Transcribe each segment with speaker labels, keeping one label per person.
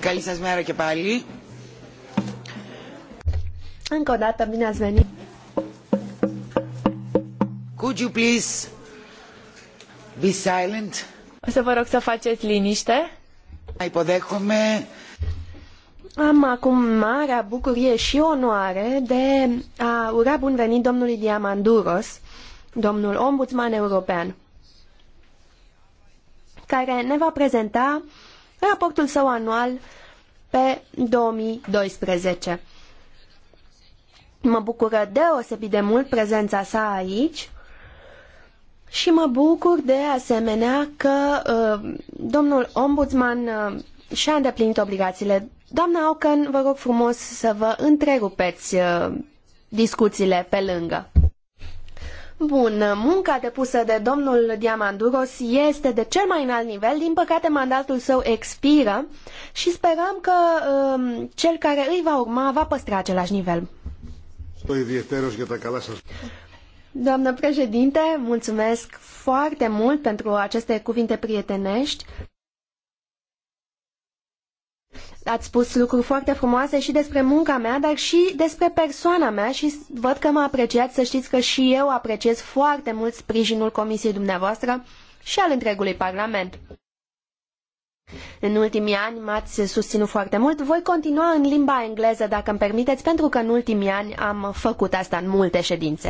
Speaker 1: Καλή σας μέρα και πάλι.
Speaker 2: Încă o dată, bine ați venit.
Speaker 1: Could you please
Speaker 2: be
Speaker 3: silent?
Speaker 2: O să vă rog să faceți
Speaker 3: liniște.
Speaker 1: Υποδέχομαι
Speaker 2: am acum marea bucurie și onoare de a ura bun venit domnului Diamanduros, domnul ombudsman european, care ne va prezenta raportul său anual pe 2012. Mă bucură deosebit de mult prezența sa aici și mă bucur de asemenea că uh, domnul ombudsman uh, și-a îndeplinit obligațiile. Doamna Aucan, vă rog frumos să vă întrerupeți uh, discuțiile pe lângă. Bun, munca depusă de domnul Diamanduros este de cel mai înalt nivel, din păcate mandatul său expiră și sperăm că um, cel care îi va urma va păstra același nivel. Doamnă președinte, mulțumesc foarte mult pentru aceste cuvinte prietenești. Ați spus lucruri foarte frumoase și despre munca mea, dar și despre persoana mea și văd că mă apreciați, să știți că și eu apreciez foarte mult sprijinul comisiei dumneavoastră și al întregului Parlament. În ultimii ani m-ați susținut foarte mult. Voi continua în limba engleză, dacă îmi permiteți, pentru că în ultimii ani am făcut asta în multe ședințe.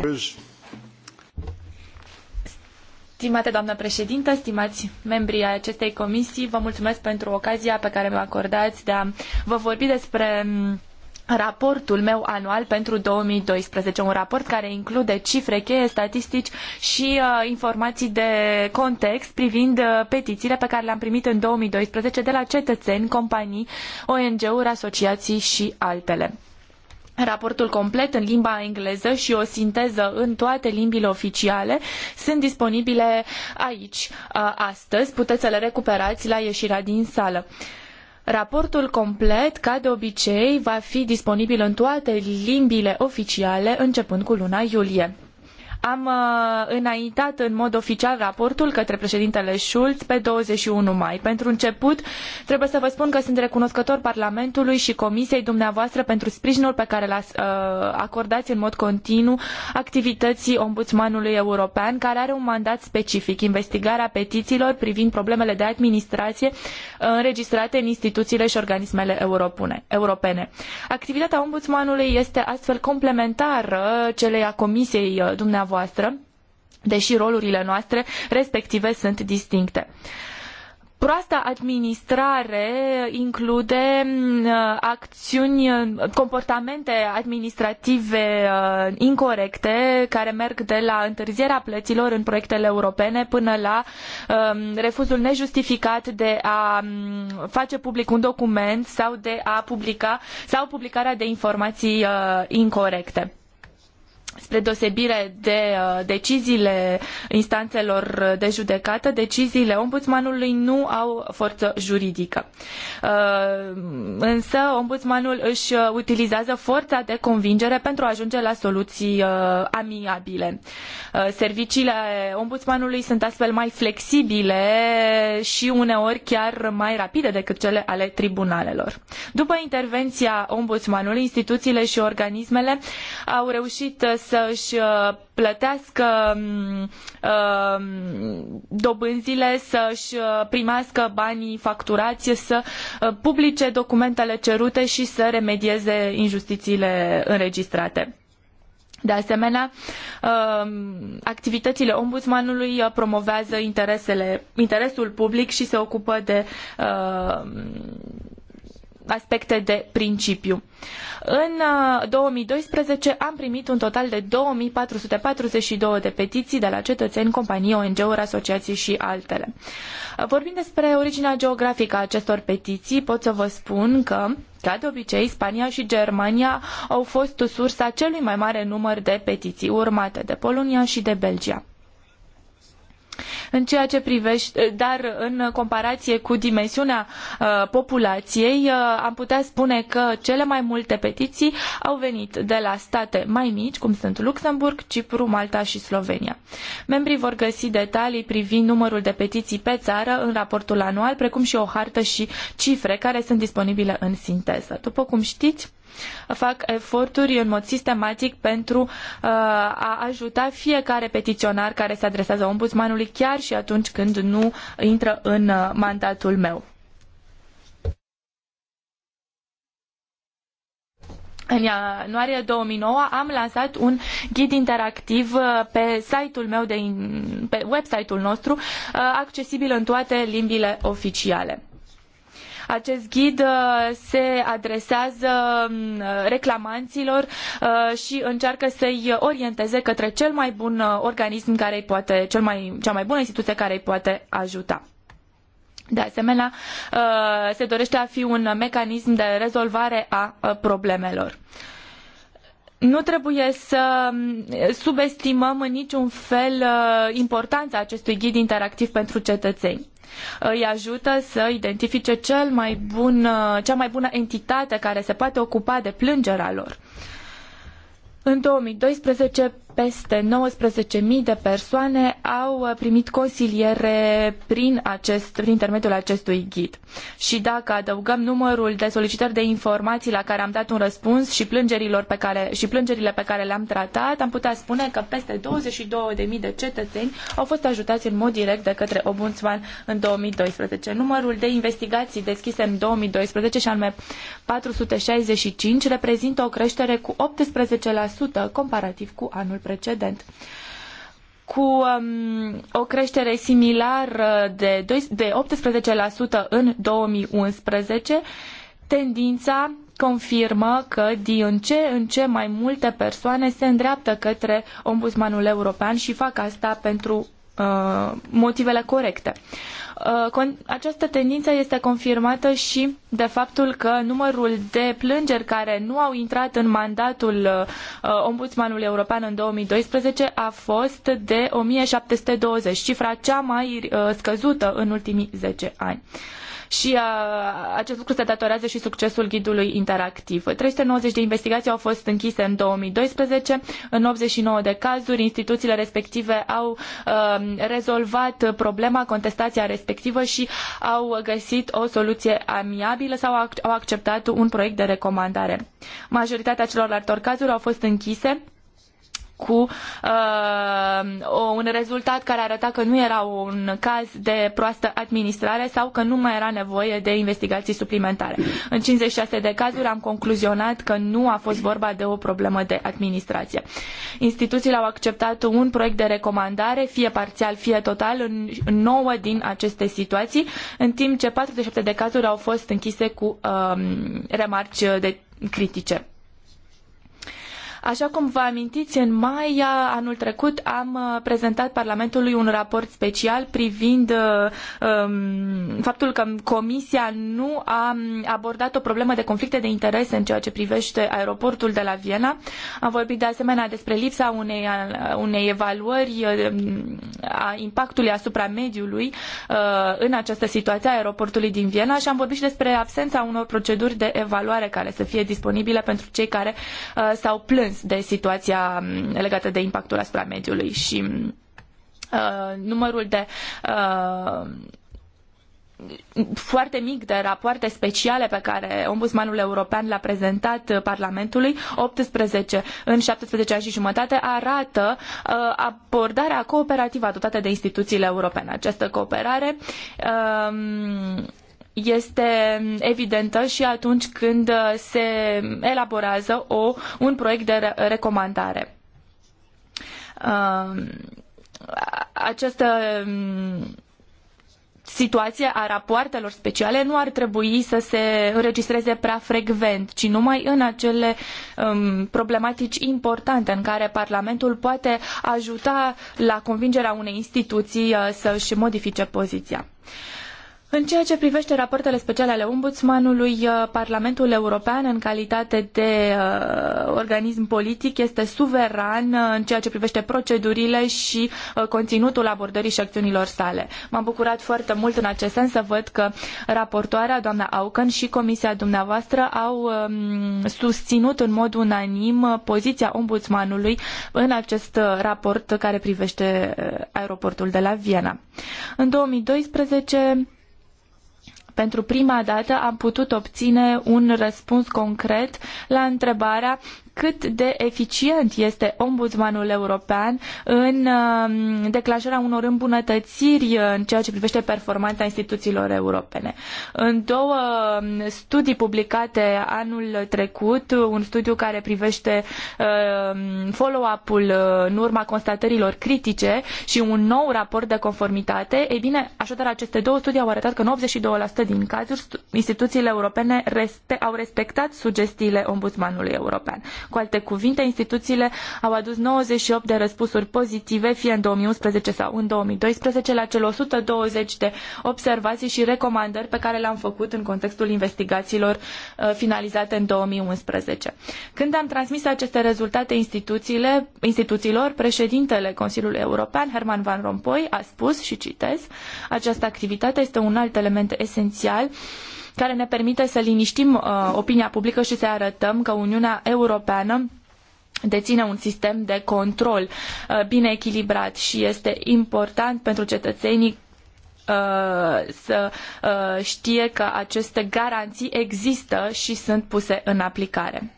Speaker 3: Stimate doamnă președintă, stimați membrii acestei comisii, vă mulțumesc pentru ocazia pe care mi-o acordați de a vă vorbi despre mm, raportul meu anual pentru 2012, un raport care include cifre cheie, statistici și uh, informații de context privind uh, petițiile pe care le-am primit în 2012 de la cetățeni, companii, ONG-uri, asociații și altele raportul complet în limba engleză și o sinteză în toate limbile oficiale sunt disponibile aici astăzi. Puteți să le recuperați la ieșirea din sală. Raportul complet, ca de obicei, va fi disponibil în toate limbile oficiale începând cu luna iulie. Am uh, înaintat în mod oficial raportul către președintele Schulz pe 21 mai. Pentru început, trebuie să vă spun că sunt recunoscător Parlamentului și Comisiei dumneavoastră pentru sprijinul pe care l-ați uh, acordat în mod continuu activității ombudsmanului european, care are un mandat specific, investigarea petițiilor privind problemele de administrație înregistrate în instituțiile și organismele europene. Activitatea ombudsmanului este astfel complementară celei a Comisiei uh, dumneavoastră dumneavoastră, deși rolurile noastre respective sunt distincte. Proasta administrare include mm, acțiuni, comportamente administrative uh, incorrecte care merg de la întârzierea plăților în proiectele europene până la um, refuzul nejustificat de a mm, face public un document sau de a publica sau publicarea de informații uh, incorrecte spre deosebire de uh, deciziile instanțelor de judecată, deciziile ombudsmanului nu au forță juridică. Uh, însă ombudsmanul își utilizează forța de convingere pentru a ajunge la soluții uh, amiabile. Serviciile ombudsmanului sunt astfel mai flexibile și uneori chiar mai rapide decât cele ale tribunalelor. După intervenția ombudsmanului, instituțiile și organismele au reușit să-și uh, plătească um, uh, dobânzile, să-și uh, primească banii facturați, să publice documentele cerute și să remedieze injustițiile înregistrate. De asemenea, um, activitățile ombudsmanului promovează interesele, interesul public și se ocupă de aspecte de principiu. În 2012 uh, am primit un total de 2442 de petiții de la cetățeni, companii, ONG-uri, asociații și altele. Uh, vorbind despre originea geografică a acestor petiții, pot să vă spun că ca de obicei, Spania și Germania au fost sursa celui mai mare număr de petiții, urmate de Polonia și de Belgia. În ceea ce privește, dar în comparație cu dimensiunea uh, populației, uh, am putea spune că cele mai multe petiții au venit de la state mai mici, cum sunt Luxemburg, Cipru, Malta și Slovenia. Membrii vor găsi detalii privind numărul de petiții pe țară în raportul anual, precum și o hartă și cifre care sunt disponibile în sinteză. După cum știți, fac eforturi în mod sistematic pentru uh, a ajuta fiecare petiționar care se adresează ombudsmanului chiar și atunci când nu intră în uh, mandatul meu. în ianuarie 2009 am lansat un ghid interactiv uh, pe site-ul meu de pe website-ul nostru accesibil în toate limbile oficiale. Acest ghid uh, se adresează mm, reclamanților uh, și încearcă să-i orienteze către cel mai bun uh, organism care îi poate, cel mai, cea mai bună instituție care îi poate ajuta. De asemenea, se dorește a fi un mecanism de rezolvare a problemelor nu trebuie să mm, subestimăm în niciun fel uh, importanța acestui ghid interactiv pentru cetățeni. Îi ajută să identifice cel mai bun, uh, cea mai bună entitate care se poate ocupa de plângerea lor. În 2012, peste 19.000 de persoane au uh, primit consiliere prin, acest, prin intermediul acestui ghid. Și dacă adăugăm numărul de solicitări de informații la care am dat un răspuns și, plângerilor pe care, și plângerile pe care le-am tratat, am putea spune că peste 22.000 de cetățeni au fost ajutați în mod direct de către Ombudsman în 2012. Numărul de investigații deschise în 2012, și anume 465, reprezintă o creștere cu 18% comparativ cu anul precedent cu um, o creștere similară de, 2, de 18% în 2011, tendința confirmă că din ce în ce mai multe persoane se îndreaptă către Ombudsmanul European și fac asta pentru Uh, motivele corecte. Uh, această tendință este confirmată și de faptul că numărul de plângeri care nu au intrat în mandatul uh, Ombudsmanului European în 2012 a fost de 1720, cifra cea mai scăzută în ultimii zece ani și uh, acest lucru se datorează și succesul ghidului interactiv. 390 de investigații au fost închise în 2012. În 89 de cazuri, instituțiile respective au um, rezolvat problema, contestația respectivă și au găsit o soluție amiabilă sau au acceptat un proiect de recomandare. Majoritatea celorlalte cazuri au fost închise cu uh, un rezultat care arăta că nu era un caz de proastă administrare sau că nu mai era nevoie de investigații suplimentare. În 56 de cazuri am concluzionat că nu a fost vorba de o problemă de administrație. Instituțiile au acceptat un proiect de recomandare, fie parțial, fie total, în 9 din aceste situații, în timp ce 47 de cazuri au fost închise cu uh, remarci de critice. Așa cum vă amintiți, în mai uh, anul trecut am uh, prezentat Parlamentului un raport special privind uh, um, faptul că Comisia nu a um, abordat o problemă de conflicte de interese în ceea ce privește aeroportul de la Viena. Am vorbit de asemenea despre lipsa unei, unei evaluări a impactului asupra mediului uh, în această situație a aeroportului din Viena și am vorbit și despre absența unor proceduri de evaluare care să fie disponibile pentru cei care uh, s-au plâns conștienți de situația mm, legată de impactul asupra mediului și mm, uh, numărul de uh, foarte mic de rapoarte speciale pe care ombudsmanul european le-a prezentat uh, Parlamentului, 18 în 17 ani și jumătate, arată uh, abordarea cooperativă adoptată de instituțiile europene. Această cooperare uh, este evidentă și atunci când se elaborează o, un proiect de recomandare. Um, această um, situație a rapoartelor speciale nu ar trebui să se înregistreze prea frecvent, ci numai în acele um, problematici importante în care Parlamentul poate ajuta la convingerea unei instituții uh, să-și modifice poziția. Uh, în ceea ce privește rapoartele speciale ale ombudsmanului, uh, Parlamentul European, în calitate de uh, organism politic, este suveran uh, în ceea ce privește procedurile și conținutul abordării și acțiunilor sale. M-am bucurat foarte mult în acest sens să văd că raportoarea, doamna Aucan și comisia dumneavoastră au um, susținut în mod unanim poziția ombudsmanului în acest raport care privește aeroportul de la Viena. În 2012, pentru prima dată am putut obține un răspuns concret la întrebarea cât de eficient este ombudsmanul european în um, declanșarea unor îmbunătățiri în ceea ce privește performanța instituțiilor europene. În două um, studii publicate anul trecut, un studiu care privește um, follow-up-ul uh, în urma constatărilor critice și un nou raport de conformitate, ei bine, așadar aceste două studii au arătat că în 82% din cazuri instituțiile europene au respectat sugestiile ombudsmanului european. Cu alte cuvinte, instituțiile au adus 98 de răspunsuri pozitive, fie în 2011 sau în 2012, la cele 120 de observații și recomandări pe care le-am făcut în contextul investigațiilor uh, finalizate în 2011. Când am transmis aceste rezultate instituțiile, instituțiilor, președintele Consiliului European, Herman Van Rompuy, a spus și citez, această activitate este un alt element esențial care ne permite să liniștim uh, opinia publică și să arătăm că Uniunea Europeană deține un sistem de control uh, bine echilibrat și este important pentru cetățenii uh, să uh, știe că aceste garanții există și sunt puse în aplicare.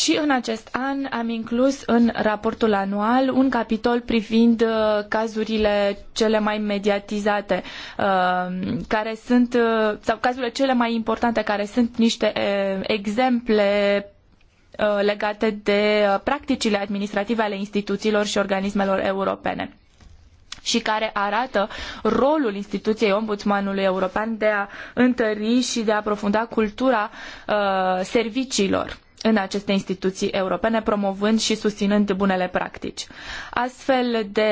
Speaker 3: Și în acest an am inclus în raportul anual un capitol privind uh, cazurile cele mai mediatizate, uh, care sunt, uh, sau cazurile cele mai importante, care sunt niște exemple legate de practicile administrative ale instituțiilor și organismelor europene și care arată rolul instituției ombudsmanului european de a întări și de a aprofunda cultura serviciilor în aceste instituții europene, promovând și susținând bunele practici. Astfel de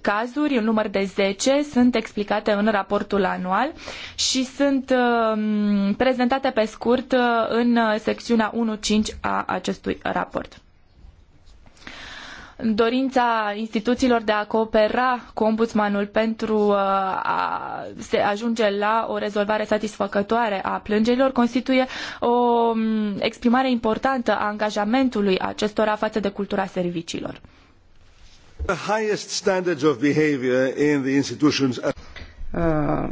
Speaker 3: cazuri, un număr de zece, sunt explicate în raportul anual și sunt um, prezentate pe scurt uh, în secțiunea 1.5 a acestui raport dorința instituțiilor de a coopera cu ombudsmanul pentru uh, a se ajunge la o rezolvare satisfăcătoare a plângerilor constituie o mm, exprimare importantă a angajamentului
Speaker 1: acestora față de cultura serviciilor. Uh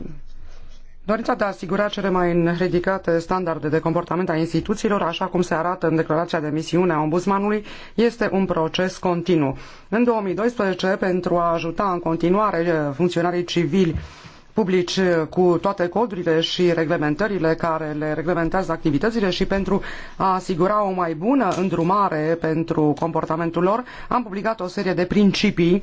Speaker 1: Dorința de a asigura cele mai ridicate standarde de comportament a instituțiilor, așa cum se arată în declarația de misiune a ombudsmanului, este un proces continuu. În 2012, pentru a ajuta în continuare eh, funcționarii civili publici eh, cu toate codurile și reglementările care le reglementează activitățile și pentru a asigura o mai bună îndrumare pentru comportamentul lor, am publicat o serie de principii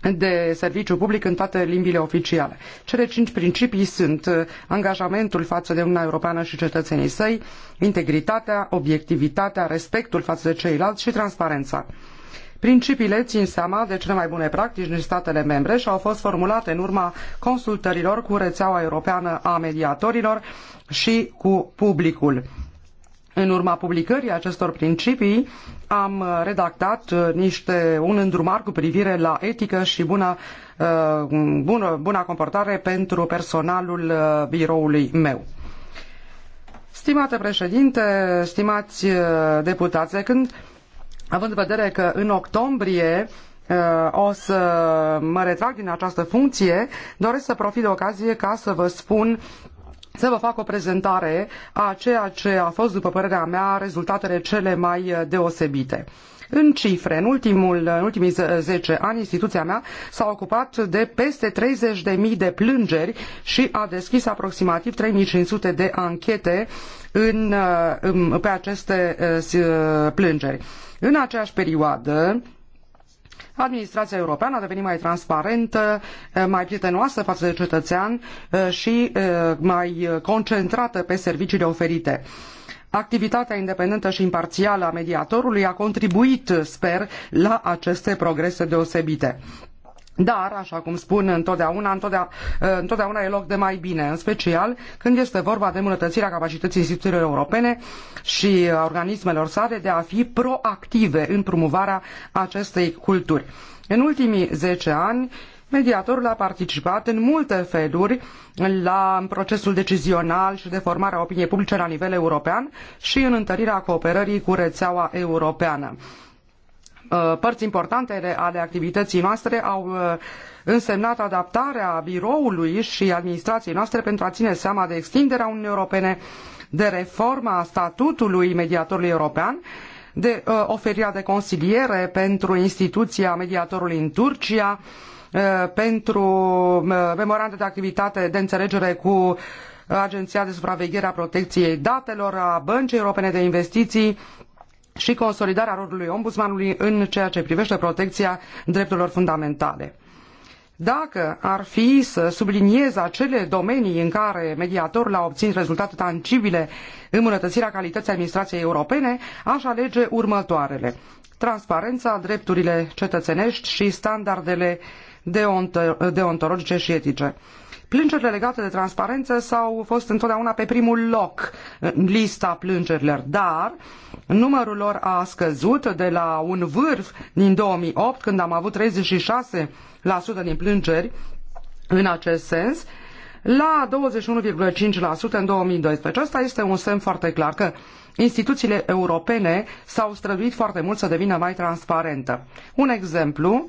Speaker 1: de serviciu public în toate limbile oficiale. Cele cinci principii sunt uh, angajamentul față de Uniunea Europeană și cetățenii săi, integritatea, obiectivitatea, respectul față de ceilalți și transparența. Principiile țin seama de cele mai bune practici din statele membre și au fost formulate în urma consultărilor cu rețeaua europeană a mediatorilor și cu publicul. În urma publicării acestor principii, am redactat uh, niște, un îndrumar cu privire la etică și uh, bună, bună, bună comportare pentru personalul uh, biroului meu. Stimate președinte, stimați deputați, când, având în vedere că în octombrie o să mă retrag din această funcție, doresc să profit de ocazie ca să vă spun să vă fac o prezentare a ceea ce a fost, după părerea mea, rezultatele cele mai deosebite. În cifre, în, ultimul, în ultimii 10 ani, instituția mea s-a ocupat de peste 30.000 de plângeri și a deschis aproximativ 3.500 de anchete în, în, pe aceste uh, uh, plângeri. În aceeași perioadă, administrația europeană a devenit mai transparentă, eh, mai prietenoasă față de cetățean eh, și eh, mai concentrată pe serviciile oferite. Activitatea independentă și imparțială a mediatorului a contribuit, sper, la aceste progrese deosebite. Dar, așa cum spun întotdeauna, întotdeauna, întotdeauna e loc de mai bine, în special când este vorba de îmbunătățirea capacității instituțiilor europene și a organismelor sale de a fi proactive în promovarea acestei culturi. În ultimii 10 ani, Mediatorul a participat în multe feluri la procesul decizional și de formare a opiniei publice la nivel european și în întărirea cooperării cu rețeaua europeană. Uh, părți importante ale activității noastre au uh, însemnat adaptarea biroului și administrației noastre pentru a ține seama de extinderea Uniunii Europene, de reforma statutului mediatorului european, de uh, oferirea de consiliere pentru instituția mediatorului în Turcia, pentru memorandă de activitate de înțelegere cu Agenția de Supraveghere a Protecției Datelor, a Băncii Europene de Investiții, și consolidarea rolului ombudsmanului în ceea ce privește protecția drepturilor fundamentale. Dacă ar fi să subliniez acele domenii în care mediatorul a obținut rezultate tangibile, în îmbunătățirea calității administrației europene, aș alege următoarele. Transparența, drepturile cetățenești și standardele deontologice și etice. Plângerile legate de transparență s-au fost întotdeauna pe primul loc în lista plângerilor, dar numărul lor a scăzut de la un vârf din 2008, când am avut 36% din plângeri în acest sens, la 21,5% în 2012. Asta este un semn foarte clar că instituțiile europene s-au străduit foarte mult să devină mai transparentă. Un exemplu,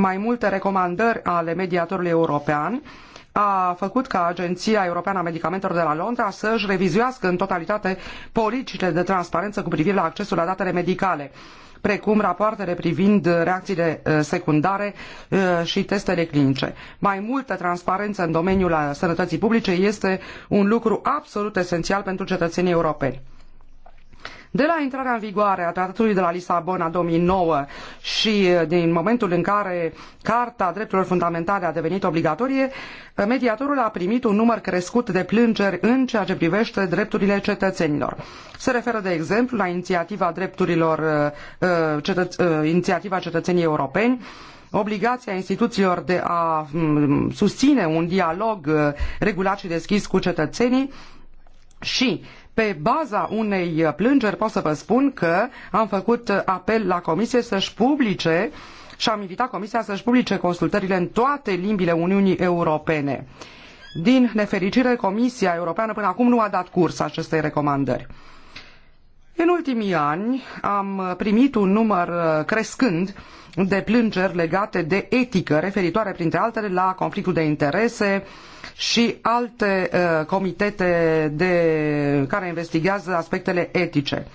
Speaker 1: mai multe recomandări ale mediatorului european a făcut ca Agenția Europeană a Medicamentelor de la Londra să-și revizuiască în totalitate politicile de transparență cu privire la accesul la datele medicale precum rapoartele privind reacțiile uh, secundare uh, și testele clinice. Mai multă transparență în domeniul uh, sănătății publice este un lucru absolut esențial pentru cetățenii europeni. De la intrarea în vigoare a Tratatului de la Lisabona 2009 și eh, din momentul în care Carta Drepturilor Fundamentale a devenit obligatorie, eh, mediatorul a primit un număr crescut de plângeri în ceea ce privește drepturile cetățenilor. Se referă, de exemplu, la inițiativa drepturilor, eh, cetăț, inițiativa cetățenii europeni, obligația instituțiilor de a mm, susține un dialog regulat și deschis cu cetățenii și pe baza unei plângeri pot să vă spun că am făcut apel la comisie să-și publice și am invitat comisia să-și publice consultările în toate limbile Uniunii Europene. Din nefericire, Comisia Europeană până acum nu a dat curs acestei recomandări. În ultimii ani am primit un număr crescând de plângeri legate de etică, referitoare printre altele la conflictul de interese și alte uh, comitete de, care investigează aspectele etice.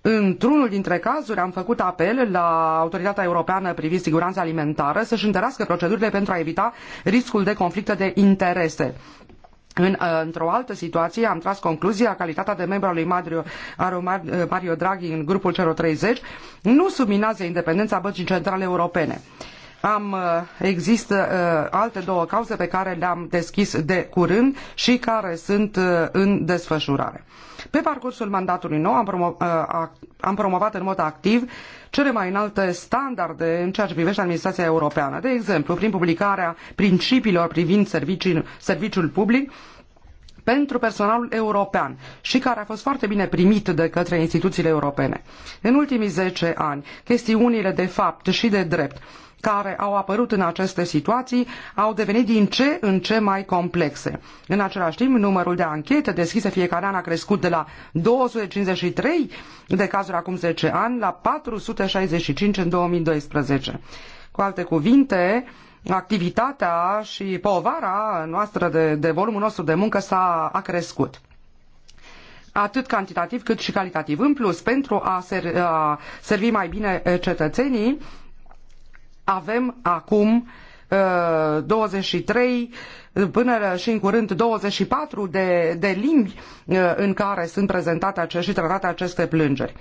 Speaker 1: Într-unul dintre cazuri am făcut apel la Autoritatea Europeană privind siguranța alimentară să-și întărească procedurile pentru a evita riscul de conflicte de interese. În, uh, într-o altă situație am tras concluzia, calitatea de membru al lui Mario, uh, Mario Draghi în grupul celor nu subminează independența Băncii Centrale Europene. Am, uh, există alte două cauze pe care le-am deschis de curând și care sunt în desfășurare. Pe parcursul mandatului nou am, promo- uh, am promovat în mod activ cele mai înalte standarde în ceea ce privește administrația europeană. De exemplu, prin publicarea principiilor privind serviciul, serviciul public, pentru personalul european și care a fost foarte bine primit de către instituțiile europene. În ultimii zece ani, chestiunile de fapt și de drept care au apărut în aceste situații au devenit din ce în ce mai complexe. În același timp, numărul de anchete deschise fiecare an a crescut de la 253 de cazuri acum 10 ani la 465 în 2012. Cu alte cuvinte, activitatea și povara noastră de, de volumul nostru de muncă s-a a crescut atât cantitativ cât și calitativ. În plus, pentru a, servi mai bine cetățenii, avem acum 23 uh, până și în curând 24 de, de limbi uh, în care sunt prezentate și tratate aceste plângeri.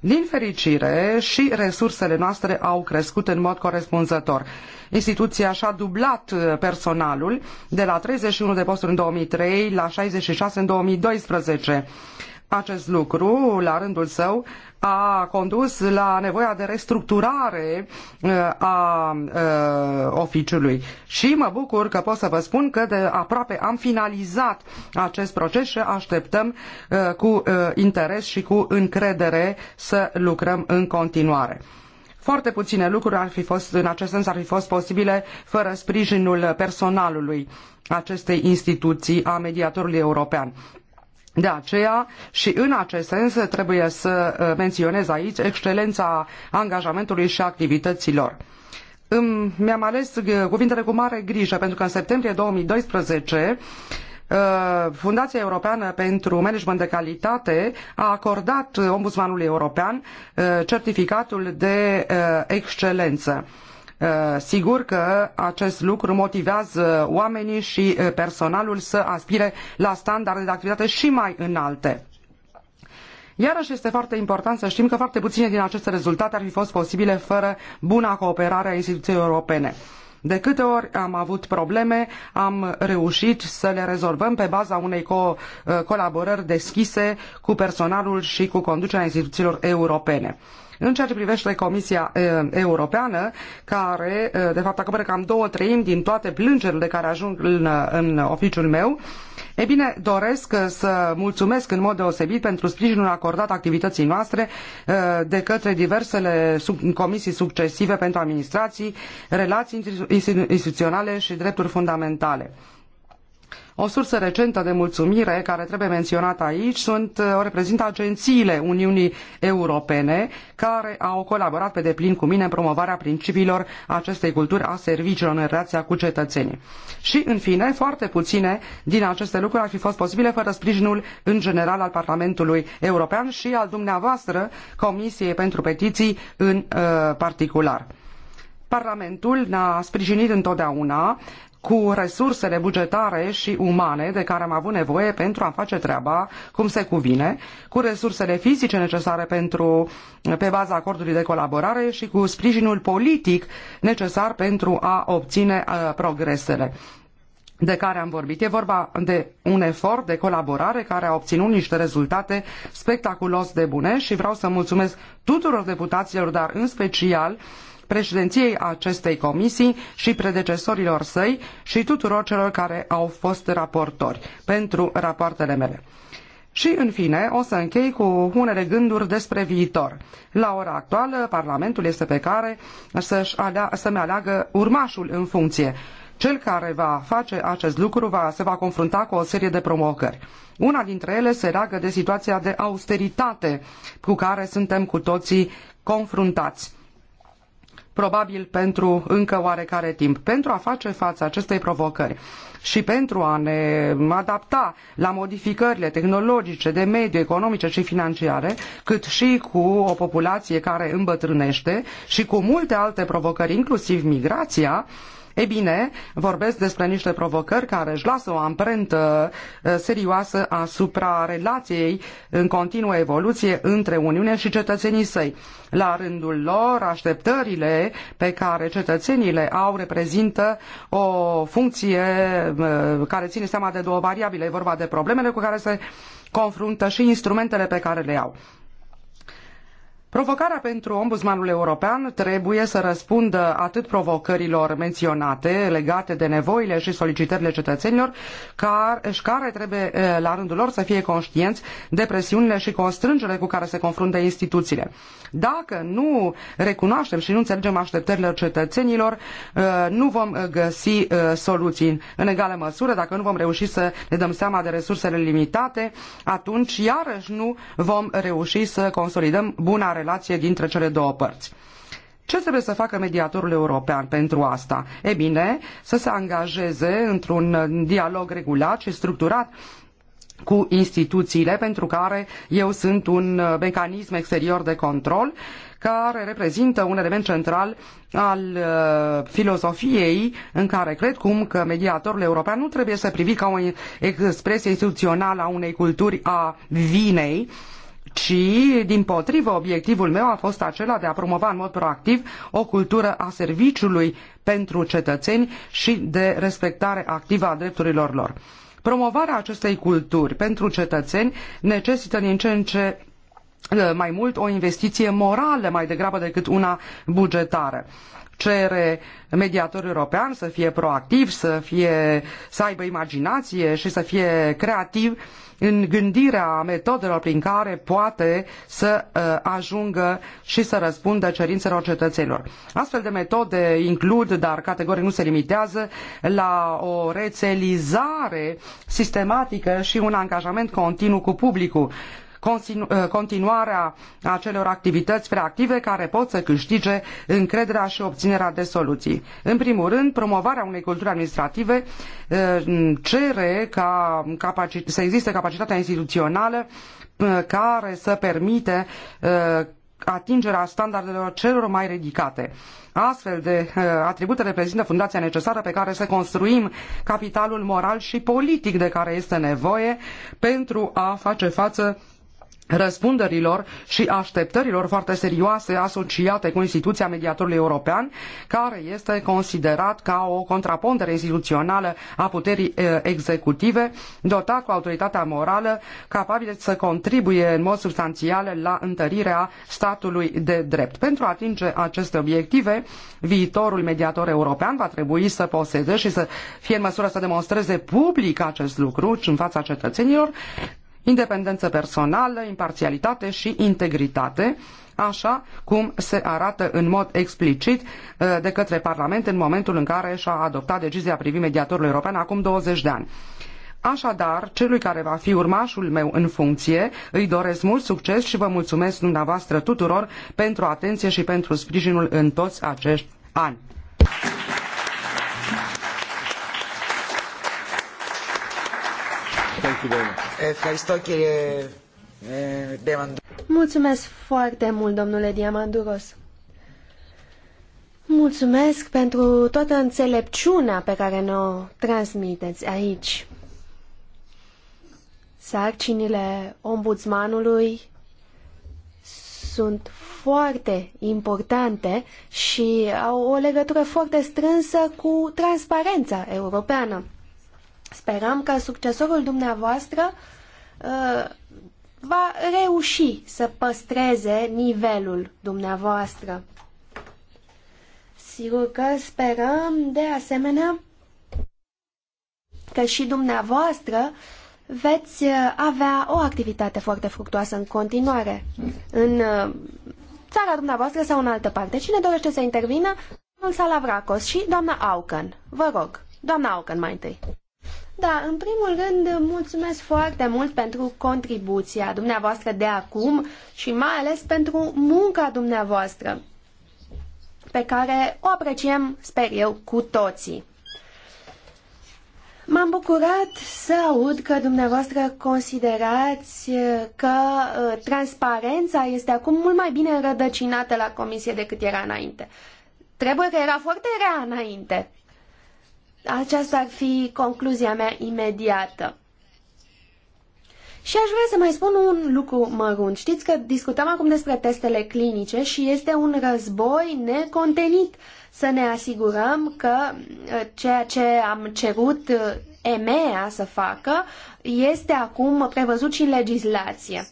Speaker 1: Din fericire, și resursele noastre au crescut în mod corespunzător. Instituția și-a dublat uh, personalul de la 31 de posturi în 2003 la 66 în 2012 acest lucru, la rândul său, a condus la nevoia de restructurare uh, a uh, oficiului. Și mă bucur că pot să vă spun că de aproape am finalizat acest proces și așteptăm uh, cu interes și cu încredere să lucrăm în continuare. Foarte puține lucruri ar fi fost, în acest sens ar fi fost posibile fără sprijinul personalului acestei instituții a mediatorului european. De aceea și în acest sens trebuie să uh, menționez aici excelența angajamentului și activităților. Mi-am ales cuvintele cu mare grijă pentru că în septembrie 2012 uh, Fundația Europeană pentru Management de Calitate a acordat uh, Ombudsmanului European certificatul de excelență. Uh, sigur că acest lucru motivează oamenii și uh, personalul să aspire la standarde de activitate și mai înalte. Iarăși este foarte important să știm că foarte puține din aceste rezultate ar fi fost posibile fără buna cooperare a instituțiilor europene. De câte ori am avut probleme, am reușit să le rezolvăm pe baza unei co uh, colaborări deschise cu personalul și cu conducerea instituțiilor europene. În ceea ce privește Comisia eh, Europeană, care eh, de fapt acoperă cam două treimi din toate plângerile care ajung în, în oficiul meu, e bine, doresc eh, să mulțumesc în mod deosebit pentru sprijinul acordat activității noastre de către diversele sub, comisii succesive pentru administrații, relații instituționale și drepturi fundamentale. O sursă recentă de mulțumire care trebuie menționată aici sunt, uh, o reprezintă agențiile Uniunii Europene care au colaborat pe deplin cu mine în promovarea principiilor acestei culturi a serviciilor în relația cu cetățenii. Și, în fine, foarte puține din aceste lucruri ar fi fost posibile fără sprijinul în general al Parlamentului European și al dumneavoastră Comisiei pentru Petiții în uh, particular. Parlamentul ne-a sprijinit întotdeauna cu resursele bugetare și umane de care am avut nevoie pentru a face treaba cum se cuvine, cu resursele fizice necesare pentru, pe baza acordului de colaborare și cu sprijinul politic necesar pentru a obține uh, progresele de care am vorbit. E vorba de un efort de colaborare care a obținut niște rezultate spectaculos de bune și vreau să mulțumesc tuturor deputaților, dar în special uh, preediniei acestei comisii și predecesorilor săi și tuturor celor care au fost raportori pentru rapoartele mele. Și, în fine, o să închei cu unele gânduri despre viitor. La ora actuală, Parlamentul este pe care să-și alea, să aleagă urmașul în funcție. Cel care va face acest lucru va, se va confrunta cu o serie de provocări. Una dintre ele se leagă de situația de austeritate cu care suntem cu toții confruntați probabil pentru încă oarecare timp. Pentru a face față acestei provocări și pentru a ne adapta la modificările tehnologice, de mediu, economice și financiare, cât și cu o populație care îmbătrânește și cu multe alte provocări, inclusiv migrația, ei bine, vorbesc despre niște provocări care își lasă o amprentă uh, serioasă asupra relației în continuă evoluție între Uniune și cetățenii săi. La rândul lor, așteptările pe care cetățenii le au reprezintă o funcție uh, care ține seama de două variabile. E vorba de problemele cu care se confruntă și instrumentele pe care le au. Provocarea pentru ombudsmanul european trebuie să răspundă atât provocărilor menționate legate de nevoile și solicitările cetățenilor, care, care trebuie eh, la rândul lor să fie conștienți de presiunile și constrângerile cu care se confruntă instituțiile. Dacă nu recunoaștem și nu înțelegem așteptările cetățenilor, eh, nu vom eh, găsi soluții. În egală măsură, dacă nu vom reuși să ne dăm seama de resursele limitate, atunci iarăși nu vom reuși să consolidăm buna relație dintre cele două părți. Ce trebuie să facă mediatorul european pentru asta? E bine, să se angajeze într-un dialog regulat și structurat cu instituțiile pentru care eu sunt un mecanism exterior de control care reprezintă un element central al uh, filosofiei în care cred cum că mediatorul european nu trebuie să privi ca o expresie instituțională a unei culturi a vinei, uh, ci, din potrivă, obiectivul meu a fost acela de a promova în mod proactiv o cultură a serviciului pentru cetățeni și de respectare activă a drepturilor lor. Promovarea acestei culturi pentru cetățeni necesită din ce în ce eh, mai mult o investiție morală mai degrabă decât una bugetară cere mediatorul european să fie proactiv, să, fie, să aibă imaginație și să fie creativ în gândirea metodelor prin care poate să uh, ajungă și să răspundă cerințelor cetățenilor. Astfel de metode includ, dar categoric nu se limitează, la o rețelizare sistematică și un angajament continuu cu publicul Eh, continuarea acelor activități preactive care pot să câștige încrederea și obținerea de soluții. În primul rând, promovarea unei culturi administrative eh, cere ca să existe capacitatea instituțională eh, care să permite atingerea standardelor celor mai ridicate. Astfel de atribute reprezintă fundația necesară pe care să construim capitalul moral și politic de care este nevoie pentru a face față răspunderilor și așteptărilor foarte serioase asociate cu instituția mediatorului european, care este considerat ca o contrapondere instituțională a puterii executive, dotat cu autoritatea morală capabilă să contribuie în mod substanțial la întărirea statului de drept. Pentru a atinge aceste obiective, viitorul mediator european va trebui să poseze și să fie în măsură să demonstreze public acest lucru în fața cetățenilor, independență personală, imparțialitate și integritate, așa cum se arată în mod explicit uh, de către Parlament în momentul în care și-a adoptat decizia privind mediatorul european acum 20 de ani. Așadar, celui care va fi urmașul meu în funcție, îi doresc mult succes și vă mulțumesc dumneavoastră tuturor pentru atenție și pentru sprijinul în toți acești ani. Eh,
Speaker 2: Mulțumesc foarte mult, domnule Diamanduros. Mulțumesc pentru toată înțelepciunea pe care ne-o transmiteți aici. Sarcinile ombudsmanului sunt foarte importante și au o legătură foarte strânsă cu transparența europeană. Sperăm că succesorul dumneavoastră uh, va reuși să păstreze nivelul dumneavoastră. Sigur că sperăm de asemenea că și dumneavoastră veți uh, avea o activitate foarte fructuoasă în continuare în uh, țara dumneavoastră sau în altă parte. Cine dorește să intervină? Domnul Salavracos și doamna Aucan. Vă rog, doamna Aucan, mai întâi. Da, în primul rând, mulțumesc foarte mult pentru contribuția dumneavoastră de acum și mai ales pentru munca dumneavoastră, pe care o apreciem, sper eu, cu toții. M-am bucurat să aud că dumneavoastră considerați că uh, transparența este acum mult mai bine înrădăcinată la comisie decât era înainte. Trebuie că era foarte rea înainte. Aceasta ar fi concluzia mea imediată. Și aș vrea să mai spun un lucru mărunt. Știți că discutăm acum despre testele clinice și este un război necontenit să ne asigurăm că uh, ceea ce am cerut uh, EMEA să facă este acum prevăzut și în legislație.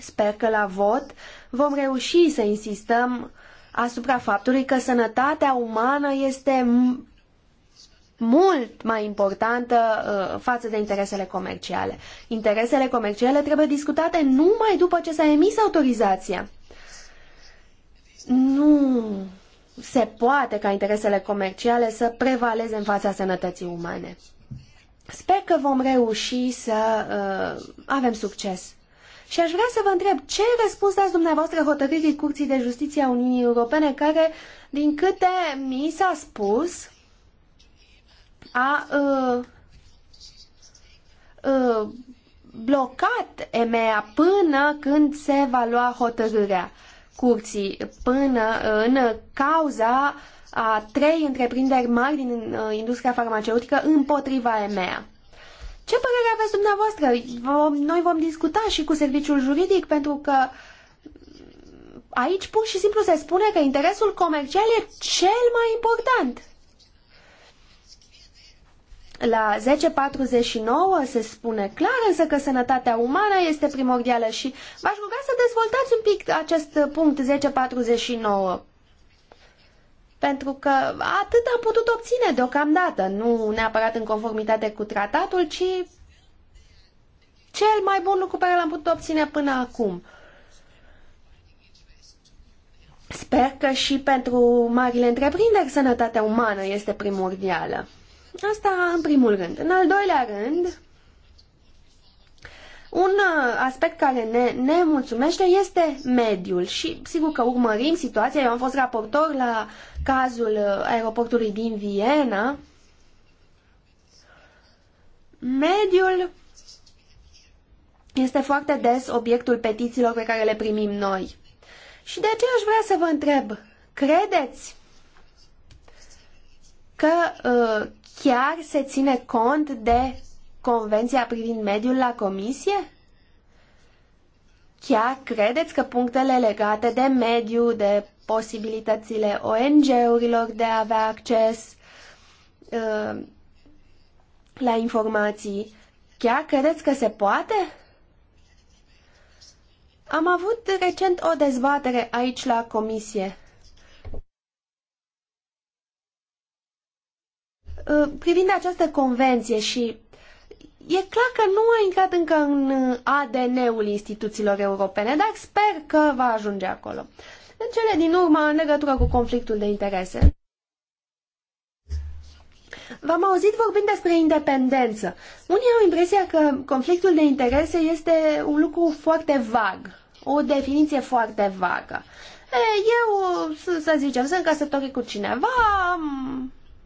Speaker 2: Sper că la vot vom reuși să insistăm asupra faptului că sănătatea umană este mult mai importantă uh, față de interesele comerciale. Interesele comerciale trebuie discutate numai după ce s-a emis autorizația. Nu se poate ca interesele comerciale să prevaleze în fața sănătății umane. Sper că vom reuși să uh, avem succes. Și aș vrea să vă întreb, ce răspuns dați dumneavoastră hotărârii Curții de Justiție a Uniunii Europene, care, din câte mi s-a spus, a uh, uh, blocat EMEA până când se va lua hotărârea curții, până în cauza a trei întreprinderi mari din ă, industria farmaceutică împotriva EMEA. Ce părere aveți dumneavoastră? Vom, noi vom discuta și cu serviciul juridic pentru că aici pur și simplu se spune că interesul comercial e cel mai important. La 10.49 se spune clar însă că sănătatea umană este primordială și v-aș ruga să dezvoltați un pic acest punct 10.49. Pentru că atât am putut obține deocamdată, nu neapărat în conformitate cu tratatul, ci cel mai bun lucru pe care l-am putut obține până acum. Sper că și pentru marile întreprinderi sănătatea umană este primordială. Asta în primul rând. În al doilea rând, un uh, aspect care ne, ne mulțumește este mediul și sigur că urmărim situația. Eu am fost raportor la cazul uh, aeroportului din Viena. Mediul este foarte des obiectul petițiilor pe care le primim noi. Și de aceea aș vrea să vă întreb, credeți că uh, chiar se ține cont de Convenția privind mediul la comisie? Chiar credeți că punctele legate de mediu, de posibilitățile ONG-urilor de a avea acces uh, la informații, chiar credeți că se poate? Am avut recent o dezbatere aici la comisie Uh, privind această convenție și e clar că nu a intrat încă în uh, ADN-ul instituțiilor europene, dar sper că va ajunge acolo. În cele din urmă, în legătură cu conflictul de interese. V-am auzit vorbind despre independență. Unii au impresia că conflictul de interese este un lucru foarte vag, o definiție foarte vagă. E, eu, să zicem, sunt căsătorit cu cineva,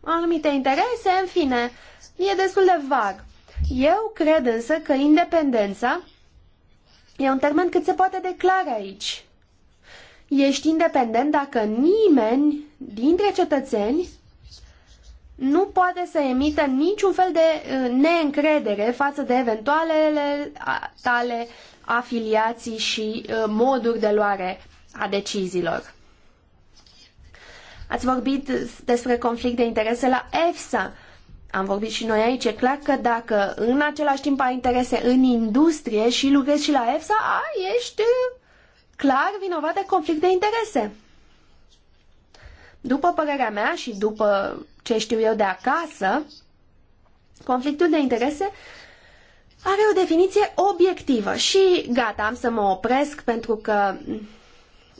Speaker 2: anumite interese, în fine, e destul de vag. Eu cred însă că independența e un termen cât se poate declara aici. Ești independent dacă nimeni dintre cetățeni nu poate să emită niciun fel de uh, neîncredere față de eventualele tale afiliații și uh, moduri de luare a deciziilor. Ați vorbit despre conflict de interese la EFSA. Am vorbit și noi aici, e clar că dacă în același timp ai interese în industrie și lucrezi și la EFSA, a, ești clar vinovat de conflict de interese. După părerea mea și după ce știu eu de acasă, conflictul de interese are o definiție obiectivă și gata, am să mă opresc pentru că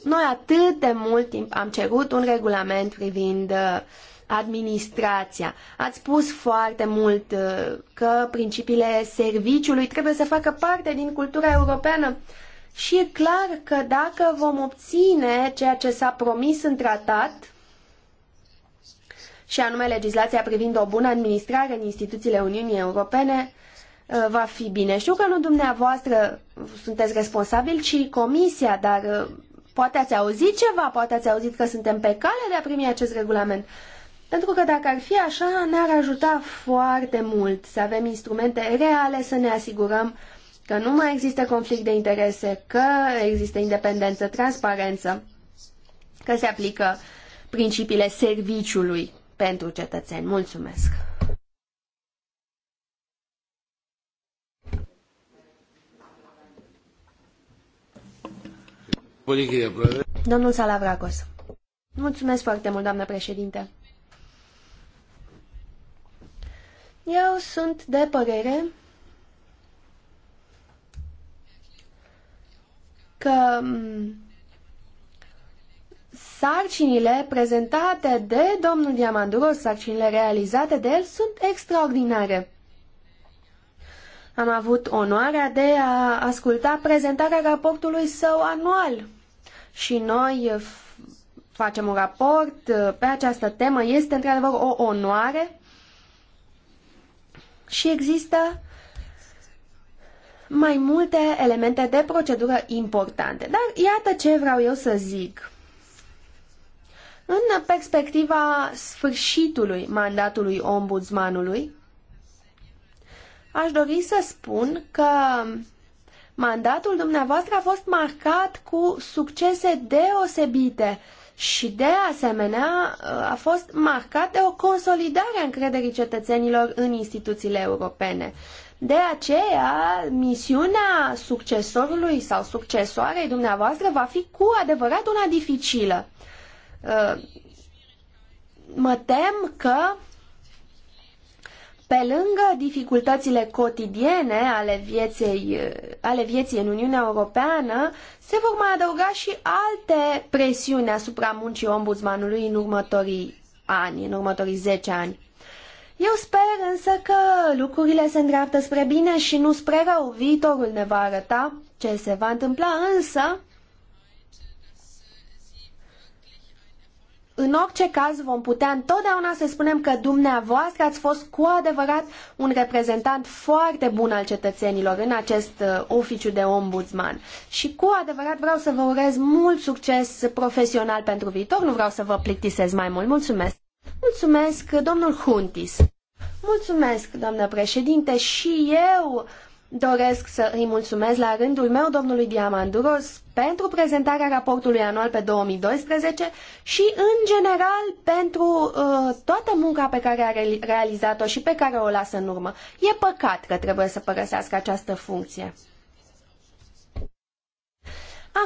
Speaker 2: noi atât de mult timp am cerut un regulament privind uh, administrația. Ați spus foarte mult uh, că principiile serviciului trebuie să facă parte din cultura europeană și e clar că dacă vom obține ceea ce s-a promis în tratat, și anume legislația privind o bună administrare în instituțiile Uniunii Europene, uh, va fi bine. Știu că nu dumneavoastră sunteți responsabil, ci comisia, dar Poate ați auzit ceva, poate ați auzit că suntem pe cale de a primi acest regulament. Pentru că dacă ar fi așa, ne-ar ajuta foarte mult să avem instrumente reale să ne asigurăm că nu mai există conflict de interese, că există independență, transparență, că se aplică principiile serviciului pentru cetățeni. Mulțumesc! Domnul Salavracos. Mulțumesc foarte mult, doamnă președinte. Eu sunt de părere că sarcinile prezentate de domnul Diamandouros, sarcinile realizate de el, sunt extraordinare. Am avut onoarea de a asculta prezentarea raportului său anual. Și noi eh, facem un raport eh, pe această temă. Este într-adevăr o onoare și există mai multe elemente de procedură importante. Dar iată ce vreau eu să zic. În perspectiva sfârșitului mandatului ombudsmanului, Aș dori să spun că mandatul dumneavoastră a fost marcat cu succese deosebite și, de asemenea, a fost marcat de o consolidare a încrederii cetățenilor în instituțiile europene. De aceea, misiunea succesorului sau succesoarei dumneavoastră va fi cu adevărat una dificilă. Mă tem că pe lângă dificultățile cotidiene ale vieții, ale vieții în Uniunea Europeană, se vor mai adăuga și alte presiuni asupra muncii ombudsmanului în următorii ani, în următorii zece ani. Eu sper însă că lucrurile se îndreaptă spre bine și nu spre rău. Viitorul ne va arăta ce se va întâmpla, însă În orice caz vom putea întotdeauna să spunem că dumneavoastră ați fost cu adevărat un reprezentant foarte bun al cetățenilor în acest uh, oficiu de ombudsman. Și cu adevărat vreau să vă urez mult succes profesional pentru viitor, nu vreau să vă plictisez mai mult. Mulțumesc! Mulțumesc, domnul Huntis! Mulțumesc, doamnă președinte, și eu Doresc să îi mulțumesc la rândul meu domnului Diamanduros pentru prezentarea raportului anual pe 2012 și, în general, pentru uh, toată munca pe care a realizat-o și pe care o lasă în urmă. E păcat că trebuie să părăsească această funcție.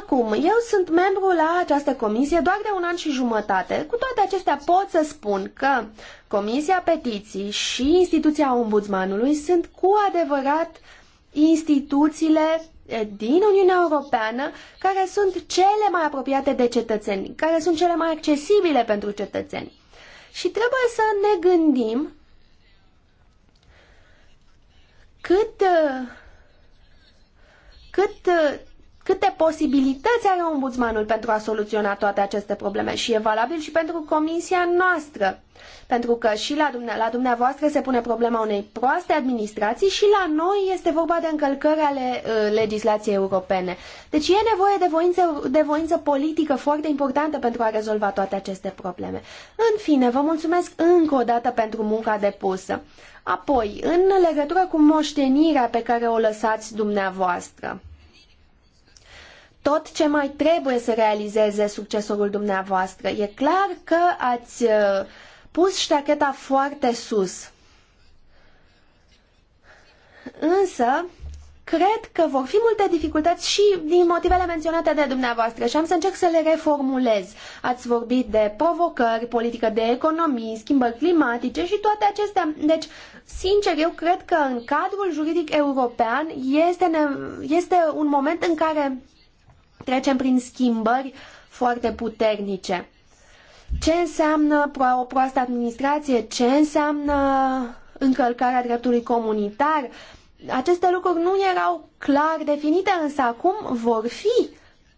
Speaker 2: Acum, eu sunt membru la această comisie doar de un an și jumătate. Cu toate acestea pot să spun că Comisia Petiții și instituția Ombudsmanului sunt cu adevărat instituțiile eh, din Uniunea Europeană care sunt cele mai apropiate de cetățeni, care sunt cele mai accesibile pentru cetățeni. Și trebuie să ne gândim cât, eh, cât eh, câte posibilități are ombudsmanul pentru a soluționa toate aceste probleme și e valabil și pentru comisia noastră. Pentru că și la, dumne- la dumneavoastră se pune problema unei proaste administrații și la noi este vorba de încălcări ale uh, legislației europene. Deci e nevoie de voință, de voință politică foarte importantă pentru a rezolva toate aceste probleme. În fine, vă mulțumesc încă o dată pentru munca depusă. Apoi, în legătură cu moștenirea pe care o lăsați dumneavoastră tot ce mai trebuie să realizeze succesorul dumneavoastră. E clar că ați uh, pus ștacheta foarte sus. Însă, cred că vor fi multe dificultăți și din motivele menționate de dumneavoastră și am să încerc să le reformulez. Ați vorbit de provocări, politică de economii, schimbări climatice și toate acestea. Deci, sincer, eu cred că în cadrul juridic european este, este un moment în care trecem prin schimbări foarte puternice. Ce înseamnă o proastă administrație? Ce înseamnă încălcarea dreptului comunitar? Aceste lucruri nu erau clar definite, însă acum vor fi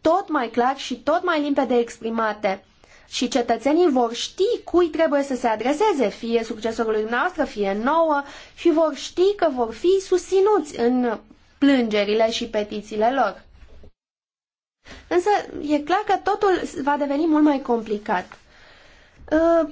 Speaker 2: tot mai clar și tot mai limpede exprimate. Și cetățenii vor ști cui trebuie să se adreseze, fie succesorului noastră, fie nouă, și vor ști că vor fi susținuți în plângerile și petițiile lor. Însă e clar că totul va deveni mult mai complicat. Uh,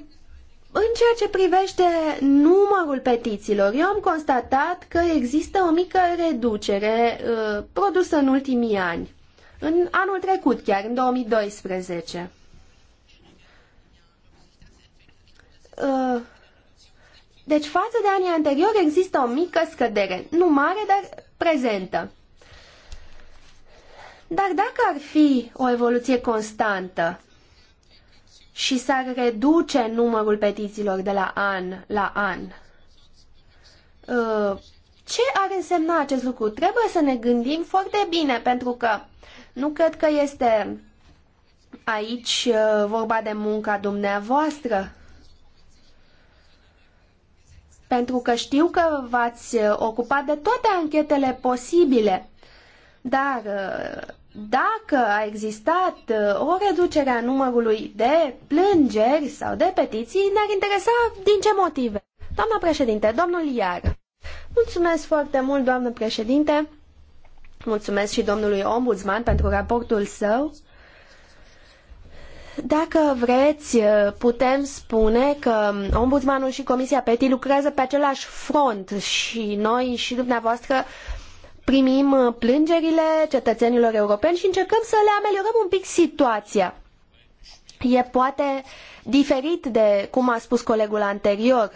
Speaker 2: în ceea ce privește numărul petițiilor, eu am constatat că există o mică reducere uh, produsă în ultimii ani. În anul trecut chiar, în 2012. Uh, deci față de anii anteriori există o mică scădere, nu mare, dar prezentă. Dar dacă ar fi o evoluție constantă și s-ar reduce numărul petițiilor de la an la an, uh, ce ar însemna acest lucru? Trebuie să ne gândim foarte bine, pentru că nu cred că este aici uh, vorba de munca dumneavoastră. Pentru că știu că v-ați uh, ocupat de toate anchetele posibile, dar dacă a existat uh, o reducere a numărului de plângeri sau de petiții, ne-ar interesa din ce motive. Doamna președinte, domnul Iar. Mulțumesc foarte mult, doamnă președinte. Mulțumesc și domnului ombudsman pentru raportul său. Dacă vreți, uh, putem spune că ombudsmanul și Comisia PETI lucrează pe același front și noi și dumneavoastră primim uh, plângerile cetățenilor europeni și încercăm să le ameliorăm un pic situația. E poate diferit de cum a spus colegul anterior,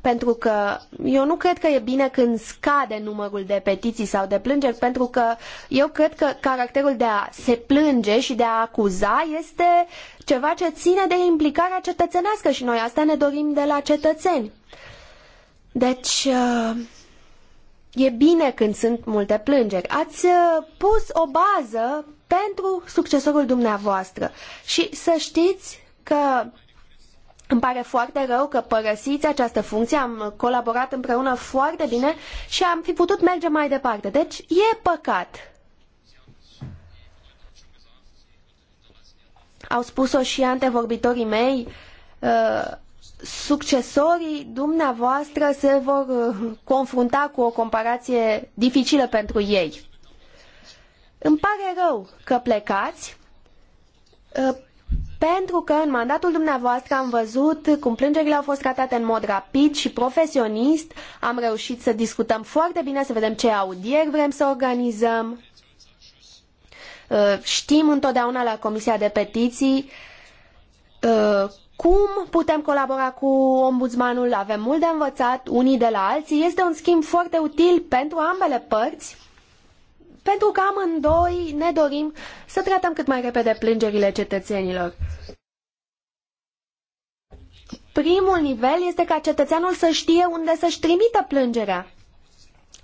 Speaker 2: pentru că eu nu cred că e bine când scade numărul de petiții sau de plângeri, pentru că eu cred că caracterul de a se plânge și de a acuza este ceva ce ține de implicarea cetățenească și noi asta ne dorim de la cetățeni. Deci, uh, e bine când sunt multe plângeri. Ați uh, pus o bază pentru succesorul dumneavoastră și să știți că îmi pare foarte rău că părăsiți această funcție, am colaborat împreună foarte bine și am fi putut merge mai departe. Deci e păcat. Au spus-o și antevorbitorii mei, uh, succesorii dumneavoastră se vor uh, confrunta cu o comparație dificilă pentru ei. Îmi pare rău că plecați, uh, pentru că în mandatul dumneavoastră am văzut cum plângerile au fost tratate în mod rapid și profesionist, am reușit să discutăm foarte bine, să vedem ce audieri vrem să organizăm. Uh, știm întotdeauna la Comisia de Petiții cum putem colabora cu ombudsmanul, avem mult de învățat unii de la alții, este un schimb foarte util pentru ambele părți, pentru că amândoi ne dorim să tratăm cât mai repede plângerile cetățenilor. Primul nivel este ca cetățeanul să știe unde să-și trimită plângerea.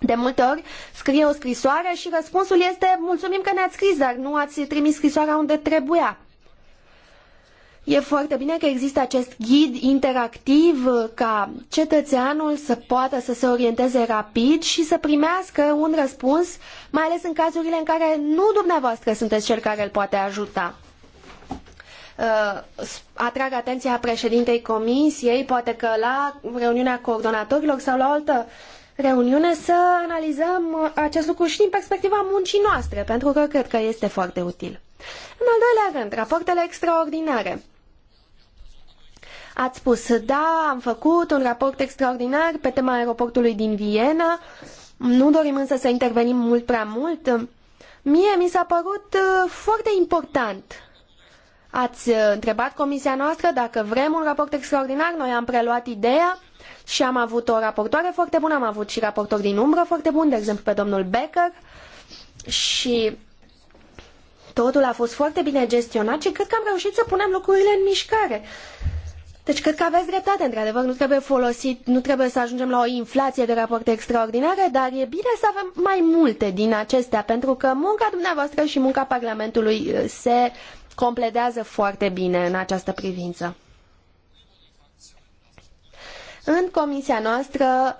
Speaker 2: De multe ori scrie o scrisoare și răspunsul este mulțumim că ne-ați scris, dar nu ați trimis scrisoarea unde trebuia. E foarte bine că există acest ghid interactiv ca cetățeanul să poată să se orienteze rapid și să primească un răspuns, mai ales în cazurile în care nu dumneavoastră sunteți cel care îl poate ajuta. Uh, atrag atenția președintei comisiei, poate că la reuniunea coordonatorilor sau la o altă reuniune să analizăm acest lucru și din perspectiva muncii noastre, pentru că cred că este foarte util. În al doilea rând, rapoartele extraordinare. Ați spus, da, am făcut un raport extraordinar pe tema aeroportului din Viena, nu dorim însă să intervenim mult prea mult. Mie mi s-a părut uh, foarte important Ați uh, întrebat comisia noastră dacă vrem un raport extraordinar, noi am preluat ideea și am avut o raportoare foarte bună, am avut și raportori din umbră foarte buni, de exemplu pe domnul Becker și totul a fost foarte bine gestionat și cred că am reușit să punem lucrurile în mișcare. Deci cred că aveți dreptate, într-adevăr, nu trebuie folosit, nu trebuie să ajungem la o inflație de rapoarte extraordinare, dar e bine să avem mai multe din acestea, pentru că munca dumneavoastră și munca Parlamentului uh, se completează foarte bine în această privință. În comisia noastră,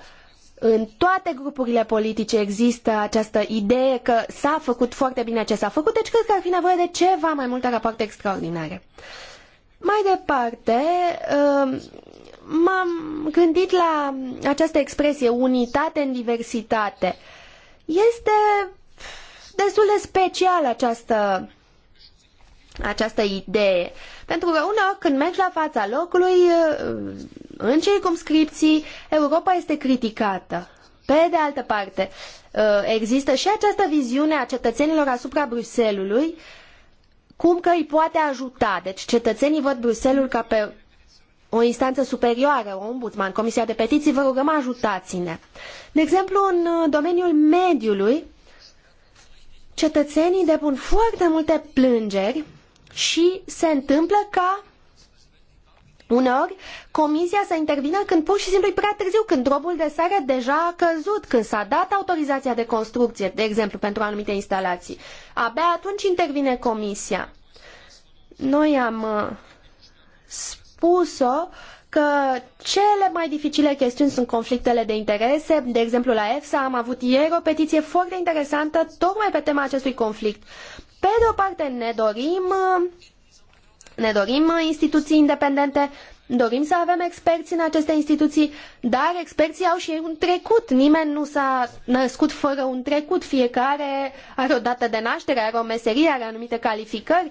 Speaker 2: în toate grupurile politice există această idee că s-a făcut foarte bine ce s-a făcut, deci cred că ar fi nevoie de ceva mai multe rapoarte extraordinare. Mai departe, uh, m-am gândit la această expresie, unitate în diversitate. Este destul de special această, această idee. Pentru că uneori când mergi la fața locului, uh, în circumscripții, Europa este criticată. Pe de altă parte, uh, există și această viziune a cetățenilor asupra Bruselului cum că îi poate ajuta. Deci cetățenii văd Bruxelles ca pe o instanță superioară, o ombudsman, Comisia de Petiții, vă rugăm ajutați-ne. De exemplu, în uh, domeniul mediului, cetățenii depun foarte multe plângeri și se întâmplă ca Uneori, comisia să intervină când pur și simplu e prea târziu, când drobul de sare deja a căzut, când s-a dat autorizația de construcție, de exemplu, pentru anumite instalații. Abia atunci intervine comisia. Noi am uh, spus-o că cele mai dificile chestiuni sunt conflictele de interese. De exemplu, la EFSA am avut ieri o petiție foarte interesantă tocmai pe tema acestui conflict. Pe de o parte ne dorim uh, ne dorim uh, instituții independente, dorim să avem experți în aceste instituții, dar experții au și ei un trecut. Nimeni nu s-a născut fără un trecut. Fiecare are o dată de naștere, are o meserie, are anumite calificări.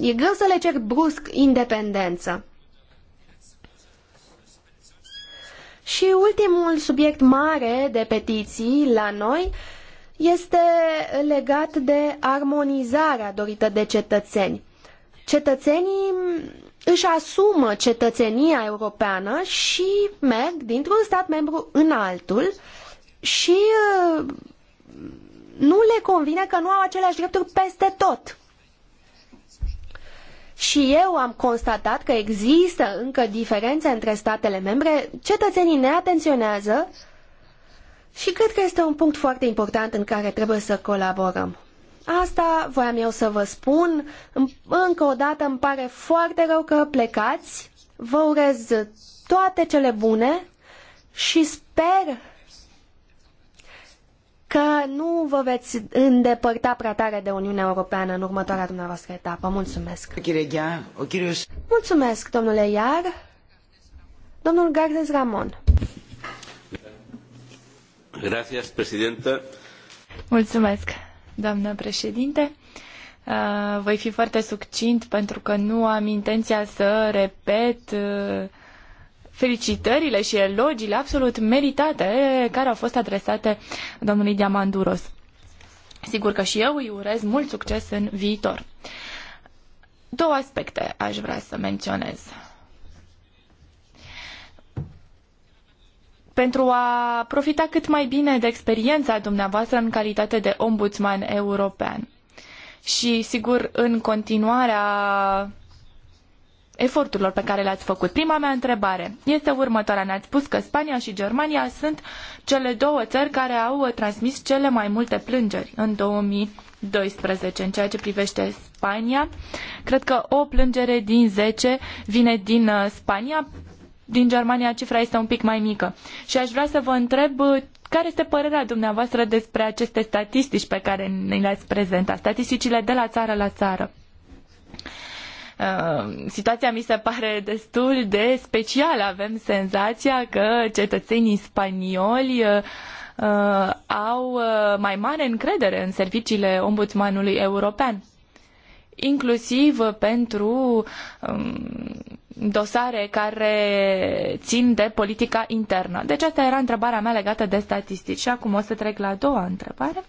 Speaker 2: E greu să le cer brusc independență. Și ultimul subiect mare de petiții la noi este legat de armonizarea dorită de cetățeni cetățenii își asumă cetățenia europeană și merg dintr-un stat membru în altul și uh, nu le convine că nu au aceleași drepturi peste tot. Și eu am constatat că există încă diferențe între statele membre, cetățenii ne atenționează și cred că este un punct foarte important în care trebuie să colaborăm. Asta voiam eu să vă spun. Încă o dată îmi pare foarte rău că plecați. Vă urez toate cele bune și sper că nu vă veți îndepărta prea tare de Uniunea Europeană în următoarea dumneavoastră etapă. Mulțumesc! Mulțumesc, domnule Iar. Domnul Gardes Ramon.
Speaker 4: Gracias, presidenta.
Speaker 2: Mulțumesc,
Speaker 3: doamnă președinte. Uh, voi fi foarte succint pentru că nu am intenția să repet uh, felicitările și elogiile absolut meritate care au fost adresate domnului Diamanduros. Sigur că și eu îi urez mult succes în viitor. Două aspecte aș vrea să menționez. pentru a profita cât mai bine de experiența dumneavoastră în calitate de ombudsman european. Și, sigur, în continuarea eforturilor pe care le-ați făcut. Prima mea întrebare este următoarea. Ne-ați spus că Spania și Germania sunt cele două țări care au transmis cele mai multe plângeri în 2012. În ceea ce privește Spania, cred că o plângere din zece vine din uh, Spania din Germania cifra este un pic mai mică. Și aș vrea să vă întreb uh, care este părerea dumneavoastră despre aceste statistici pe care ne le-ați prezentat, statisticile de la țară la țară. Uh, situația mi se pare destul de specială. Avem senzația că cetățenii spanioli uh, uh au uh, mai mare încredere în serviciile ombudsmanului european, inclusiv pentru um, dosare care țin de politica internă. Deci asta era întrebarea mea legată de statistici. Și acum o să trec la a doua întrebare.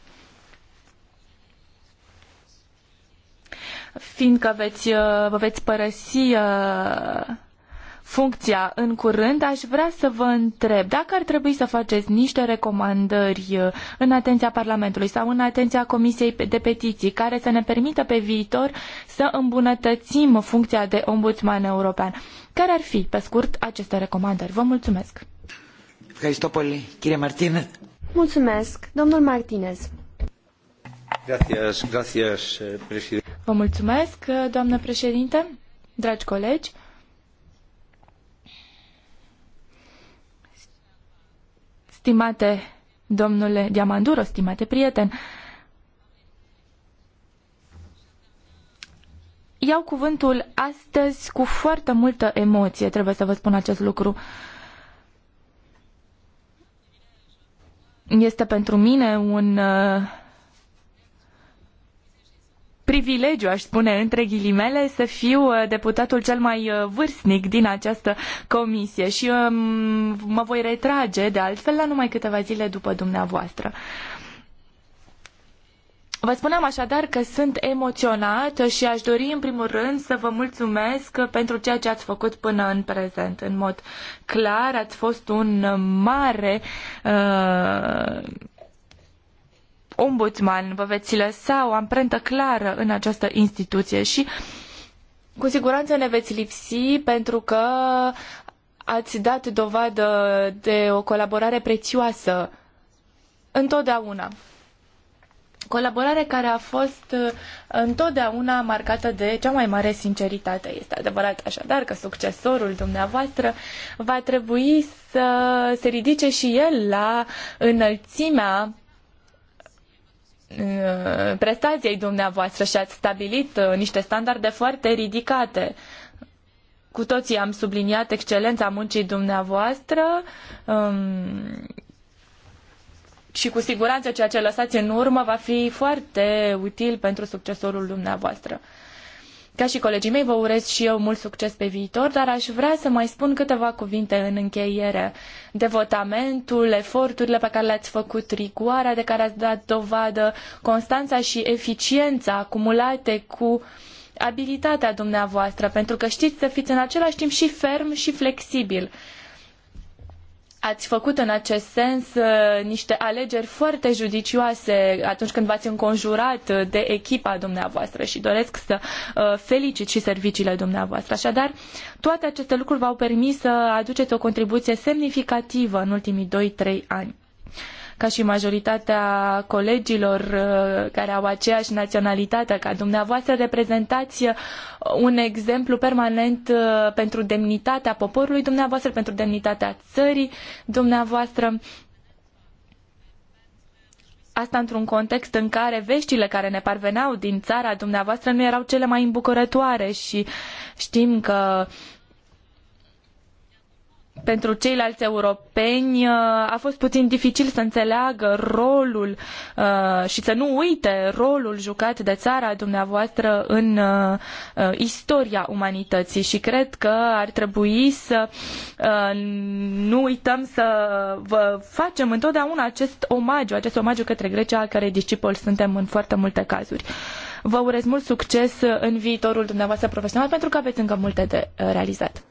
Speaker 3: Fiindcă veți, vă veți părăsi uh, funcția în curând, aș vrea să vă întreb dacă ar trebui să faceți niște recomandări uh, în atenția Parlamentului sau în atenția Comisiei de Petiții, care să ne permită pe viitor să îmbunătățim funcția de ombudsman european. Care ar fi, pe scurt, aceste recomandări? Vă mulțumesc! Mulțumesc, domnul Martinez.
Speaker 4: Gracias, gracias, eh,
Speaker 3: Vă mulțumesc, doamnă președinte, dragi colegi. Stimate domnule Diamanduro, stimate prieten, iau cuvântul astăzi cu foarte multă emoție, trebuie să vă spun acest lucru. Este pentru mine un uh, privilegiu, aș spune, între ghilimele, să fiu uh, deputatul cel mai uh, vârstnic din această comisie și um, mă voi retrage, de altfel, la numai câteva zile după dumneavoastră. Vă spuneam așadar că sunt emoționată și aș dori în primul rând să vă mulțumesc pentru ceea ce ați făcut până în prezent. În mod clar, ați fost un mare uh, ombudsman, vă veți lăsa o amprentă clară în această instituție și cu siguranță ne veți lipsi pentru că ați dat dovadă de o colaborare prețioasă întotdeauna. Colaborare care a fost uh, întotdeauna marcată de cea mai mare sinceritate. Este adevărat așadar că succesorul dumneavoastră va trebui să se ridice și el la înălțimea Uh, prestației dumneavoastră și ați stabilit uh, niște standarde foarte ridicate. Cu toții am subliniat excelența muncii dumneavoastră um, și cu siguranță ceea ce lăsați în urmă va fi foarte util pentru succesorul dumneavoastră. Ca și colegii mei, vă urez și eu mult succes pe viitor, dar aș vrea să mai spun câteva cuvinte în încheiere. Devotamentul, eforturile pe care le-ați făcut, rigoarea de care ați dat dovadă, constanța și eficiența acumulate cu abilitatea dumneavoastră, pentru că știți să fiți în același timp și ferm și flexibil ați făcut în acest sens uh, niște alegeri foarte judicioase atunci când v-ați înconjurat uh, de echipa dumneavoastră și doresc să uh, felicit și serviciile dumneavoastră. Așadar, toate aceste lucruri v-au permis să aduceți o contribuție semnificativă în ultimii doi-trei ani ca și majoritatea colegilor uh, care au aceeași naționalitate ca dumneavoastră, reprezentați uh, un exemplu permanent uh, pentru demnitatea poporului dumneavoastră, pentru demnitatea țării dumneavoastră. Asta într-un context în care veștile care ne parveneau din țara dumneavoastră nu erau cele mai îmbucurătoare și știm că uh, pentru ceilalți europeni uh, a fost puțin dificil să înțeleagă rolul uh, și să nu uite rolul jucat de țara dumneavoastră în uh, istoria umanității și cred că ar trebui să nu uităm să vă facem întotdeauna acest omagiu, acest omagiu către Grecia, al cărei discipol suntem în foarte multe cazuri. Vă urez mult succes în viitorul dumneavoastră profesional pentru că aveți încă multe
Speaker 2: de realizat.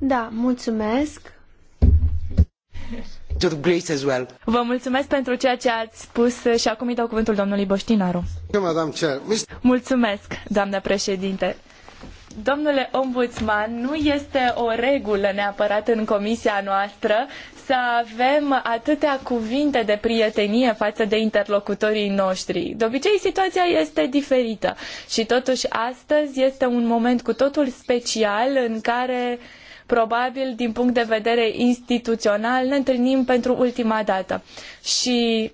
Speaker 2: Da, mulțumesc.
Speaker 1: To Greece as well.
Speaker 3: Vă mulțumesc pentru ceea ce ați spus și acum îi dau cuvântul domnului Boștinaru. Mulțumesc, doamnă președinte. Domnule ombudsman, nu este o regulă neapărat în comisia noastră să avem atâtea cuvinte de prietenie față de interlocutorii noștri. De obicei, situația este diferită și totuși astăzi este un moment cu totul special în care probabil din punct de vedere instituțional ne întâlnim pentru ultima dată. Și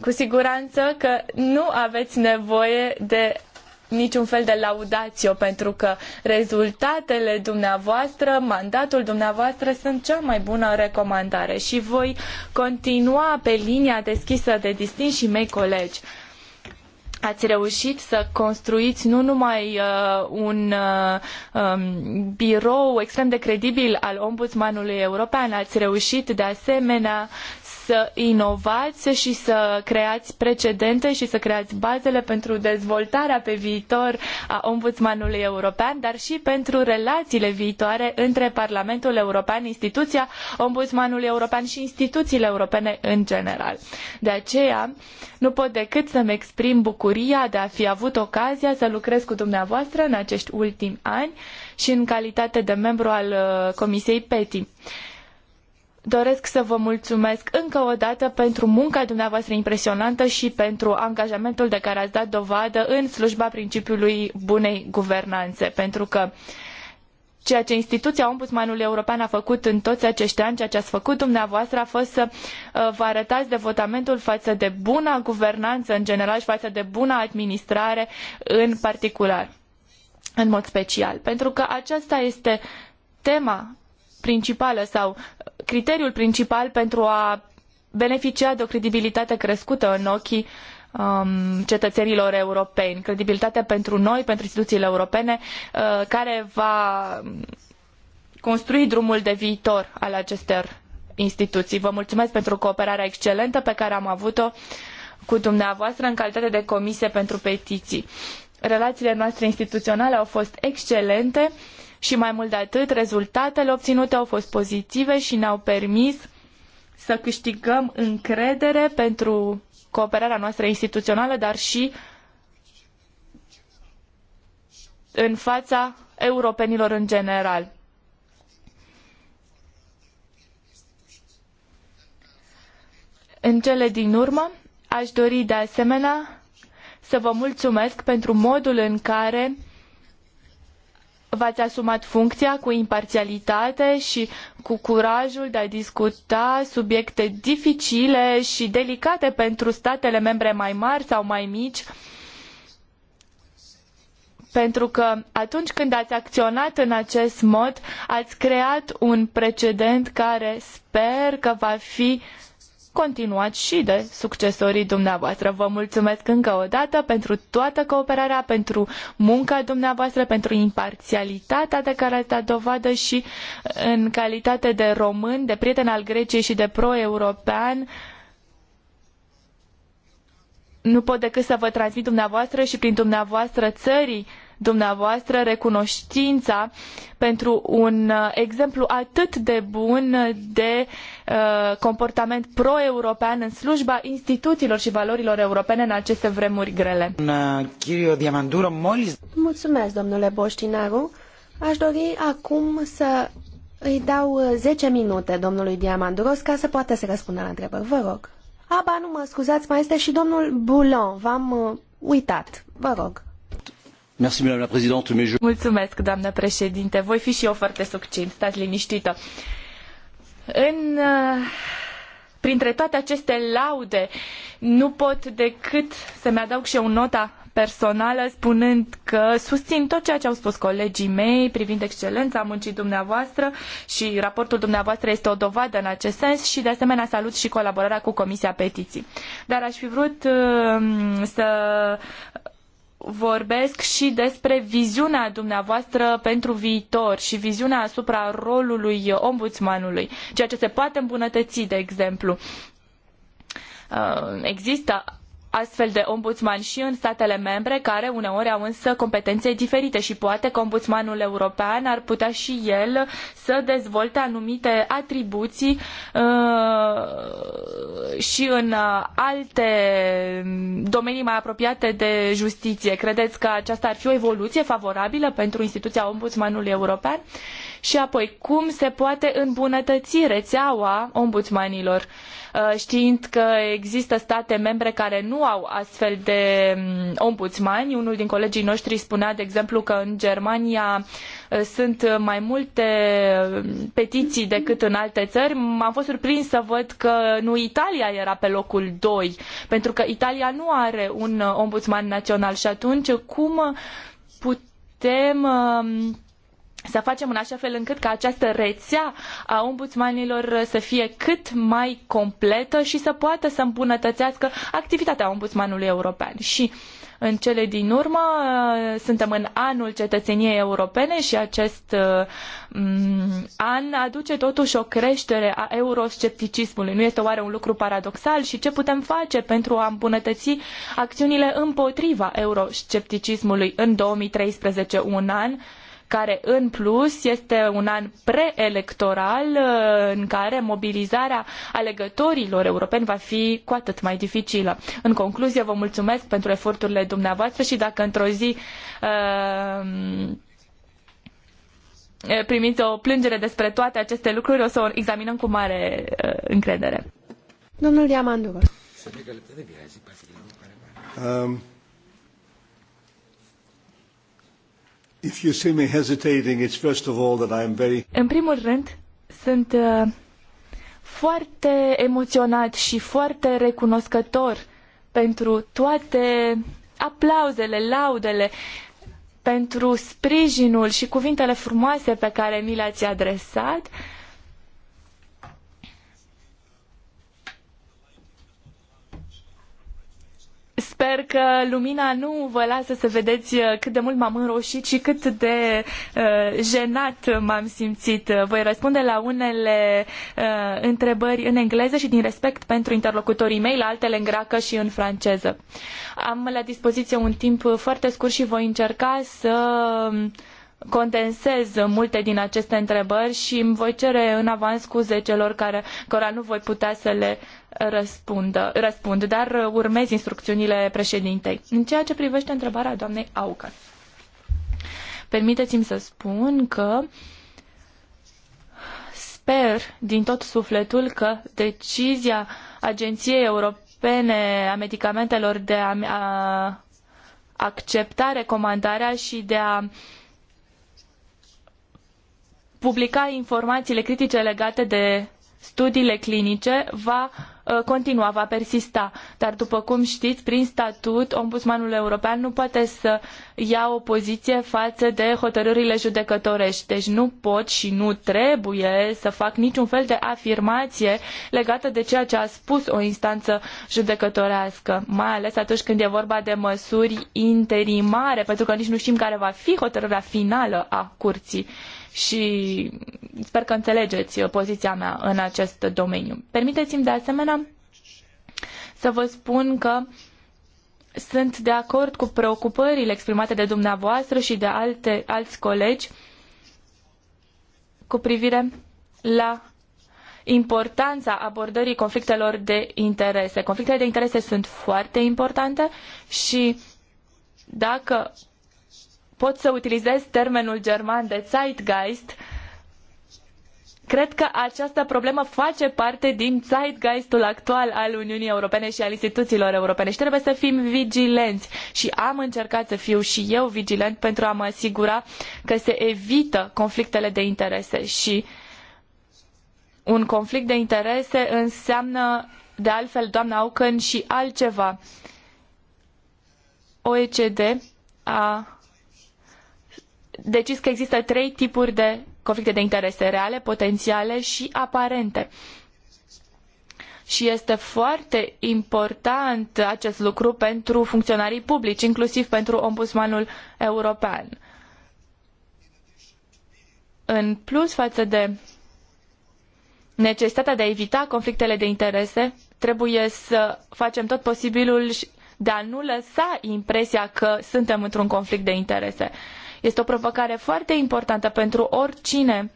Speaker 3: cu siguranță că nu aveți nevoie de niciun fel de laudație pentru că rezultatele dumneavoastră, mandatul dumneavoastră sunt cea mai bună recomandare și voi continua pe linia deschisă de distinși mei colegi ați reușit să construiți nu numai uh, un uh, um, birou extrem de credibil al ombudsmanului european, ați reușit de asemenea să inovați și să creați precedente și să creați bazele pentru dezvoltarea pe viitor a ombudsmanului european, dar și pentru relațiile viitoare între Parlamentul European, instituția ombudsmanului european și instituțiile europene în general. De aceea, nu pot decât să-mi exprim bucuria de a fi avut ocazia să lucrez cu dumneavoastră în acești ultimi ani și în calitate de membru al uh, Comisiei PETI doresc să vă mulțumesc încă o dată pentru munca dumneavoastră impresionantă și pentru angajamentul de care ați dat dovadă în slujba principiului bunei guvernanțe, pentru că ceea ce instituția Ombudsmanului European a făcut în toți acești ani, ceea ce ați făcut dumneavoastră a fost să uh, vă arătați devotamentul față de buna guvernanță în general și față de buna administrare în particular, în mod special. Pentru că aceasta este tema principală sau criteriul principal pentru a beneficia de o credibilitate crescută în ochii um, cetățenilor europeni, credibilitate pentru noi, pentru instituțiile europene, uh, care va construi drumul de viitor al acestor instituții. Vă mulțumesc pentru cooperarea excelentă pe care am avut-o cu dumneavoastră în calitate de comisie pentru petiții. Relațiile noastre instituționale au fost excelente. Uh, și mai mult de atât, rezultatele obținute au fost pozitive și ne-au permis să câștigăm încredere pentru cooperarea noastră instituțională, dar și în fața europenilor în general. În cele din urmă, aș dori de asemenea să vă mulțumesc pentru modul în care v-ați asumat funcția cu imparțialitate și cu curajul de a discuta subiecte dificile și delicate pentru statele membre mai mari sau mai mici. Pentru că atunci când ați acționat în acest mod, ați creat un precedent care sper că va fi continuați și de succesorii dumneavoastră. Vă mulțumesc încă o dată pentru toată cooperarea, pentru munca dumneavoastră, pentru imparțialitatea de care ați dat dovadă și uh, în calitate de român, de prieten al Greciei și de pro-european. Nu pot decât să vă transmit dumneavoastră și prin dumneavoastră țării dumneavoastră recunoștința pentru un uh, exemplu atât de bun de uh, comportament pro-european în slujba instituțiilor și valorilor europene în aceste vremuri grele.
Speaker 1: Uh,
Speaker 2: Mulțumesc, domnule Boștinaru. Aș dori acum să îi dau 10 minute domnului Diamanduros ca să poată să răspundă la întrebări. Vă rog. Aba, nu mă scuzați, mai este și domnul Boulon. V-am uitat. Vă rog.
Speaker 3: Mulțumesc, doamnă președinte. Voi fi și eu foarte succint, stați liniștită. În, uh, printre toate aceste laude, nu pot decât să-mi adaug și eu nota personală spunând că susțin tot ceea ce au spus colegii mei privind excelența muncii dumneavoastră și raportul dumneavoastră este o dovadă în acest sens și de asemenea salut și colaborarea cu Comisia Petiții. Dar aș fi vrut uh, să vorbesc și despre viziunea dumneavoastră pentru viitor și viziunea asupra rolului ombudsmanului, ceea ce se poate îmbunătăți, de exemplu. Uh, există astfel de ombudsman și în statele membre, care uneori au însă competențe diferite și poate că ombudsmanul european ar putea și el să dezvolte anumite atribuții uh, și în uh, alte domenii mai apropiate de justiție. Credeți că aceasta ar fi o evoluție favorabilă pentru instituția ombudsmanului european? și apoi cum se poate îmbunătăți rețeaua ombudsmanilor, uh, știind că există state membre care nu au astfel de mm, ombudsmani. Unul din colegii noștri spunea, de exemplu, că în Germania uh, sunt mai multe mm, petiții decât în alte țări. Am fost surprins să văd că nu Italia era pe locul doi, pentru că Italia nu are un uh, ombudsman național și atunci cum putem să facem în așa fel încât ca această rețea a ombudsmanilor să fie cât mai completă și să poată să îmbunătățească activitatea ombudsmanului european. Și în cele din urmă suntem în anul cetățeniei europene și acest mm, an aduce totuși o creștere a euroscepticismului. Nu este oare un lucru paradoxal și ce putem face pentru a îmbunătăți acțiunile împotriva euroscepticismului în 2013, un an care în plus este un an preelectoral uh, în care mobilizarea alegătorilor europeni va fi cu atât mai dificilă. În concluzie, vă mulțumesc pentru eforturile dumneavoastră și dacă într-o zi uh, uh, primiți o plângere despre toate aceste lucruri, o să o examinăm cu mare
Speaker 2: încredere. Domnul Diamandu.
Speaker 3: Um. If you see
Speaker 4: me
Speaker 5: hesitating, it's first of all that very...
Speaker 3: În primul rând, sunt uh, foarte emoționat și foarte recunoscător pentru toate aplauzele, laudele, pentru sprijinul și cuvintele frumoase pe care mi le-ați adresat. Uh, Sper că lumina nu vă lasă să vedeți uh, cât de mult m-am înroșit și cât de uh, jenat m-am simțit. Voi răspunde la unele uh, întrebări în engleză și din respect pentru interlocutorii mei, la altele în greacă și în franceză. Am la dispoziție un timp foarte scurt și voi încerca să um, condensez multe din aceste întrebări și îmi voi cere în avans scuze celor care, cărora nu voi putea să le răspundă, răspund, dar urmez instrucțiunile președintei. În ceea ce privește întrebarea doamnei Aucan, permiteți-mi să spun că sper din tot sufletul că decizia Agenției Europene a Medicamentelor de a, a accepta recomandarea și de a publica informațiile critice legate de studiile clinice va Uh, continua, va persista. Dar, după cum știți, prin statut, ombudsmanul european nu poate să ia o poziție față de hotărârile judecătorești. Deci nu pot și nu trebuie să fac niciun fel de afirmație legată de ceea ce a spus o instanță judecătorească, mai ales atunci când e vorba de măsuri interimare, pentru că nici nu știm care va fi hotărârea finală a curții și sper că înțelegeți poziția mea în acest domeniu. Permiteți-mi de asemenea să vă spun că sunt de acord cu preocupările exprimate de dumneavoastră și de alte, alți colegi cu privire la importanța abordării conflictelor de interese. Conflictele de interese sunt foarte importante și dacă pot să utilizez termenul german de Zeitgeist, cred că această problemă face parte din zeitgeistul actual al Uniunii Europene și al instituțiilor europene și trebuie să fim vigilenți. Și am încercat să fiu și eu vigilent pentru a mă asigura că se evită conflictele de interese și un conflict de interese înseamnă de altfel, doamna Auken, și altceva. OECD a decis că există trei tipuri de conflicte de interese reale, potențiale și aparente. Și este foarte important acest lucru pentru funcționarii publici, inclusiv pentru ombudsmanul european. În plus față de necesitatea de a evita conflictele de interese, trebuie să facem tot posibilul de a nu lăsa impresia că suntem într-un conflict de interese. Uh, este o provocare foarte importantă pentru oricine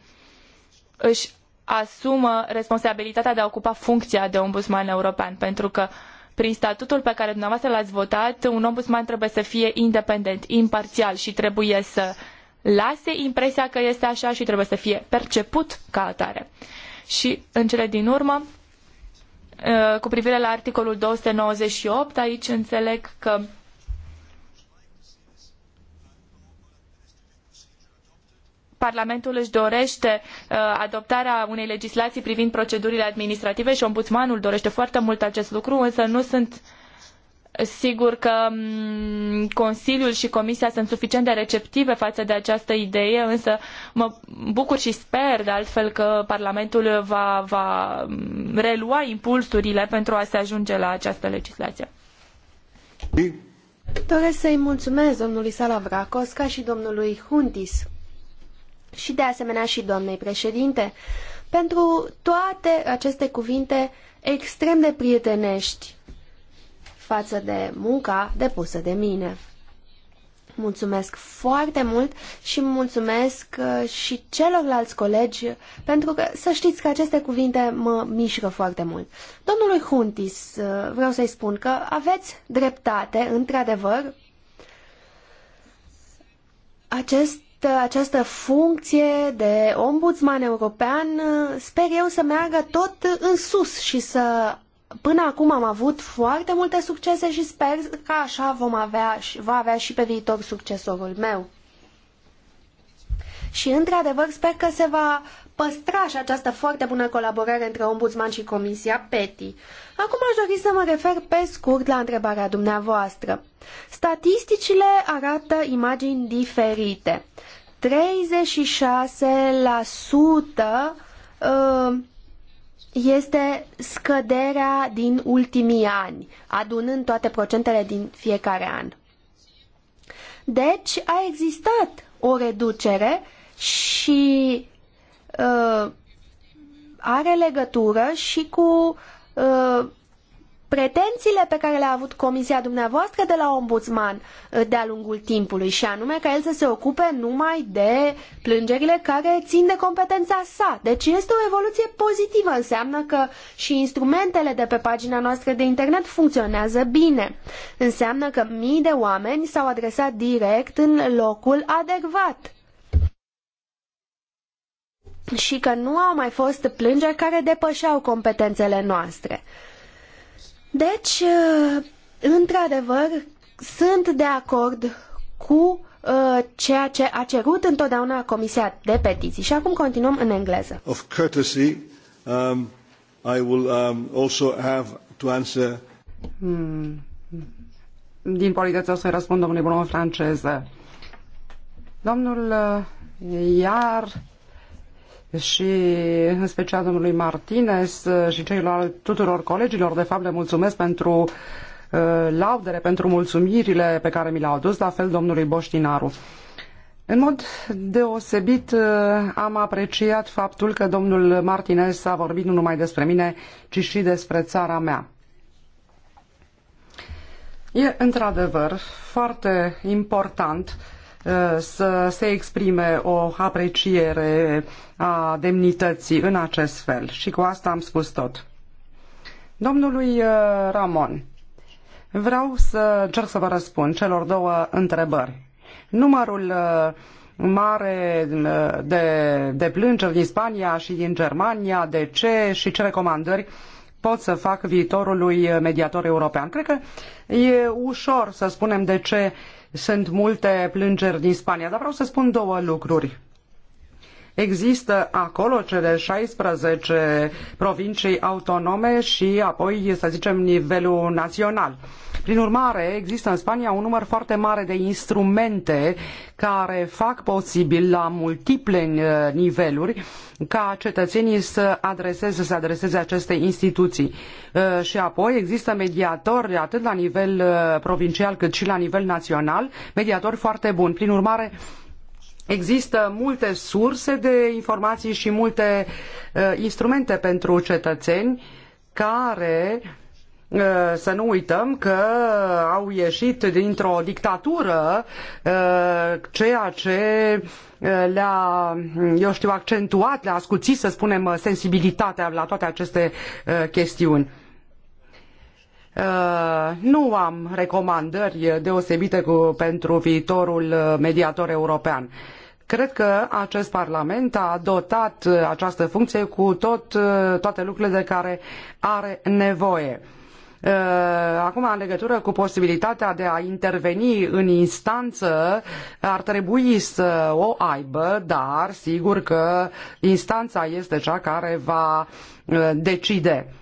Speaker 3: își asumă responsabilitatea de a ocupa funcția de ombudsman european, pentru că prin statutul pe care dumneavoastră l-ați votat, un ombudsman trebuie să fie independent, imparțial și trebuie să lase impresia că este așa și trebuie să fie perceput ca atare. Și în cele din urmă, eh, cu privire la articolul 298, aici înțeleg că Parlamentul își dorește uh, adoptarea unei legislații privind procedurile administrative și ombudsmanul dorește foarte mult acest lucru, însă nu sunt sigur că mm, Consiliul și Comisia sunt suficient de receptive față de această idee, însă mă bucur și sper de altfel că Parlamentul va, va mm, relua impulsurile pentru a se ajunge la această legislație.
Speaker 2: Doresc să-i mulțumesc domnului Salavracos ca și domnului Huntis și de asemenea și doamnei președinte, pentru toate aceste cuvinte extrem de prietenești față de munca depusă de mine. Mulțumesc foarte mult și mulțumesc uh, și celorlalți colegi pentru că să știți că aceste cuvinte mă mișcă foarte mult. Domnului Huntis, uh, vreau să-i spun că aveți dreptate, într-adevăr, acest Uh, această funcție de ombudsman european, uh, sper eu să meargă tot în sus și să Până acum am avut foarte multe succese și sper că așa vom avea, va avea și pe viitor succesorul meu. Și într-adevăr sper că se va păstra și această foarte bună colaborare între ombudsman și Comisia PETI. Acum aș dori să mă refer pe scurt la întrebarea dumneavoastră. Statisticile arată imagini diferite. 36% uh, este scăderea din ultimii ani, adunând toate procentele din fiecare an. Deci a existat o reducere și uh, are legătură și cu uh, pretențiile pe care le-a avut comisia dumneavoastră de la ombudsman uh, de-a lungul timpului și anume ca el să se ocupe numai de plângerile care țin de competența sa. Deci este o evoluție pozitivă, înseamnă că și instrumentele de pe pagina noastră de internet funcționează bine. Înseamnă că mii de oameni s-au adresat direct în locul adecvat și că nu au mai fost plângeri care depășeau competențele noastre. Deci, uh, într-adevăr, sunt de acord cu uh, ceea ce a cerut întotdeauna Comisia de Petiții. Și acum continuăm în engleză.
Speaker 4: Of courtesy, um, I will um, also have to answer...
Speaker 1: Hmm. Din politețe o să-i răspund domnului Bruno franceză. Domnul uh, Iar și în special domnului Martinez și celorlalți tuturor colegilor. De fapt, le mulțumesc pentru uh, laudere, pentru mulțumirile pe care mi le-au adus, la fel domnului Boștinaru. În mod deosebit uh, am apreciat faptul că domnul Martinez a vorbit nu numai despre mine, ci și despre țara mea. E într-adevăr foarte important uh, să se exprime o apreciere a demnității în acest fel. Și cu asta am spus tot. Domnului uh, Ramon, vreau să încerc să vă răspund celor două întrebări. Numărul uh, mare uh, de, de plângeri din Spania și din Germania, de ce și ce recomandări pot să fac viitorului mediator european. Cred că e ușor să spunem de ce sunt multe plângeri din Spania, dar vreau să spun două lucruri. Există acolo cele 16 provincii autonome și apoi, să zicem, nivelul național. Prin urmare, există în Spania un număr foarte mare de instrumente care fac posibil la multiple uh, niveluri ca cetățenii să adreseze, să adreseze aceste instituții. Uh, și apoi există mediatori atât la nivel uh, provincial cât și la nivel național, mediatori foarte buni. Prin urmare, Există multe surse de informații și multe uh, instrumente pentru cetățeni care uh, Uh, să nu uităm că au ieșit dintr-o dictatură, uh, ceea ce uh, le-a, eu știu, accentuat, le-a ascuțit, să spunem, sensibilitatea la toate aceste chestiuni. Nu am recomandări deosebite cu, pentru viitorul mediator european. Cred că acest Parlament a dotat această funcție cu tot, toate lucrurile de care are nevoie Uh, acum, în legătură cu posibilitatea de a interveni în instanță, ar trebui să o aibă, dar sigur că instanța este cea care va uh, decide.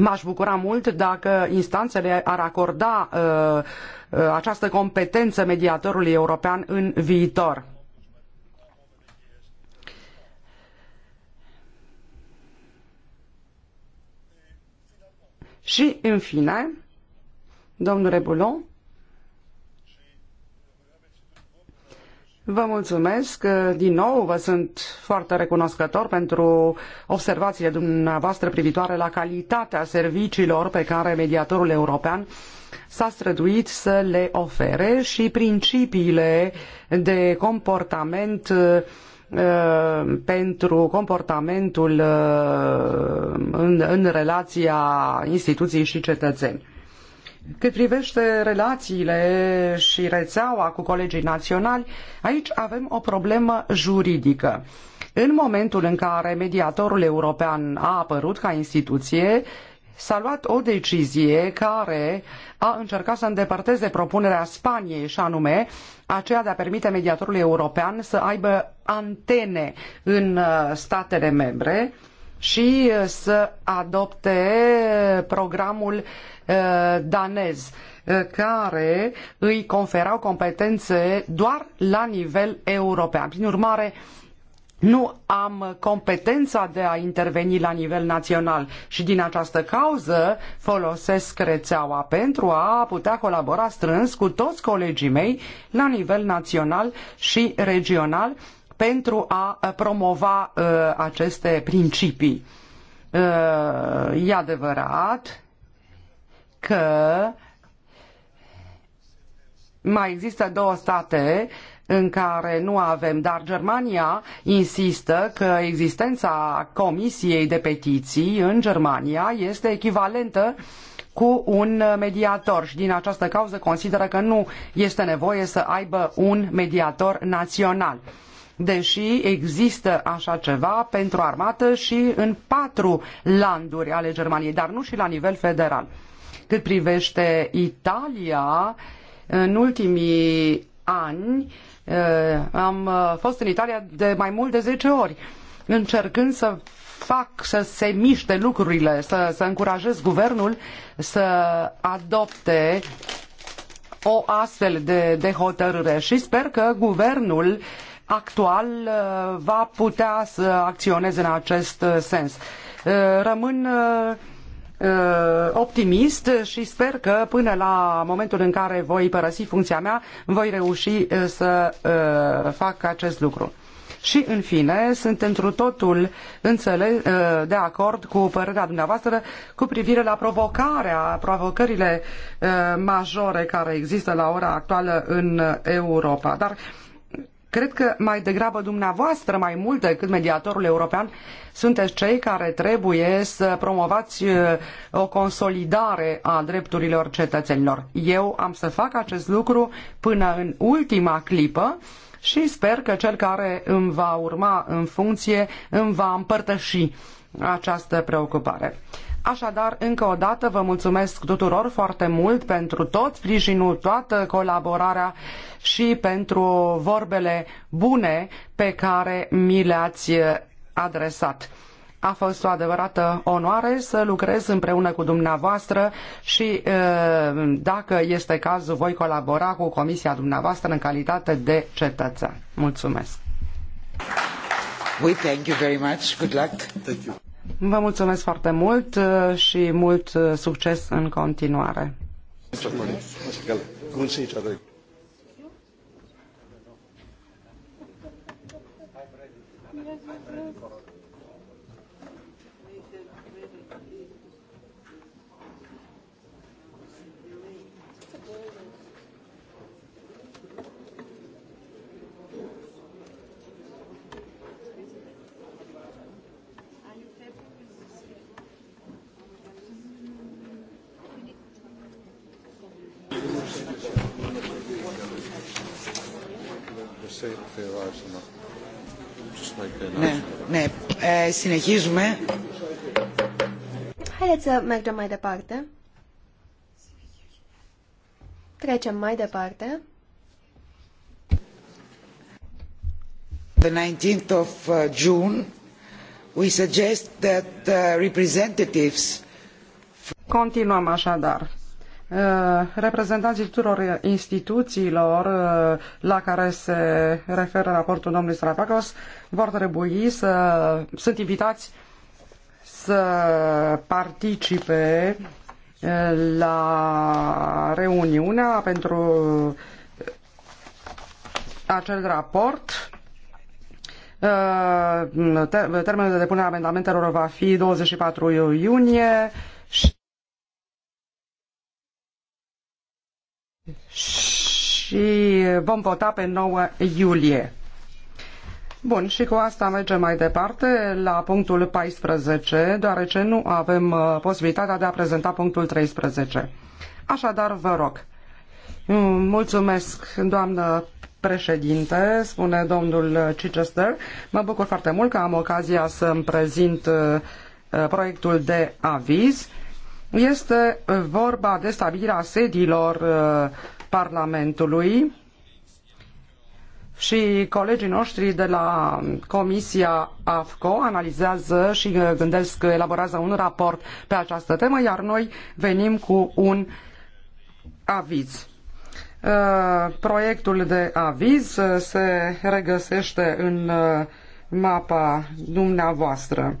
Speaker 1: M-aș bucura mult dacă instanțele ar acorda uh, uh această competență mediatorului european în viitor. Și, în fine, domnule Bulon, Vă mulțumesc. Uh, din nou, vă sunt foarte recunoscător pentru observațiile dumneavoastră privitoare la calitatea serviciilor pe care mediatorul european s-a străduit să le ofere și principiile de comportament uh, Uh, pentru comportamentul uh, în, în relația instituției și cetățeni. Cât privește relațiile și rețeaua cu colegii naționali, aici avem o problemă juridică. În momentul în care mediatorul european a apărut ca instituție, s-a luat o decizie care a încercat să îndepărteze propunerea Spaniei și anume aceea de a permite mediatorului european să aibă antene în uh, statele membre și uh, să adopte programul uh, danez care îi conferau competențe doar la nivel european. Prin urmare, nu am competența de a interveni la nivel național și din această cauză folosesc rețeaua pentru a putea colabora strâns cu toți colegii mei la nivel național și regional pentru a promova uh, aceste principii. Uh, e adevărat că mai există două state uh, în care nu avem, dar Germania insistă că existența Comisiei de Petiții în Germania este echivalentă cu un mediator și din această cauză consideră că nu este nevoie să aibă un mediator național deși există așa ceva pentru armată și în patru landuri ale Germaniei, dar nu și la nivel federal. Cât privește Italia, în ultimii ani Eh, am eh, fost în Italia de mai mult de 10 ori încercând să fac să se miște lucrurile, să, să încurajez guvernul să adopte o astfel de, de hotărâre și sper că guvernul actual eh, va putea să acționeze în acest sens. Rămân Uh, optimist și sper că până la momentul în care voi părăsi funcția mea, voi reuși uh, să uh, fac acest lucru. Și, în fine, sunt întru totul înțeles, de acord cu părerea dumneavoastră cu privire la provocarea, provocările majore care există la ora actuală în Europa. Dar Cred că mai degrabă dumneavoastră, mai mult decât mediatorul european, sunteți cei care trebuie să promovați uh, o consolidare a drepturilor cetățenilor. Eu am să fac acest lucru până în ultima clipă și sper că cel care îmi va urma în funcție îmi va împărtăși această preocupare. Așadar, încă o dată vă mulțumesc tuturor foarte mult pentru tot sprijinul, toată colaborarea și pentru vorbele bune pe care mi le-ați eh, adresat. A fost o adevărată onoare să lucrez împreună cu dumneavoastră și, eh, dacă este cazul, voi colabora cu comisia dumneavoastră în calitate de cetățean. Mulțumesc! We thank you very much. Good luck. Thank you. Vă mulțumesc foarte mult și mult succes în continuare. Ναι, ναι, ε, συνεχίζουμε.
Speaker 2: Haideți să mergem mai departe. Trecem mai departe.
Speaker 1: The 19th of uh, June, we suggest that uh, representatives Continuăm așadar. Eh, reprezentanții tuturor instituțiilor eh, la care se referă raportul domnului Strapacos vor trebui să sunt invitați să participe eh, la reuniunea pentru acel raport. Termenul de depunere a amendamentelor va fi 24 iunie. Și și vom vota pe 9 iulie. Bun, și cu asta mergem mai departe la punctul 14, deoarece nu avem uh, posibilitatea de a prezenta punctul 13. Așadar, vă rog. Mm, mulțumesc, doamnă președinte, spune domnul Chichester. Mă bucur foarte mult că am ocazia să-mi prezint uh, proiectul de aviz este uh, vorba de stabilirea sediilor uh, Parlamentului și colegii noștri de la Comisia AFCO analizează și uh, gândesc, că elaborează un raport pe această temă, iar noi venim cu un aviz. Proiectul de aviz se regăsește în mapa dumneavoastră.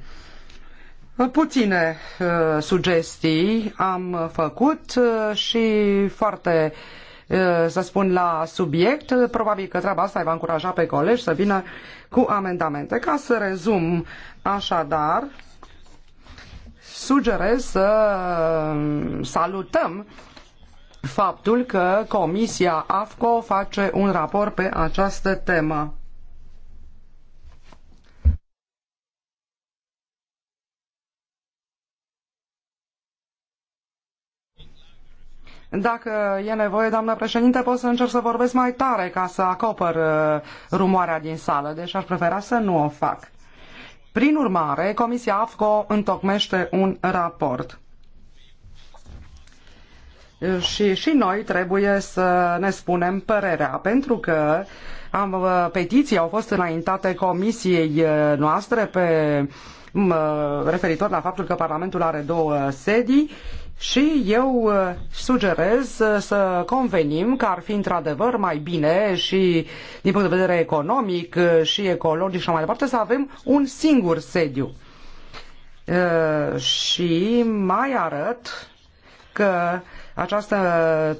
Speaker 1: Puține uh, sugestii am făcut uh, și foarte uh, să spun la subiect, probabil că treaba asta îi va încuraja pe colegi să vină cu amendamente. Ca să rezum așadar, sugerez să uh, salutăm faptul că Comisia AFCO face un raport pe această temă. Dacă e nevoie, doamnă președinte, pot să încerc să vorbesc mai tare ca să acopăr uh, rumoarea din sală, deci aș prefera să nu o fac. Prin urmare, Comisia AFCO întocmește un raport. Uh, și, și noi trebuie să ne spunem părerea, pentru că am, uh, petiții au fost înaintate comisiei noastre pe referitor la faptul că Parlamentul are două sedii și eu uh, sugerez uh, să convenim că ar fi într-adevăr mai bine și din punct de vedere economic uh, și ecologic și mai departe să avem un singur sediu. Și mai arăt că această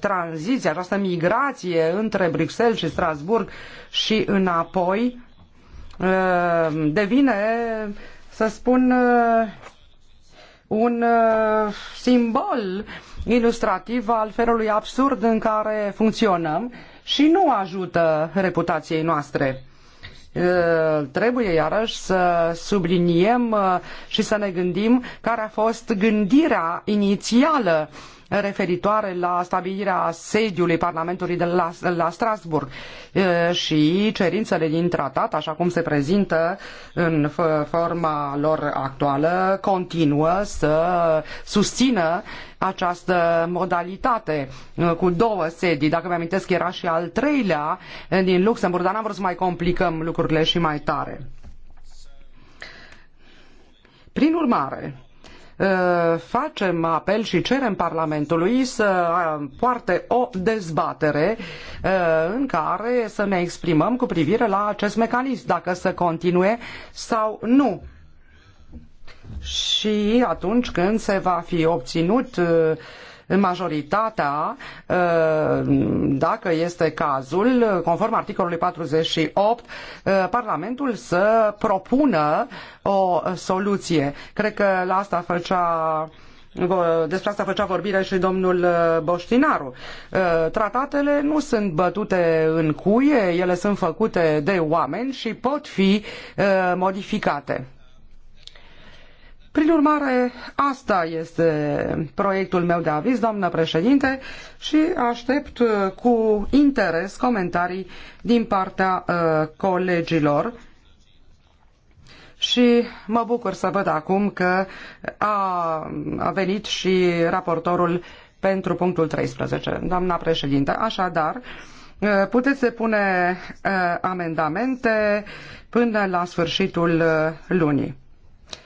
Speaker 1: tranziție, această migrație între Bruxelles și Strasburg și înapoi devine, să spun, un uh, simbol ilustrativ al felului absurd în care funcționăm și nu ajută reputației noastre. Uh, trebuie iarăși să subliniem uh, și să ne gândim care a fost gândirea inițială referitoare la stabilirea sediului Parlamentului de la, la Strasburg și cerințele din tratat, așa cum se prezintă în forma lor actuală, continuă să susțină această modalitate cu două sedii. Dacă mi-amintesc, era și al treilea din Luxemburg, dar n-am vrut să mai complicăm lucrurile și mai tare. Prin urmare, Uh, facem apel și cerem Parlamentului să uh, poarte o dezbatere uh, în care să ne exprimăm cu privire la acest mecanism, dacă să continue sau nu. Și atunci când se va fi obținut uh, majoritatea, ă, dacă este cazul, conform articolului 48, ă, Parlamentul să propună o soluție. Cred că la asta făcea despre asta făcea vorbire și domnul ă, Boștinaru. Tratatele nu sunt bătute în cuie, ele sunt făcute de oameni și pot fi modificate. Prin urmare, asta este proiectul meu de aviz, doamnă președinte, și aștept uh, cu interes comentarii din partea uh, colegilor. Și mă bucur să văd acum că a, a venit și raportorul pentru punctul 13. Doamna președinte, așadar, uh, puteți depune uh, amendamente până la sfârșitul lunii.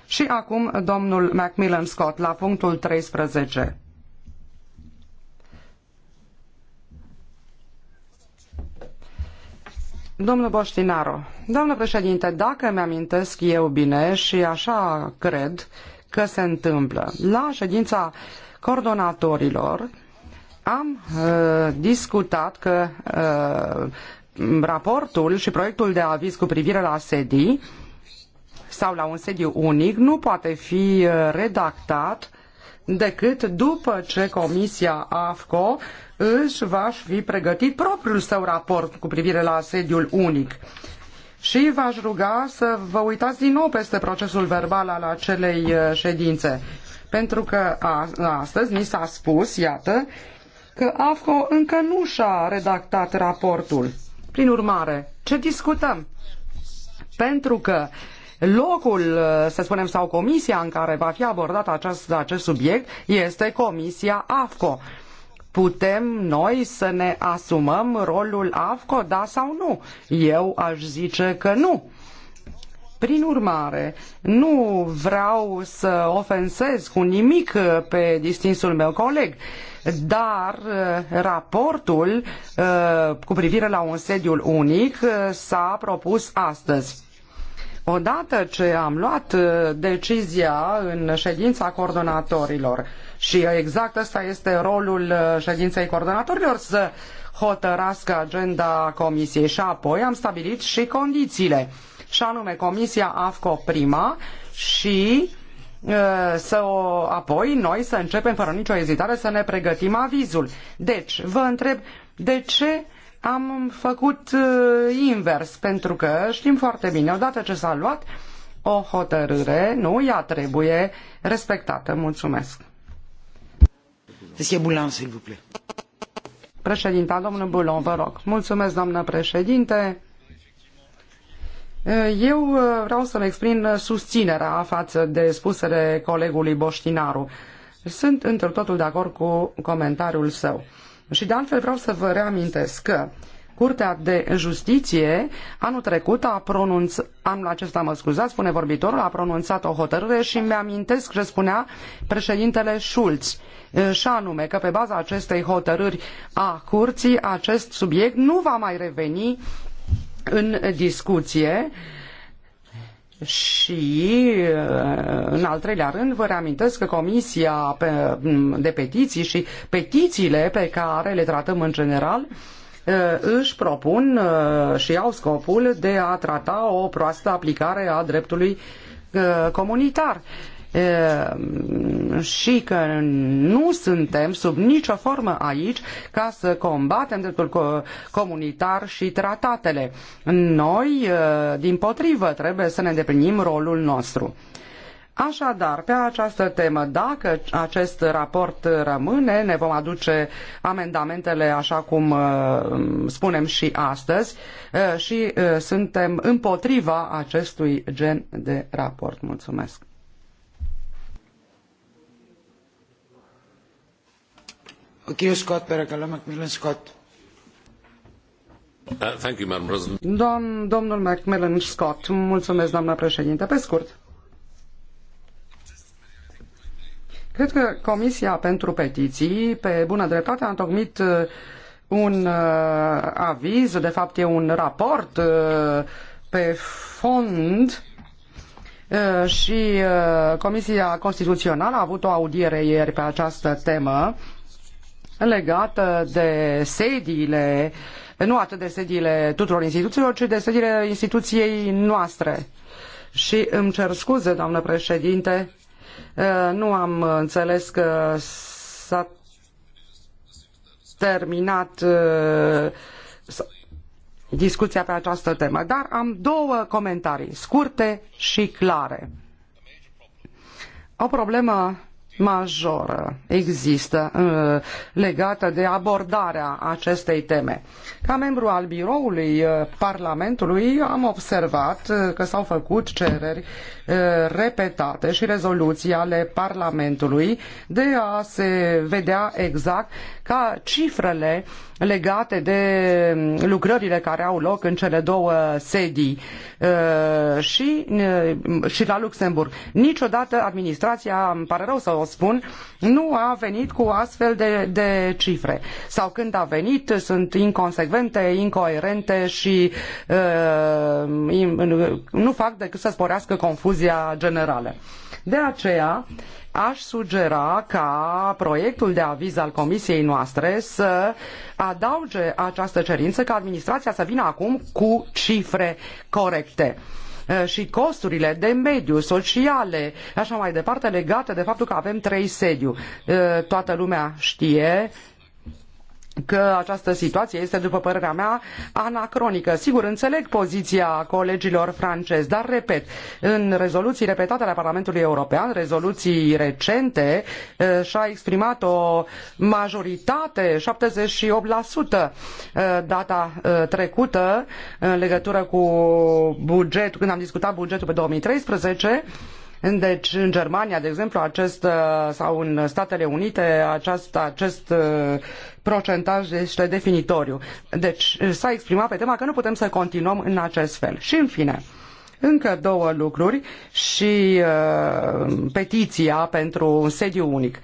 Speaker 1: Și acum domnul Macmillan Scott la punctul 13. Domnul Boștinaru, domnul președinte, dacă mi-amintesc eu bine și așa cred că se întâmplă, la ședința coordonatorilor am uh, discutat că uh, raportul și proiectul de aviz cu privire la sedii uh, sau la un sediu unic nu poate fi uh, redactat decât după ce Comisia AFCO își va fi pregătit propriul său raport cu privire la sediul unic. Și v-aș ruga să vă uitați din nou peste procesul verbal al acelei uh, ședințe. Pentru că astăzi mi s-a spus, iată, că AFCO încă nu și-a redactat raportul. Prin urmare, ce discutăm? Pentru că uh, locul, uh, să spunem, sau comisia în care va fi abordat acest, acest subiect este Comisia AFCO. Putem noi să ne asumăm rolul AFCO, da sau nu? Eu aș zice că nu. Prin urmare, nu vreau să ofensez cu nimic uh, pe distinsul meu coleg, dar uh, raportul cu privire la un sediul unic s-a propus astăzi. Odată ce am luat uh, decizia în ședința coordonatorilor, și exact ăsta este rolul uh, ședinței coordonatorilor, să hotărască agenda comisiei și apoi am stabilit și condițiile, și anume comisia AFCO prima și uh, să o, apoi noi să începem fără nicio ezitare să ne pregătim avizul. Deci, vă întreb, de ce am făcut uh, invers, pentru că știm foarte bine, odată ce s-a luat o hotărâre, nu, ea trebuie respectată. Mulțumesc. Monsieur s'il Președinta, domnul Bulon, vă rog. Mulțumesc, doamnă președinte. Uh, eu uh, vreau să-mi exprim susținerea față de spusele colegului Boștinaru. Sunt într totul de acord cu comentariul său. Și de altfel vreau să vă reamintesc că Curtea de Justiție anul trecut a pronunțat, anul acesta mă scuzați, spune vorbitorul, a pronunțat o hotărâre și îmi amintesc ce spunea președintele Schulz și anume că pe baza acestei hotărâri a curții acest subiect nu va mai reveni în discuție uh, și, uh, în al treilea rând, vă reamintesc că Comisia mm, de Petiții și petițiile pe care le tratăm în general uh, își propun uh, și au scopul de a trata o proastă aplicare a dreptului comunitar. Ehm, și că nu suntem sub nicio formă aici ca să combatem dreptul comunitar și tratatele. Noi, eh, din potrivă, trebuie să ne îndeplinim rolul nostru. Așadar, pe această temă, dacă acest raport rămâne, ne vom aduce amendamentele așa cum eh, spunem și astăzi eh, și suntem împotriva acestui gen de raport. Mulțumesc! Uh, Dom, domnul McMillan Scott, mulțumesc, doamna președinte. Pe scurt, cred că Comisia pentru Petiții, pe bună dreptate, a întocmit uh, un uh, aviz, de fapt e un raport pe fond și Comisia Constituțională a avut o audiere ieri pe această temă legată de sediile, nu atât de sediile tuturor instituțiilor, ci de sediile instituției noastre. Și îmi cer scuze, doamnă președinte, uh, nu am înțeles că s-a terminat uh, discuția pe această temă, dar am două comentarii scurte și clare. O problemă majoră există uh, legată de abordarea acestei teme. Ca membru al biroului uh, Parlamentului am observat uh, că s-au făcut cereri repetate și rezoluții ale Parlamentului de a se vedea exact ca cifrele legate de lucrările care au loc în cele două sedii uh, și, uh, și la Luxemburg. Niciodată administrația, îmi pare rău să o spun, nu a venit cu astfel de, de cifre. Sau când a venit, sunt inconsecvente, incoerente și uh, nu fac decât să sporească confuzia generală. De aceea, aș sugera ca proiectul de aviz al comisiei noastre să adauge această cerință ca administrația să vină acum cu cifre corecte și costurile de mediu, sociale, așa mai departe, legate de faptul că avem trei sediu. Toată lumea știe că această situație este, după părerea mea, anacronică. Sigur, înțeleg poziția colegilor francezi, dar, repet, în rezoluții repetate ale Parlamentului European, rezoluții recente, eh, și-a exprimat o majoritate, 78% eh, data eh, trecută, în legătură cu bugetul, când am discutat bugetul pe 2013, deci, în Germania, de exemplu, acest, uh, sau în Statele Unite, acest, acest uh, procentaj este definitoriu. Deci, uh, s-a exprimat pe tema că nu putem să continuăm în acest fel. Și, în fine, încă două lucruri și uh, petiția pentru un sediu unic.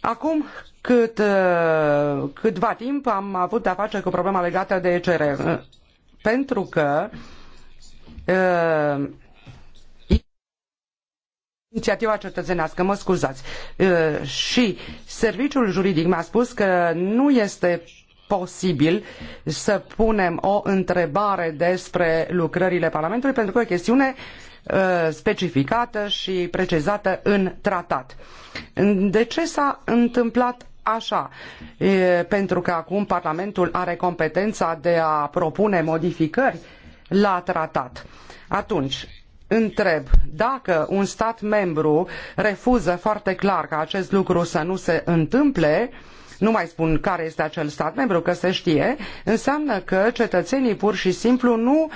Speaker 1: Acum cât, uh, câtva timp am avut de-a face cu problema legată de ECR, pentru că uh, inițiativa cetățenească, mă scuzați. Și serviciul juridic mi-a spus că nu este posibil să punem o întrebare despre lucrările Parlamentului pentru că e o chestiune specificată și precizată în tratat. De ce s-a întâmplat Așa, e, pentru că acum Parlamentul are competența de a propune modificări la tratat. Atunci, întreb dacă un stat membru refuză foarte clar ca acest lucru să nu se întâmple, nu mai spun care este acel stat membru, că se știe, înseamnă că cetățenii pur și simplu nu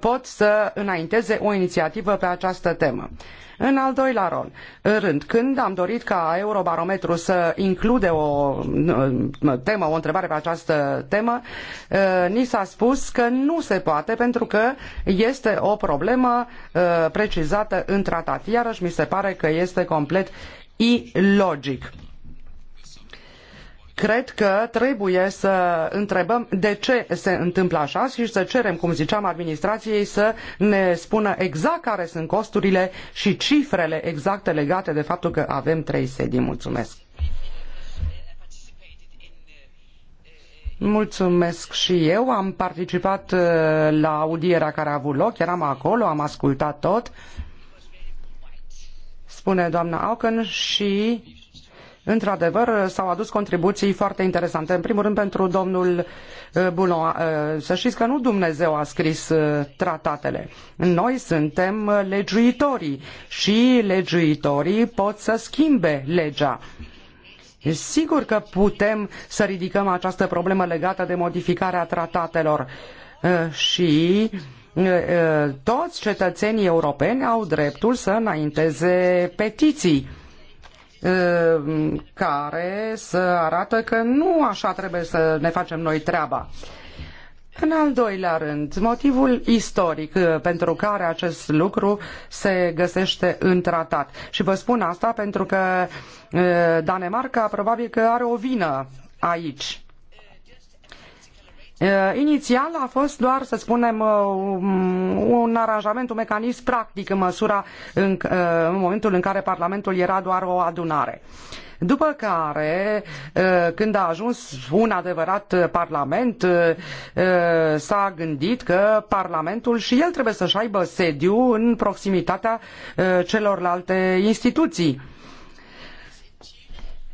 Speaker 1: pot să înainteze o inițiativă pe această temă. În al doilea rând, când am dorit ca Eurobarometru să include o temă, o întrebare pe această temă, uh, ni s-a spus că nu se poate pentru că este o problemă uh, precizată în tratat. Iarăși mi se pare că este complet ilogic cred că trebuie să întrebăm de ce se întâmplă așa și să cerem, cum ziceam, administrației să ne spună exact care sunt costurile și cifrele exacte legate de faptul că avem trei sedii. Mulțumesc! Mulțumesc și eu. Am participat uh, la audierea care a avut loc, eram acolo, am ascultat tot, spune doamna Auken și Într-adevăr, s-au adus contribuții foarte interesante. În primul rând pentru domnul uh, Boulon. Uh, să știți că nu Dumnezeu a scris uh, tratatele. Noi suntem legiuitorii și legiuitorii pot să schimbe legea. Sigur că putem să ridicăm această problemă legată de modificarea tratatelor și toți cetățenii europeni au dreptul să înainteze petiții Ehm, care să arată că nu așa trebuie să ne facem noi treaba. În al doilea rând, motivul istoric eh, pentru care acest lucru se găsește în tratat. Și vă spun asta pentru că eh, Danemarca probabil că are o vină aici Eh, inițial a fost doar, să spunem, eh, un aranjament, un mecanism practic în măsura, în, eh, în momentul în care Parlamentul era doar o adunare. După care, când a ajuns un adevărat parlament, s-a gândit că parlamentul și el trebuie să-și aibă sediu în proximitatea celorlalte instituții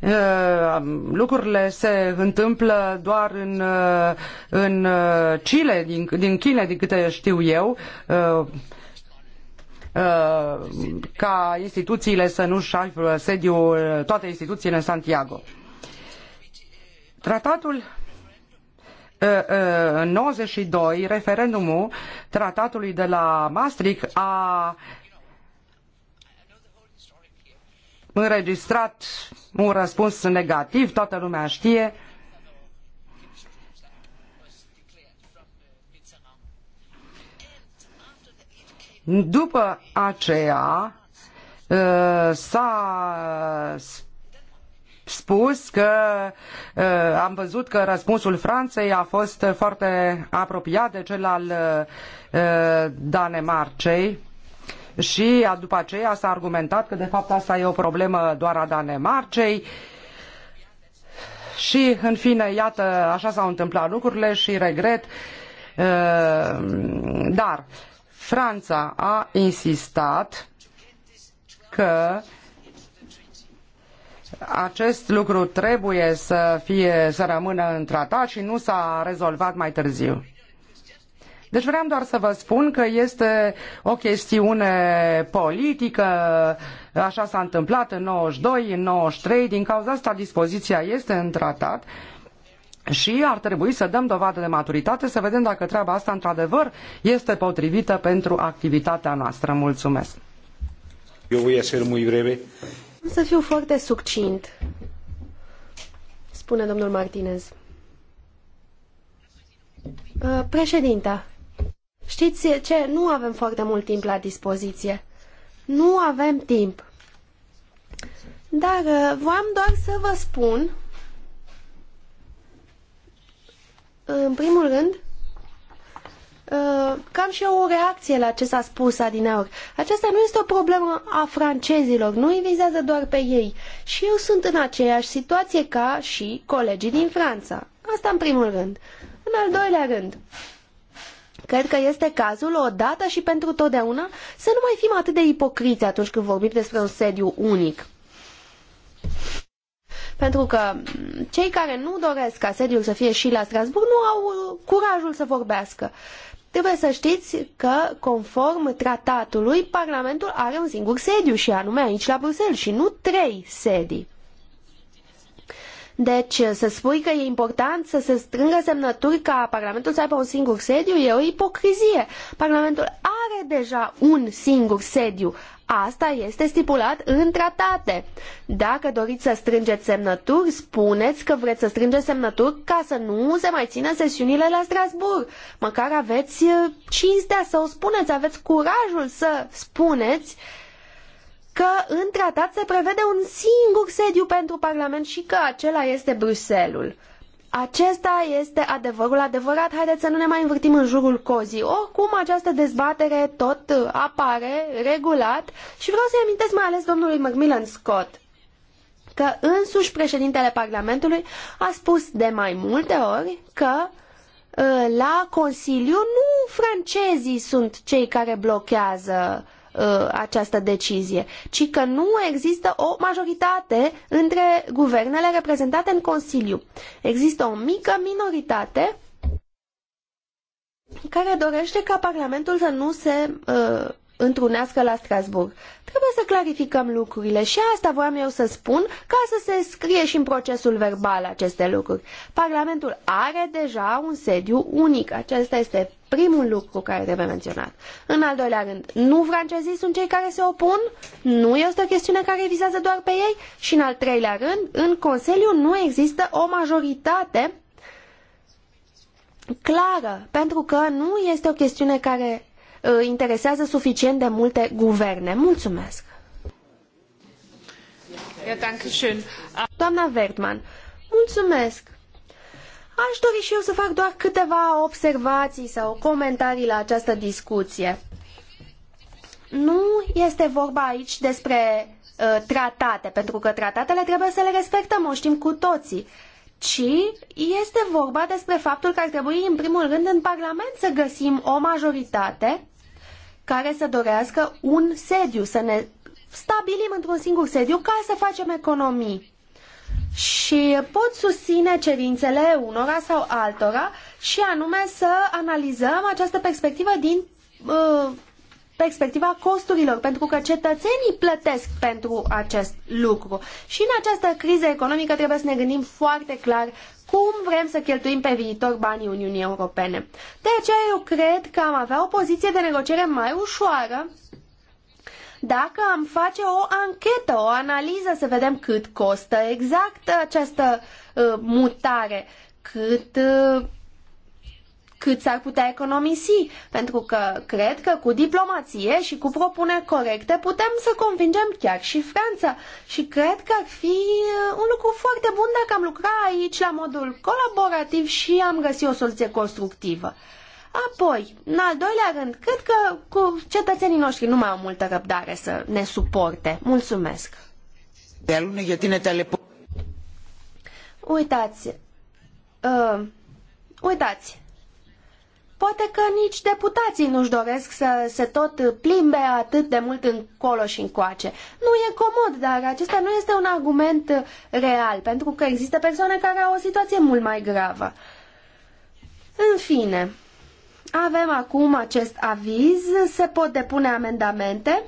Speaker 1: Uh, lucrurile se întâmplă doar în, uh, în uh, Chile, din, din Chile, din câte știu eu, ca instituțiile să nu-și aibă sediu toate instituțiile în Santiago. Tratatul în 92, referendumul tratatului de la Maastricht a înregistrat un răspuns negativ, toată lumea știe. După aceea uh, s-a spus că uh, am văzut că răspunsul Franței a fost foarte apropiat de cel al uh, Danemarcei și după aceea s-a argumentat că de fapt asta e o problemă doar a Danemarcei. Și în fine, iată, așa s-au întâmplat lucrurile și regret, ehm, dar Franța a insistat că acest lucru trebuie să, fie, să rămână în tratat și nu s-a rezolvat mai târziu. Deci vreau doar să vă spun că este o chestiune politică, așa s-a întâmplat în 92, în 93, din cauza asta dispoziția este în tratat și ar trebui să dăm dovadă de maturitate, să vedem dacă treaba asta într-adevăr este potrivită pentru activitatea noastră. Mulțumesc!
Speaker 4: Eu voi ser muy breve.
Speaker 2: Să fiu foarte succint, spune domnul Martinez. Președinta, Știți ce? Nu avem foarte mult timp la dispoziție. Nu avem timp. Dar uh, v-am doar să vă spun, în primul rând, uh, cam și eu o reacție la ce s-a spus adineori. Aceasta nu este o problemă a francezilor, nu îi vizează doar pe ei. Și eu sunt în aceeași situație ca și colegii din Franța. Asta în primul rând. În al doilea rând, Cred că este cazul, odată și pentru totdeauna, să nu mai fim atât de ipocriți atunci când vorbim despre un sediu unic. Pentru că cei care nu doresc ca sediul să fie și la Strasburg nu au curajul să vorbească. Trebuie să știți că, conform tratatului, Parlamentul are un singur sediu și anume aici la Bruxelles și nu trei sedii. Deci, să spui că e important să se strângă semnături ca Parlamentul să aibă un singur sediu e o ipocrizie. Parlamentul are deja un singur sediu. Asta este stipulat în tratate. Dacă doriți să strângeți semnături, spuneți că vreți să strângeți semnături ca să nu se mai țină sesiunile la Strasbourg. Măcar aveți eh, cinstea să o spuneți, aveți curajul să spuneți că în tratat se prevede un singur sediu pentru Parlament și că acela este Bruselul. Acesta este adevărul adevărat, haideți să nu ne mai învârtim în jurul cozii. Oricum, această dezbatere tot apare regulat și vreau să-i amintesc mai ales domnului Macmillan Scott că însuși președintele Parlamentului a spus de mai multe ori că uh, la Consiliu nu francezii sunt cei care blochează uh, Uh, această decizie, ci că nu există o majoritate între guvernele reprezentate în Consiliu. Există o mică minoritate care dorește ca Parlamentul să nu se uh, întrunească la Strasbourg. Trebuie să clarificăm lucrurile și asta voiam eu să spun ca să se scrie și în procesul verbal aceste lucruri. Parlamentul are deja un sediu unic, acesta este Primul lucru care trebuie menționat. În al doilea rând, nu francezii sunt cei care se opun, nu este o chestiune care vizează doar pe ei și în al treilea rând, în Consiliu nu există o majoritate clară, pentru că nu este o chestiune care uh, interesează suficient de multe guverne. Mulțumesc! Doamna Vertman, mulțumesc! Aș dori și eu să fac doar câteva observații sau comentarii la această discuție. Nu este vorba aici despre uh, tratate, pentru că tratatele trebuie să le respectăm, o știm cu toții, ci este vorba despre faptul că ar trebui, în primul rând, în Parlament să găsim o majoritate care să dorească un sediu, să ne stabilim într-un singur sediu ca să facem economii și pot susține cerințele unora sau altora și anume să analizăm această perspectivă din uh, perspectiva costurilor, pentru că cetățenii plătesc pentru acest lucru. Și în această criză economică trebuie să ne gândim foarte clar cum vrem să cheltuim pe viitor banii Uniunii Europene. De aceea eu cred că am avea o poziție de negociere mai ușoară dacă am face o anchetă, o analiză, să vedem cât costă exact această uh, mutare, cât, uh, cât s-ar putea economisi, pentru că cred că cu diplomație și cu propuneri corecte putem să convingem chiar și Franța și cred că ar fi uh, un lucru foarte bun dacă am lucra aici la modul colaborativ și am găsit o soluție constructivă. Apoi, în al doilea rând, cred că cu cetățenii noștri nu mai au multă răbdare să ne suporte. Mulțumesc! Uitați, uh, uitați, poate că nici deputații nu-și doresc să se tot plimbe atât de mult încolo și încoace. Nu e comod, dar acesta nu este un argument real, pentru că există persoane care au o situație mult mai gravă. În fine, avem acum acest aviz, se pot depune amendamente.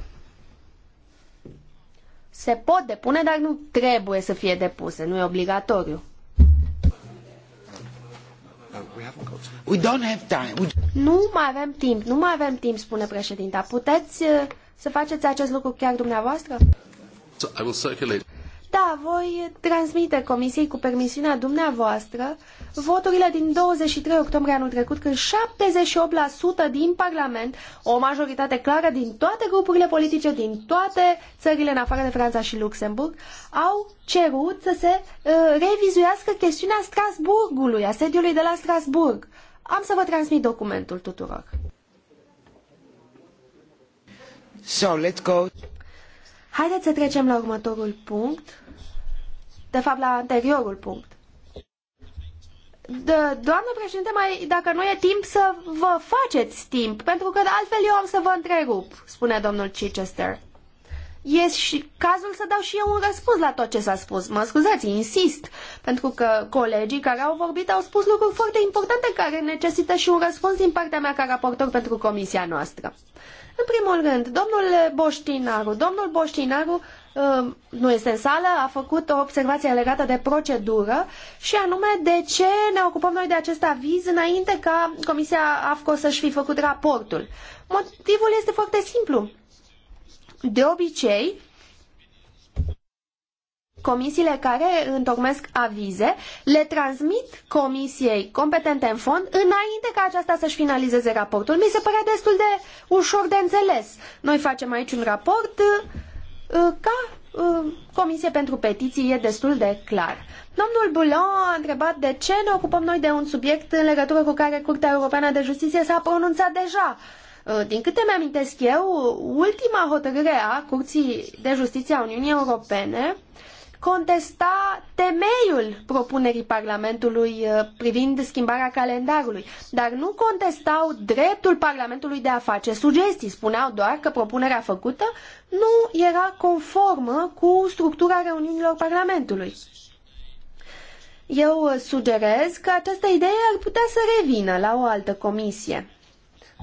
Speaker 2: Se pot depune, dar nu trebuie să fie depuse, nu e obligatoriu.
Speaker 1: We don't have time. We...
Speaker 2: Nu mai avem timp, nu mai avem timp, spune președinta. Puteți uh, să faceți acest lucru chiar dumneavoastră?
Speaker 1: So I will circulate.
Speaker 2: Da, voi transmite comisiei cu permisiunea dumneavoastră voturile din 23 octombrie anul trecut, când 78% din Parlament, o majoritate clară din toate grupurile politice, din toate țările în afară de Franța și Luxemburg, au cerut să se uh, revizuiască chestiunea Strasburgului, a sediului de la Strasburg. Am să vă transmit documentul tuturor.
Speaker 1: So, let's go.
Speaker 2: Haideți să trecem la următorul punct de fapt la anteriorul punct. De, doamnă președinte, mai, dacă nu e timp să vă faceți timp, pentru că altfel eu am să vă întrerup, spune domnul Chichester. E și cazul să dau și eu un răspuns la tot ce s-a spus. Mă scuzați, insist, pentru că colegii care au vorbit au spus lucruri foarte importante care necesită și un răspuns din partea mea ca raportor pentru comisia noastră. În primul rând, domnul Boștinaru. Domnul Boștinaru Um, nu este în sală, a făcut o observație legată de procedură și anume de ce ne ocupăm noi de acest aviz înainte ca Comisia AFCO să-și fi făcut raportul. Motivul este foarte simplu. De obicei, comisiile care întocmesc avize le transmit comisiei competente în fond înainte ca aceasta să-și finalizeze raportul. Mi se părea destul de ușor de înțeles. Noi facem aici un raport, uh, Uh, ca uh, Comisie pentru Petiții e destul de clar. Domnul Boulon a întrebat de ce ne ocupăm noi de un subiect în legătură cu care Curtea Europeană de Justiție s-a pronunțat deja. Uh, din câte mi-amintesc eu, ultima hotărâre a Curții de Justiție a Uniunii Europene uh, contesta temeiul propunerii Parlamentului uh, privind schimbarea calendarului, dar nu contestau dreptul Parlamentului de a face sugestii. Spuneau doar că propunerea făcută nu era conformă cu structura reuniunilor Parlamentului. Eu uh, sugerez că această idee ar putea să revină la o altă comisie.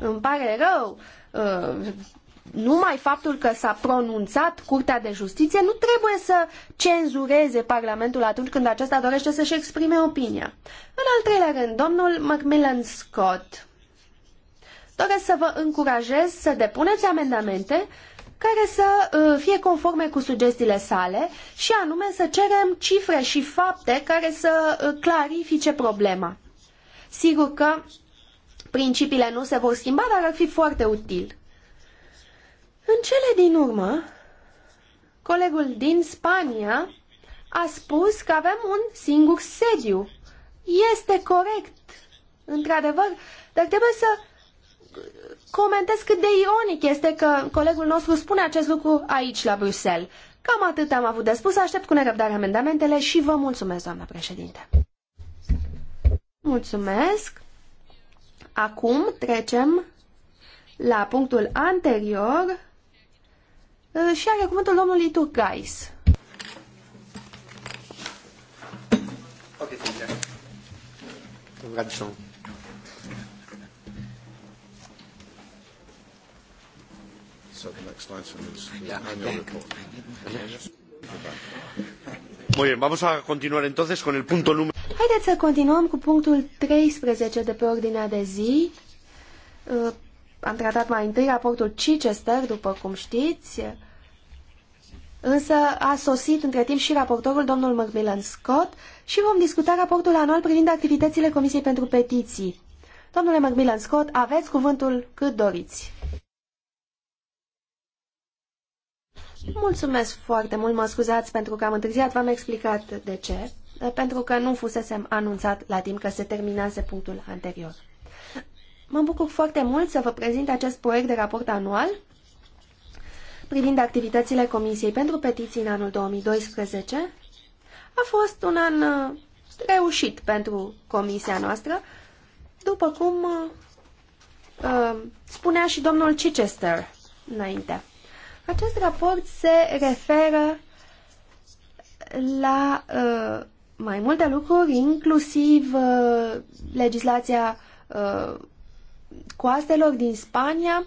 Speaker 2: Îmi pare rău, uh, numai faptul că s-a pronunțat Curtea de Justiție nu trebuie să cenzureze Parlamentul atunci când acesta dorește să-și exprime opinia. În al treilea rând, domnul Macmillan Scott, doresc să vă încurajez să depuneți amendamente care să uh, fie conforme cu sugestiile sale și anume să cerem cifre și fapte care să uh, clarifice problema. Sigur că principiile nu se vor schimba, dar ar fi foarte util. În cele din urmă, colegul din Spania a spus că avem un singur sediu. Este corect, într-adevăr, dar trebuie să comentez cât de ironic este că colegul nostru spune acest lucru aici, la Bruxelles. Cam atât am avut de spus, aștept cu nerăbdare amendamentele și vă mulțumesc, doamna președinte. Mulțumesc. Acum trecem la punctul anterior Uh, și are cuvântul domnului Turgais.
Speaker 4: Ok, Muy bien, vamos a continuar entonces con el punto número...
Speaker 2: Haideți să continuăm cu punctul 13 de pe ordinea de zi. Uh, am tratat mai întâi raportul Chichester, după cum știți. Însă a sosit între timp și raportorul domnul Macmillan Scott și vom discuta raportul anual privind activitățile Comisiei pentru Petiții. Domnule Macmillan Scott, aveți cuvântul cât doriți. Mulțumesc foarte mult, mă scuzați pentru că am întârziat, v-am explicat de ce, pentru că nu fusesem anunțat la timp că se terminase punctul anterior. Mă bucur foarte mult să vă prezint acest proiect de raport anual privind activitățile Comisiei pentru Petiții în anul 2012 a fost un an uh, reușit pentru Comisia noastră, după cum uh, uh, spunea și domnul Chichester înainte. Acest raport se referă la uh, mai multe lucruri, inclusiv uh, legislația uh, coastelor din Spania,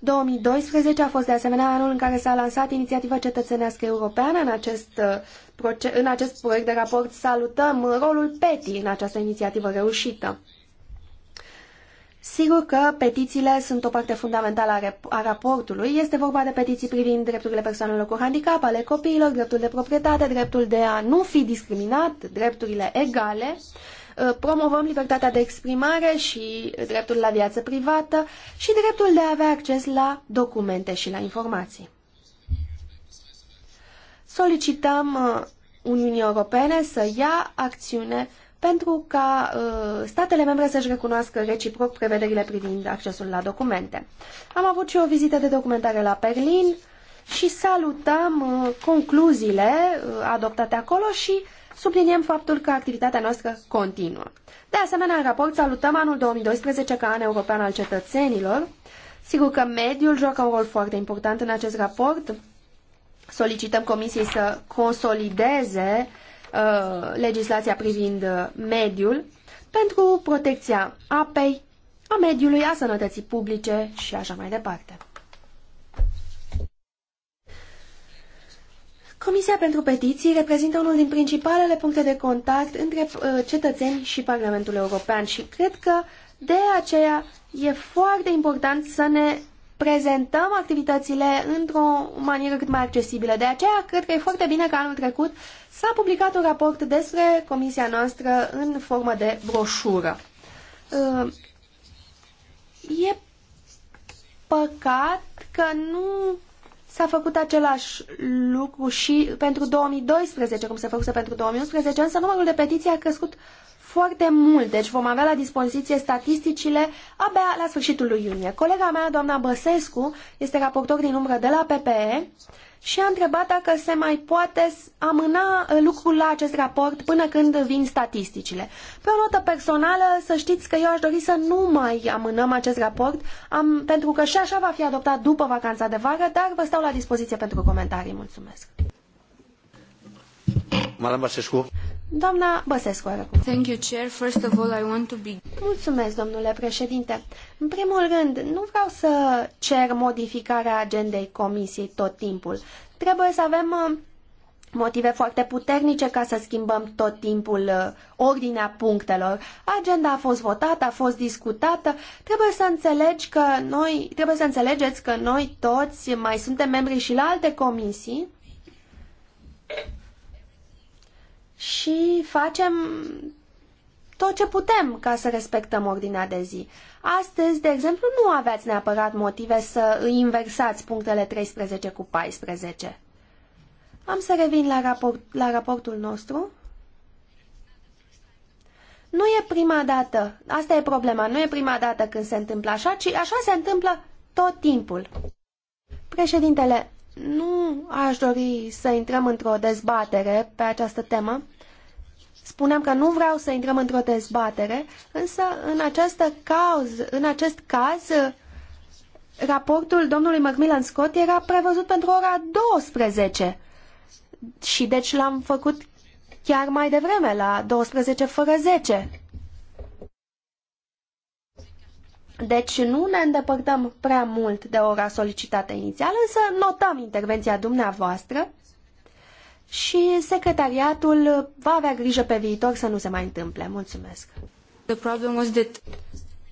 Speaker 2: 2012 a fost de asemenea anul în care s-a lansat inițiativa cetățenească europeană. În acest, uh, în acest proiect de raport salutăm rolul PETI în această inițiativă reușită. Sigur că petițiile sunt o parte fundamentală a raportului. Este vorba de petiții privind drepturile persoanelor cu handicap, ale copiilor, dreptul de proprietate, dreptul de a nu fi discriminat, drepturile egale. Uh, Uh, promovăm libertatea de exprimare și dreptul la viață privată și dreptul de a avea acces la documente și la informații. Solicităm uh, Uniunii Europene să ia acțiune pentru ca uh, statele membre să-și recunoască reciproc prevederile privind accesul la documente. Am avut și o vizită de documentare la Berlin și salutăm uh, concluziile uh, adoptate acolo și subliniem faptul că activitatea noastră continuă. De asemenea, în raport salutăm anul 2012 ca an european al cetățenilor. Sigur că mediul joacă un rol foarte important în acest raport. Solicităm Comisiei să consolideze uh, legislația privind uh, mediul pentru protecția apei, a mediului, a sănătății publice și așa mai departe. Comisia pentru Petiții reprezintă unul din principalele puncte de contact între uh, cetățeni și Parlamentul European și cred că de aceea e foarte important să ne prezentăm activitățile într-o manieră cât mai accesibilă. De aceea cred că e foarte bine că anul trecut s-a publicat un raport despre comisia noastră în formă de broșură. Uh, e păcat că nu S-a făcut același lucru și pentru 2012, cum se făcuse pentru 2011, însă numărul de petiții a crescut foarte mult, deci vom avea la dispoziție statisticile abia la sfârșitul lui iunie. Colega mea, doamna Băsescu, este raportor din umbră de la PPE și a întrebat dacă se mai poate amâna uh, lucrul la acest raport până când vin statisticile. Pe o notă personală, să știți că eu aș dori să nu mai amânăm acest raport, am, pentru că și așa va fi adoptat după vacanța de vară, dar vă stau la dispoziție pentru comentarii. Mulțumesc!
Speaker 4: Madame Basescu.
Speaker 2: Doamna Băsescu are acum. Thank you,
Speaker 6: Chair. First of all, I want to be...
Speaker 2: Mulțumesc, domnule președinte. În primul rând, nu vreau să cer modificarea agendei comisiei tot timpul. Trebuie să avem uh, motive foarte puternice ca să schimbăm tot timpul uh, ordinea punctelor. Agenda a fost votată, a fost discutată. Trebuie să înțelegi că noi, trebuie să înțelegeți că noi toți mai suntem membri și la alte comisii și facem tot ce putem ca să respectăm ordinea de zi. Astăzi, de exemplu, nu aveați neapărat motive să îi inversați punctele 13 cu 14. Am să revin la, raport, la raportul nostru. Nu e prima dată, asta e problema, nu e prima dată când se întâmplă așa, ci așa se întâmplă tot timpul. Președintele, nu aș dori să intrăm într-o dezbatere pe această temă. Spuneam că nu vreau să intrăm într-o dezbatere, însă în, această cauz, în acest caz raportul domnului Macmillan Scott era prevăzut pentru ora 12 și deci l-am făcut chiar mai devreme, la 12 fără 10. Deci nu ne îndepărtăm prea mult de ora solicitată inițial, însă notăm intervenția dumneavoastră și secretariatul va avea grijă pe viitor să nu se mai întâmple. Mulțumesc. The problem was that...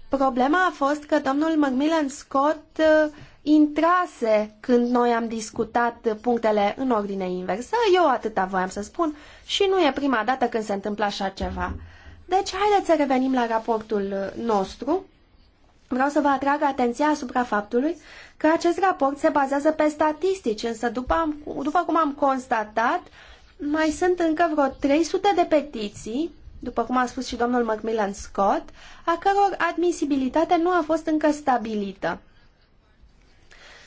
Speaker 2: Problema a fost că domnul McMillan Scott uh, intrase când noi am discutat punctele în ordine inversă, eu atâta voiam să spun, și nu e prima dată când se întâmplă așa ceva. Deci haideți să revenim la raportul nostru. Vreau să vă atrag atenția asupra faptului că acest raport se bazează pe statistici, însă după, am, după cum am constatat, mai sunt încă vreo 300 de petiții, după cum a spus și domnul Macmillan Scott, a căror admisibilitate nu a fost încă stabilită.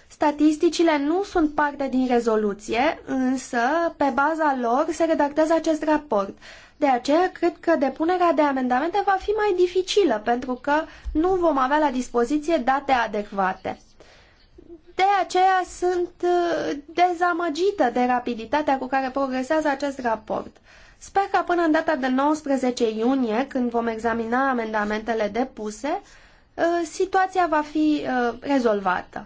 Speaker 2: Statisticile nu sunt parte din rezoluție, însă pe baza lor se redactează acest raport. De aceea, cred că depunerea de amendamente va fi mai dificilă, pentru că nu vom avea la dispoziție date adecvate. De aceea sunt uh, dezamăgită de rapiditatea cu care progresează acest raport. Sper că până în data de 19 iunie, când vom examina amendamentele depuse, uh, situația va fi uh, rezolvată.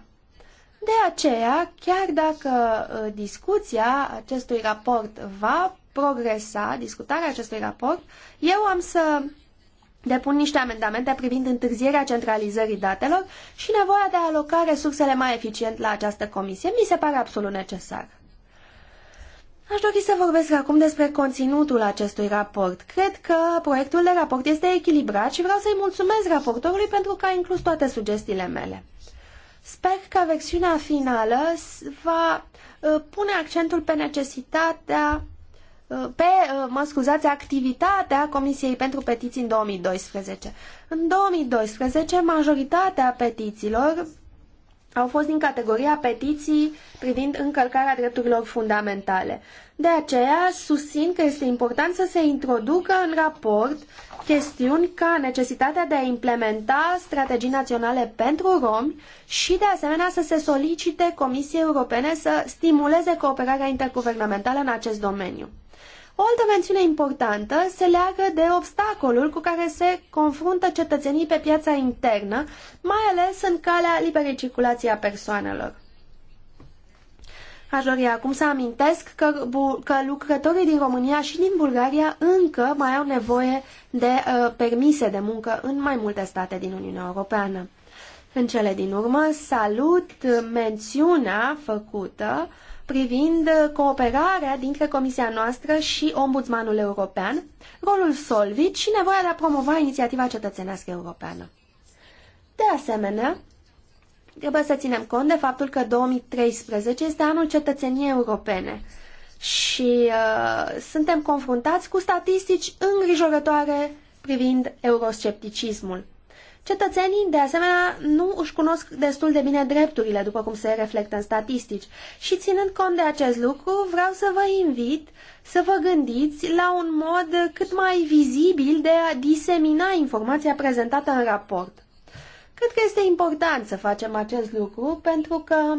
Speaker 2: De aceea, chiar dacă discuția acestui raport va progresa discutarea acestui raport, eu am să depun niște amendamente privind întârzierea centralizării datelor și nevoia de a aloca resursele mai eficient la această comisie. Mi se pare absolut necesar. Aș dori să vorbesc acum despre conținutul acestui raport. Cred că proiectul de raport este echilibrat și vreau să-i mulțumesc raportorului pentru că a inclus toate sugestiile mele. Sper că versiunea finală va uh, pune accentul pe necesitatea Uh, pe, uh, mă scuzați, activitatea Comisiei pentru Petiții în 2012. În 2012, majoritatea petițiilor au fost din categoria petiții privind încălcarea drepturilor fundamentale. De aceea, susțin că este important să se introducă în raport chestiuni ca necesitatea de a implementa strategii naționale pentru romi și, de asemenea, să se solicite Comisiei Europene să stimuleze cooperarea interguvernamentală în acest domeniu. O altă mențiune importantă se leagă de obstacolul cu care se confruntă cetățenii pe piața internă, mai ales în calea liberei circulației a persoanelor. Aș dori acum să amintesc că, că lucrătorii din România și din Bulgaria încă mai au nevoie de uh, permise de muncă în mai multe state din Uniunea Europeană. În cele din urmă, salut mențiunea făcută uh, privind uh, cooperarea dintre Comisia noastră și Ombudsmanul European, rolul Solvit și nevoia de a promova inițiativa cetățenească europeană. De asemenea, trebuie să ținem cont de faptul că 2013 este anul cetățeniei europene și uh, suntem confruntați cu statistici îngrijorătoare privind euroscepticismul. Cetățenii, de asemenea, nu își cunosc destul de bine drepturile, după cum se reflectă în statistici. Și ținând cont de acest lucru, vreau să vă invit să vă gândiți la un mod cât mai vizibil de a disemina informația prezentată în raport. Cred că este important să facem acest lucru pentru că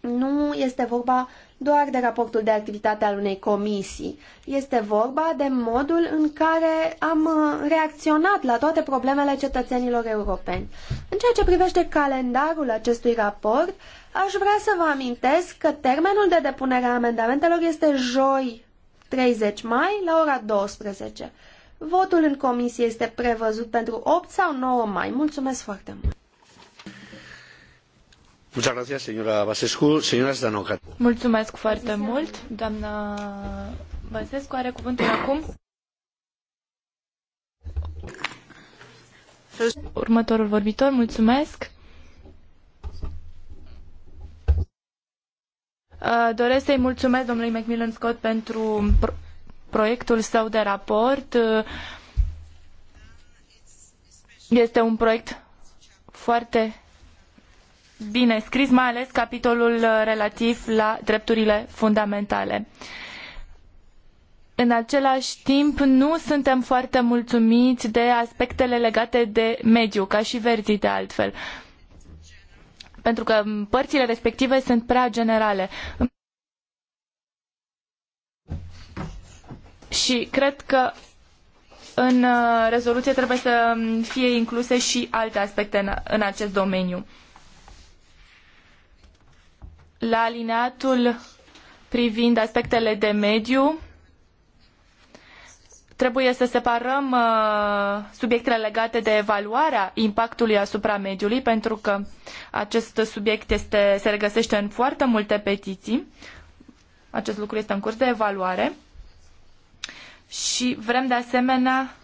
Speaker 2: nu este vorba doar de raportul de activitate al unei comisii. Este vorba de modul în care am uh, reacționat la toate problemele cetățenilor europeni. În ceea ce privește calendarul acestui raport, aș vrea să vă amintesc că termenul de depunere a amendamentelor este joi 30 mai la ora 12. Votul în comisie este prevăzut pentru 8 sau 9 mai. Mulțumesc foarte mult!
Speaker 4: Muchas
Speaker 3: Mulțumesc foarte mult. Doamna Basescu are cuvântul acum. Următorul vorbitor, mulțumesc. Doresc să-i mulțumesc domnului Macmillan Scott pentru proiectul său de raport. Este un proiect foarte bine scris, mai ales capitolul uh, relativ la drepturile fundamentale. În același timp, nu suntem foarte mulțumiți de aspectele legate de mediu, ca și verzii de altfel, pentru că părțile respective sunt prea generale. Și cred că în uh, rezoluție trebuie să fie incluse și alte aspecte în acest domeniu la alineatul privind aspectele de mediu, trebuie să separăm uh, subiectele legate de evaluarea impactului asupra mediului, pentru că acest subiect este, se regăsește în foarte multe petiții. Acest lucru este în curs de evaluare. Și vrem de asemenea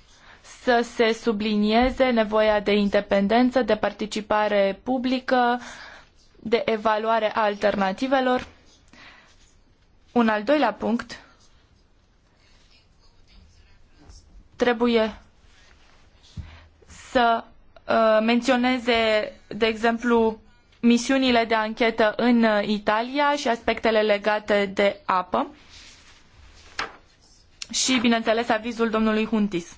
Speaker 3: să se sublinieze nevoia de independență, de participare publică, uh, de evaluare a alternativelor. Un al doilea punct trebuie să uh, menționeze, de exemplu, misiunile de anchetă în Italia și aspectele legate de apă și, bineînțeles, avizul domnului Huntis.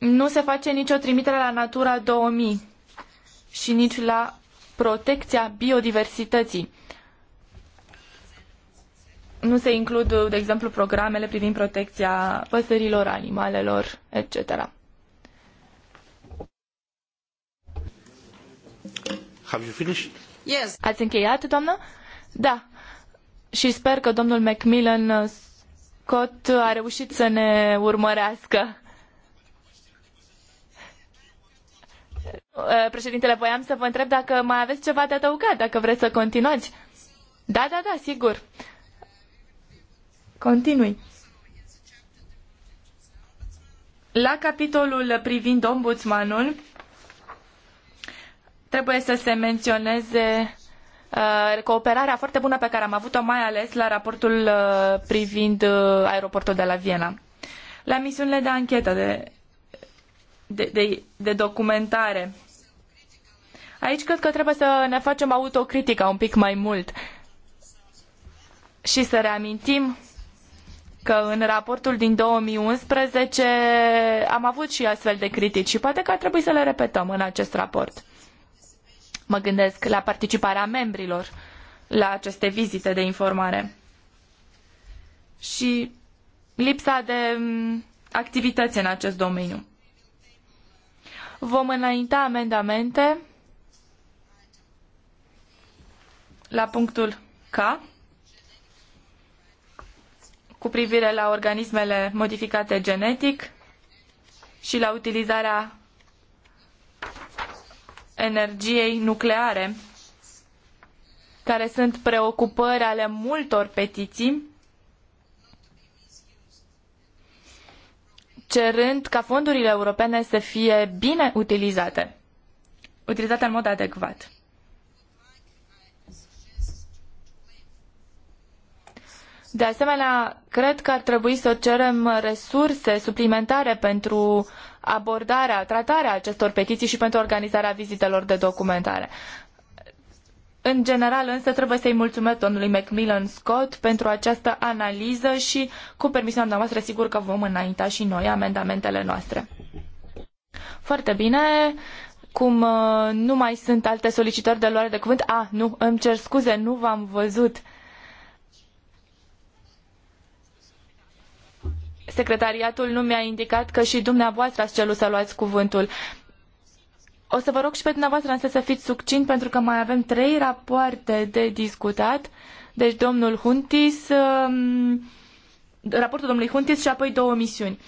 Speaker 3: nu se face nicio trimitere la Natura 2000 și nici la protecția biodiversității. Nu se includ, de exemplu, programele privind protecția păsărilor, animalelor, etc.
Speaker 4: Have you finished?
Speaker 3: Yes. Ați încheiat, doamnă? Da. Și sper că domnul Macmillan uh, Scott a reușit să ne urmărească. Eh, președintele, voiam să vă întreb dacă mai aveți ceva de adăugat, dacă vreți să continuați. Da, da, da, sigur. Continui. La capitolul privind ombudsmanul, trebuie să se menționeze eh, cooperarea foarte bună pe care am avut-o mai ales la raportul eh, privind aeroportul de la Viena. La misiunile de anchetă de de, de, de documentare. Aici cred că trebuie să ne facem autocritica un pic mai mult și să reamintim că în raportul din 2011 am avut și astfel de critici și poate că ar trebui să le repetăm în acest raport. Mă gândesc la participarea membrilor la aceste vizite de informare și lipsa de mm, activități în acest domeniu. Vom înainta amendamente la punctul K cu privire la organismele modificate genetic și la utilizarea energiei nucleare, care sunt preocupări ale multor petiții cerând ca fondurile europene să fie bine utilizate, utilizate în mod adecvat. De asemenea, cred că ar trebui să cerem resurse suplimentare pentru abordarea, tratarea acestor petiții și pentru organizarea vizitelor de documentare. În general, însă, trebuie să-i mulțumesc domnului Macmillan Scott pentru această analiză și, cu permisiunea dumneavoastră, sigur că vom înainta și noi amendamentele noastre. Foarte bine. Cum uh, nu mai sunt alte solicitări de luare de cuvânt? A, nu, îmi cer scuze, nu v-am văzut. Secretariatul nu mi-a indicat că și dumneavoastră ați cerut să luați cuvântul. Uh, o să vă rog și pe dumneavoastră însă să fiți succint pentru că mai avem trei rapoarte de discutat. Deci domnul Huntis, um, raportul domnului Huntis și apoi două misiuni.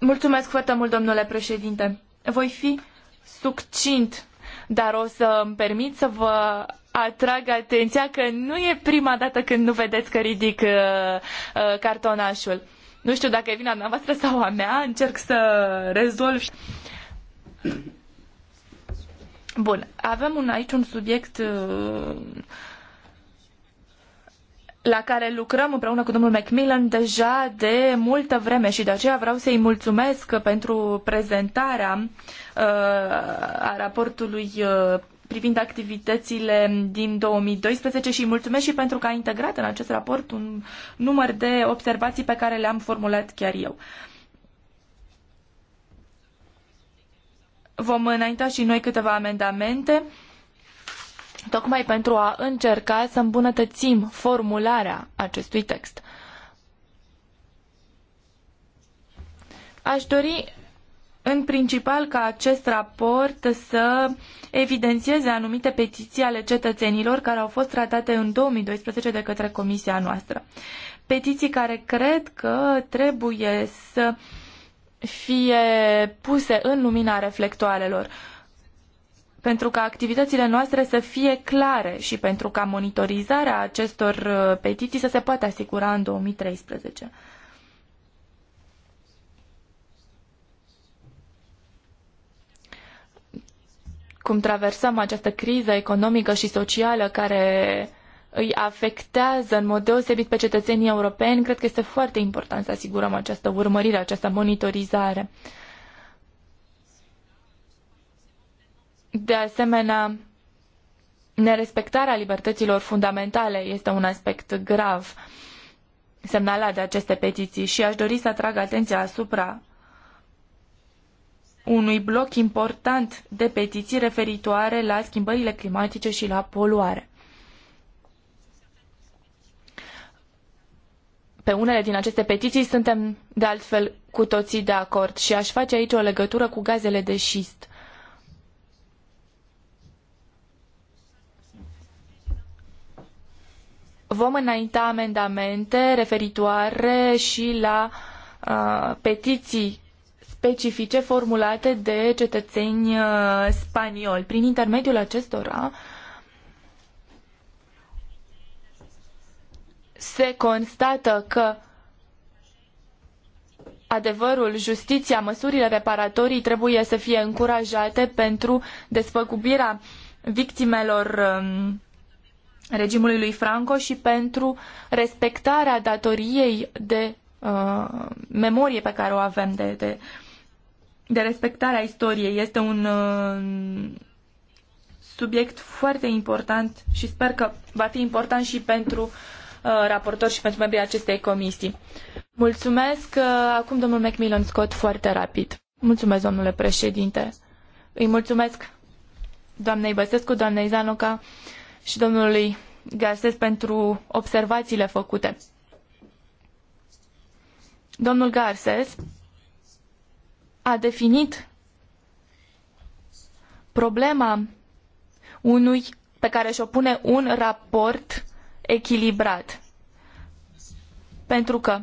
Speaker 3: Mulțumesc foarte mult, domnule președinte. Voi fi succint, dar o să îmi permit să vă atrag atenția că nu e prima dată când nu vedeți că ridic uh, uh, cartonașul. Nu știu dacă e vina dumneavoastră sau a mea, încerc să rezolv. Bun, avem un, aici un subiect uh, la care lucrăm împreună cu domnul Macmillan deja de multă vreme și de aceea vreau să-i mulțumesc pentru prezentarea uh, a raportului uh, privind activitățile din 2012 și mulțumesc și pentru că a integrat în acest raport un număr de observații pe care le-am formulat chiar eu. Vom înainta și noi câteva amendamente tocmai pentru a încerca să îmbunătățim formularea acestui text. Aș dori în principal ca acest raport să evidențieze anumite petiții ale cetățenilor care au fost tratate în 2012 de către comisia noastră. Petiții care cred că trebuie să fie puse în lumina reflectoarelor pentru ca activitățile noastre să fie clare și pentru ca monitorizarea acestor uh, petiții să se poată asigura în 2013. cum traversăm această criză economică și socială care îi afectează în mod deosebit pe cetățenii europeni, cred că este foarte important să asigurăm această urmărire, această monitorizare. De asemenea, nerespectarea libertăților fundamentale este un aspect grav semnalat de aceste petiții și aș dori să atrag atenția asupra unui bloc important de petiții referitoare la schimbările climatice și la poluare. Pe unele din aceste petiții suntem de altfel cu toții de acord și aș face aici o legătură cu gazele de șist. Vom înainta amendamente referitoare și la uh, petiții specifice formulate de cetățeni uh, spanioli. Prin intermediul acestora se constată că adevărul, justiția, măsurile reparatorii trebuie să fie încurajate pentru despăgubirea victimelor um, regimului lui Franco și pentru respectarea datoriei de uh, memorie pe care o avem de, de uh, de respectare a istoriei este un uh, subiect foarte important și sper că va fi important și pentru uh, raportor și pentru membrii acestei comisii. Mulțumesc. Uh, acum domnul Macmillan Scott foarte rapid. Mulțumesc, domnule președinte. Îi mulțumesc doamnei Băsescu, doamnei Zanoca și domnului Garces pentru observațiile făcute. Domnul Garces a definit problema unui pe care și-o pune un raport echilibrat. Pentru că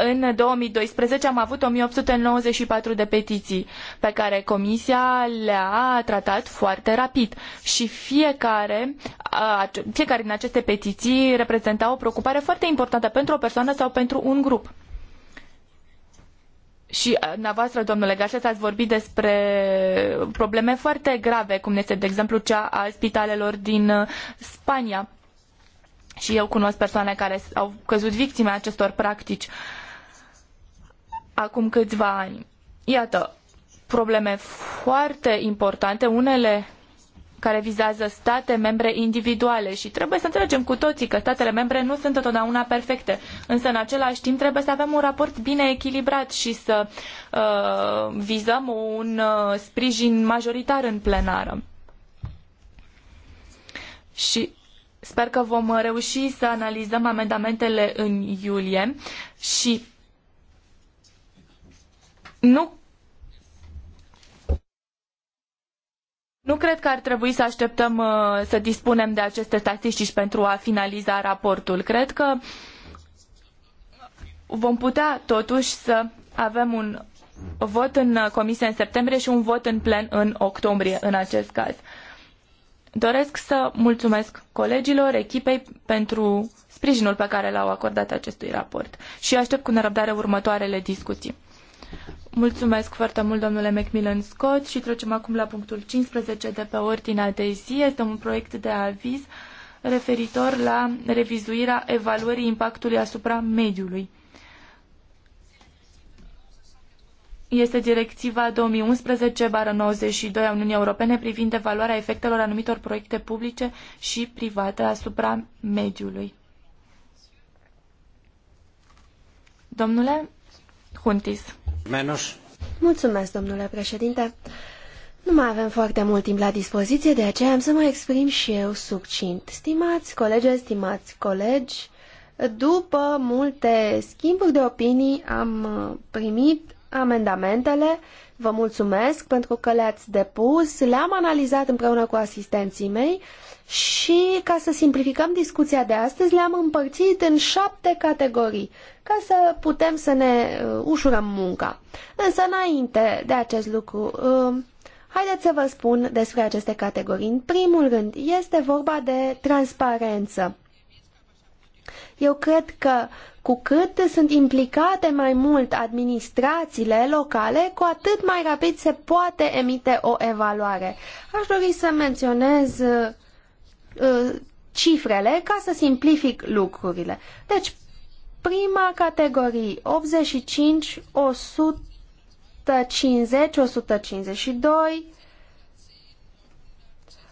Speaker 3: În 2012 am avut 1894 de petiții pe care comisia le-a tratat foarte rapid și fiecare, fiecare din aceste petiții reprezenta o preocupare foarte importantă pentru o persoană sau pentru un grup. Și dumneavoastră, domnule Gașet, ați vorbit despre probleme foarte grave, cum este, de exemplu, cea a spitalelor din uh, Spania. Și eu cunosc persoane care au căzut victime acestor practici. Uh, acum câțiva ani. Iată, probleme foarte importante, unele care vizează state membre individuale și trebuie să înțelegem cu toții că statele membre nu sunt întotdeauna perfecte, însă în același timp trebuie să avem un raport bine echilibrat și să uh, vizăm un uh, sprijin majoritar în plenară. Și sper că vom reuși să analizăm amendamentele în iulie și nu Nu cred că ar trebui să așteptăm uh, să dispunem de aceste statistici pentru a finaliza raportul. Cred că vom putea totuși să avem un vot în comisie în septembrie și un vot în plen în octombrie în acest caz. Doresc să mulțumesc colegilor, echipei pentru sprijinul pe care l-au acordat acestui raport și aștept cu nerăbdare următoarele discuții. Mulțumesc foarte mult, domnule Macmillan Scott, și trecem acum la punctul 15 de pe ordinea de zi. Este un proiect de aviz referitor la revizuirea evaluării impactului asupra mediului. Este directiva 2011-92 a Uniunii Europene privind evaluarea efectelor anumitor proiecte publice și private asupra mediului. Domnule
Speaker 2: Huntis. Menos. Mulțumesc, domnule președinte. Nu mai avem foarte mult timp la dispoziție, de aceea am să mă exprim și eu succint. Stimați colegi, stimați colegi, după multe schimburi de opinii am primit amendamentele. Vă mulțumesc pentru că le-ați depus, le-am analizat împreună cu asistenții mei și, ca să simplificăm discuția de astăzi, le-am împărțit în șapte categorii ca să putem să ne uh, ușurăm munca. Însă, înainte de acest lucru, uh, haideți să vă spun despre aceste categorii. În primul rând, este vorba de transparență. Eu cred că cu cât sunt implicate mai mult administrațiile locale, cu atât mai rapid se poate emite o evaluare. Aș dori să menționez uh, uh cifrele ca să simplific lucrurile. Deci, prima categorie, 85, 150, 152,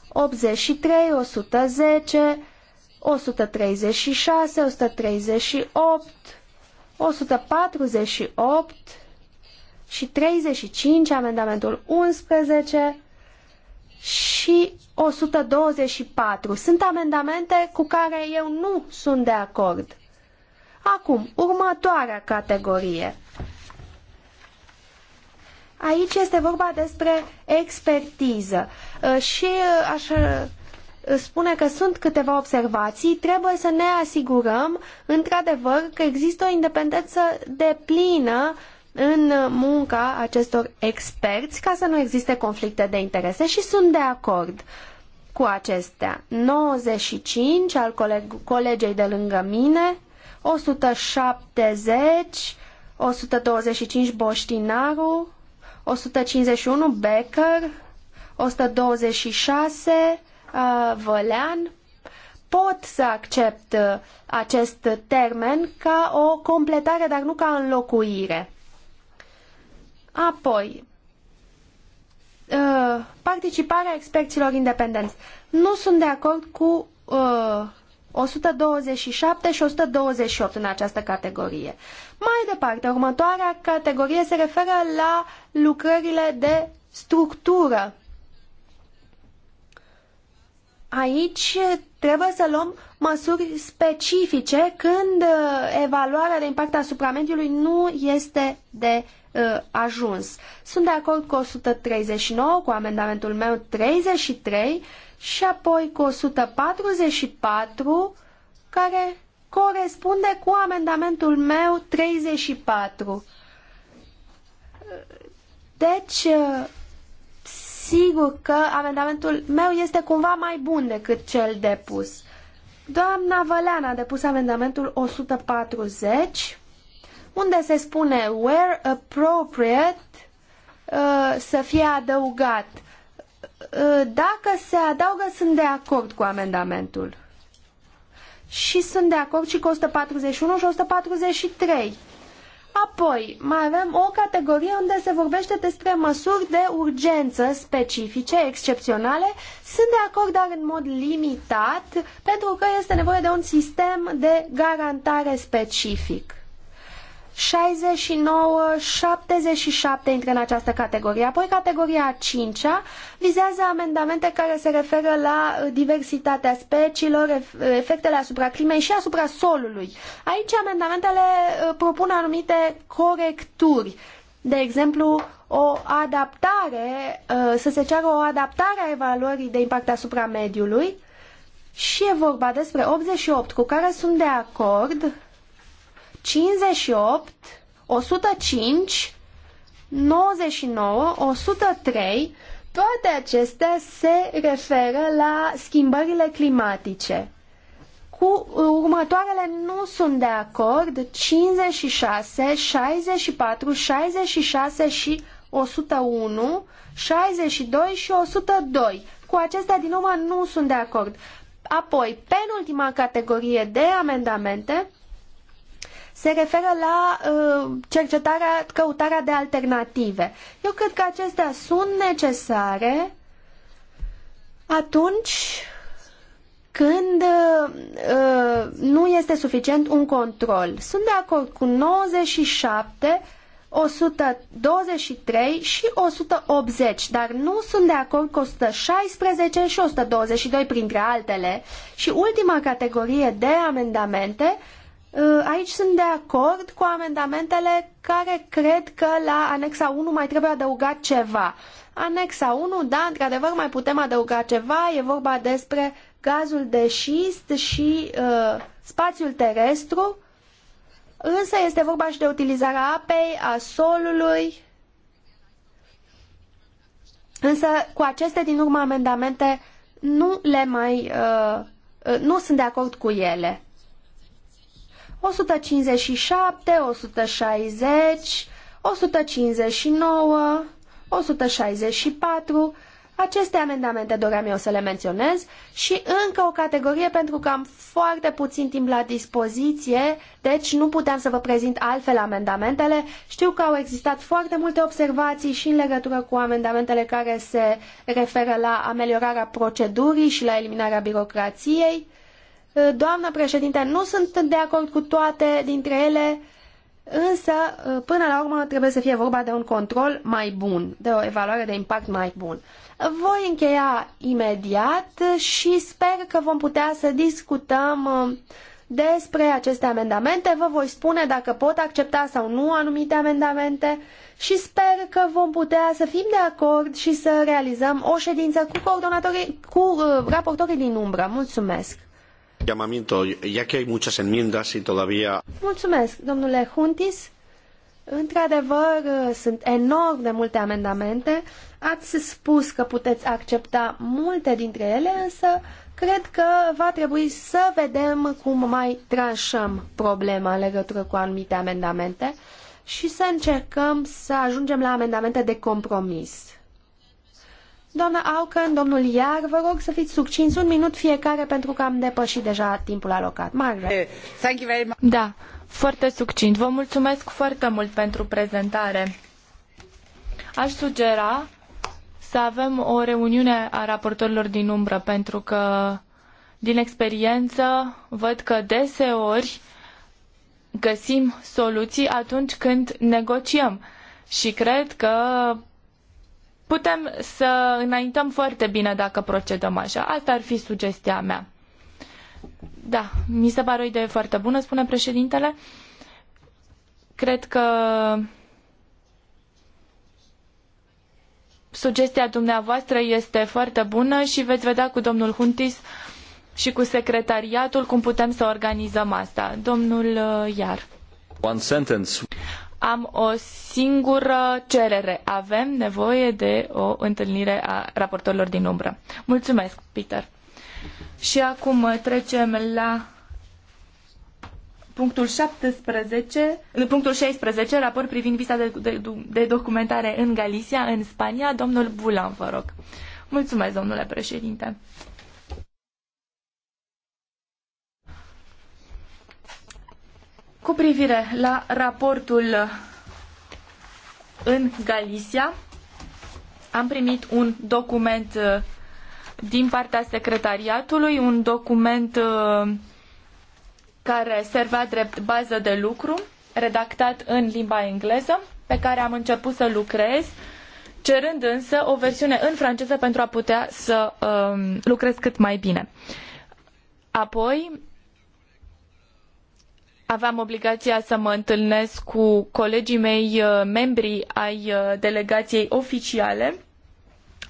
Speaker 2: 83, 110, 136, 138, 148 și 35, amendamentul 11 și 124. Sunt amendamente cu care eu nu sunt de acord. Acum, următoarea categorie. Aici este vorba despre expertiză ă, și ă, aș ă, spune că sunt câteva observații. Trebuie să ne asigurăm, într-adevăr, că există o independență deplină în munca acestor experți ca să nu existe conflicte de interese și sunt de acord cu acestea. 95 al coleg colegei de lângă mine 170, 125 Boștinaru, 151 Becker, 126 uh, Vălean. Pot să accept uh, acest termen ca o completare, dar nu ca înlocuire. Apoi, uh, participarea experților independenți. Nu sunt de acord cu uh, 127 și 128 în această categorie. Mai departe, următoarea categorie se referă la lucrările de structură. Aici trebuie să luăm măsuri specifice când uh, evaluarea de impact asupra mediului nu este de uh, ajuns. Sunt de acord cu 139, cu amendamentul meu 33 și apoi cu 144 care corespunde cu amendamentul meu 34. Deci, sigur că amendamentul meu este cumva mai bun decât cel depus. Doamna Văleana a depus amendamentul 140, unde se spune where appropriate uh, să fie adăugat. Uh, dacă se adaugă, sunt de acord cu amendamentul. Și sunt de acord și cu 141 și 143. Apoi, mai avem o categorie unde se vorbește despre măsuri de urgență specifice, excepționale. Sunt de acord, dar în mod limitat, pentru că este nevoie de un sistem de garantare specific. 69, 77 intră în această categorie. Apoi categoria 5 cincea, vizează amendamente care se referă la uh, diversitatea speciilor, uh, efectele asupra climei și asupra solului. Aici amendamentele uh, propun anumite corecturi. De exemplu, o adaptare, să se ceară o adaptare a evaluării de impact asupra mediului și e vorba despre 88 cu care sunt de acord, 58, 105, 99, 103, toate acestea se referă la schimbările climatice. Cu următoarele nu sunt de acord 56, 64, 66 și 101, 62 și 102. Cu acestea din urmă nu sunt de acord. Apoi, penultima categorie de amendamente se referă la uh, cercetarea, căutarea de alternative. Eu cred că acestea sunt necesare atunci când uh, nu este suficient un control. Sunt de acord cu 97 123 și 180, dar nu sunt de acord cu 116 și 122 printre altele. Și ultima categorie de amendamente Uh, aici sunt de acord cu amendamentele care cred că la anexa 1 mai trebuie adăugat ceva. Anexa 1, da, într-adevăr mai putem adăuga ceva, e vorba despre gazul de șist și uh, spațiul terestru, însă este vorba și de utilizarea apei, a solului, însă cu aceste din urmă amendamente nu le mai, uh, uh nu sunt de acord cu ele. 157, 160, 159, 164. Aceste amendamente doream eu să le menționez și încă o categorie pentru că am foarte puțin timp la dispoziție, deci nu puteam să vă prezint altfel amendamentele. Știu că au existat foarte multe observații și în legătură cu amendamentele care se referă la ameliorarea procedurii și la eliminarea birocrației. Doamnă președinte, nu sunt de acord cu toate dintre ele, însă, până la urmă, trebuie să fie vorba de un control mai bun, de o evaluare de impact mai bun. Voi încheia imediat și sper că vom putea să discutăm uh, despre aceste amendamente. Vă voi spune dacă pot accepta sau nu anumite amendamente și sper că vom putea să fim de acord și să realizăm o ședință cu coordonatorii, cu uh, raportorii din umbră. Mulțumesc!
Speaker 4: Llamamiento, ya que hay muchas enmiendas y todavía...
Speaker 2: Mulțumesc, domnule Huntis. Într-adevăr, sunt enorm de multe amendamente. Ați spus că puteți accepta multe dintre ele, însă cred că va trebui să vedem cum mai tranșăm problema în legătură cu anumite amendamente și să încercăm să ajungem la amendamente de compromis. Doamna Auken, domnul Iar, vă rog să fiți succinți un minut fiecare pentru că am depășit deja timpul alocat. Margaret. Eh, thank you very much. Da, foarte succint. Vă mulțumesc foarte mult
Speaker 3: pentru prezentare. Aș sugera să avem o reuniune a raportorilor din umbră pentru că din experiență văd că deseori găsim soluții atunci când negociem. Și cred că putem să înaintăm foarte bine dacă procedăm așa. Asta ar fi sugestia mea. Da, mi se pare o idee foarte bună, spune președintele. Cred că sugestia dumneavoastră este foarte bună și veți vedea cu domnul Huntis și cu secretariatul cum putem să organizăm asta. Domnul uh, Iar.
Speaker 5: One sentence
Speaker 3: am o singură cerere. Avem nevoie de o întâlnire a raportorilor din umbră. Mulțumesc, Peter. Și acum trecem la punctul 17, punctul 16, raport privind visa de, de, de documentare în Galicia, în Spania. Domnul Bulan, vă rog. Mulțumesc, domnule președinte. Cu privire la raportul în Galicia, am primit un document uh, din partea secretariatului, un document uh, care servea drept bază de lucru, redactat în limba engleză, pe care am început să lucrez, cerând însă o versiune în franceză pentru a putea să um, lucrez cât mai bine. Apoi aveam obligația să mă întâlnesc cu colegii mei, uh, membri ai uh, delegației oficiale,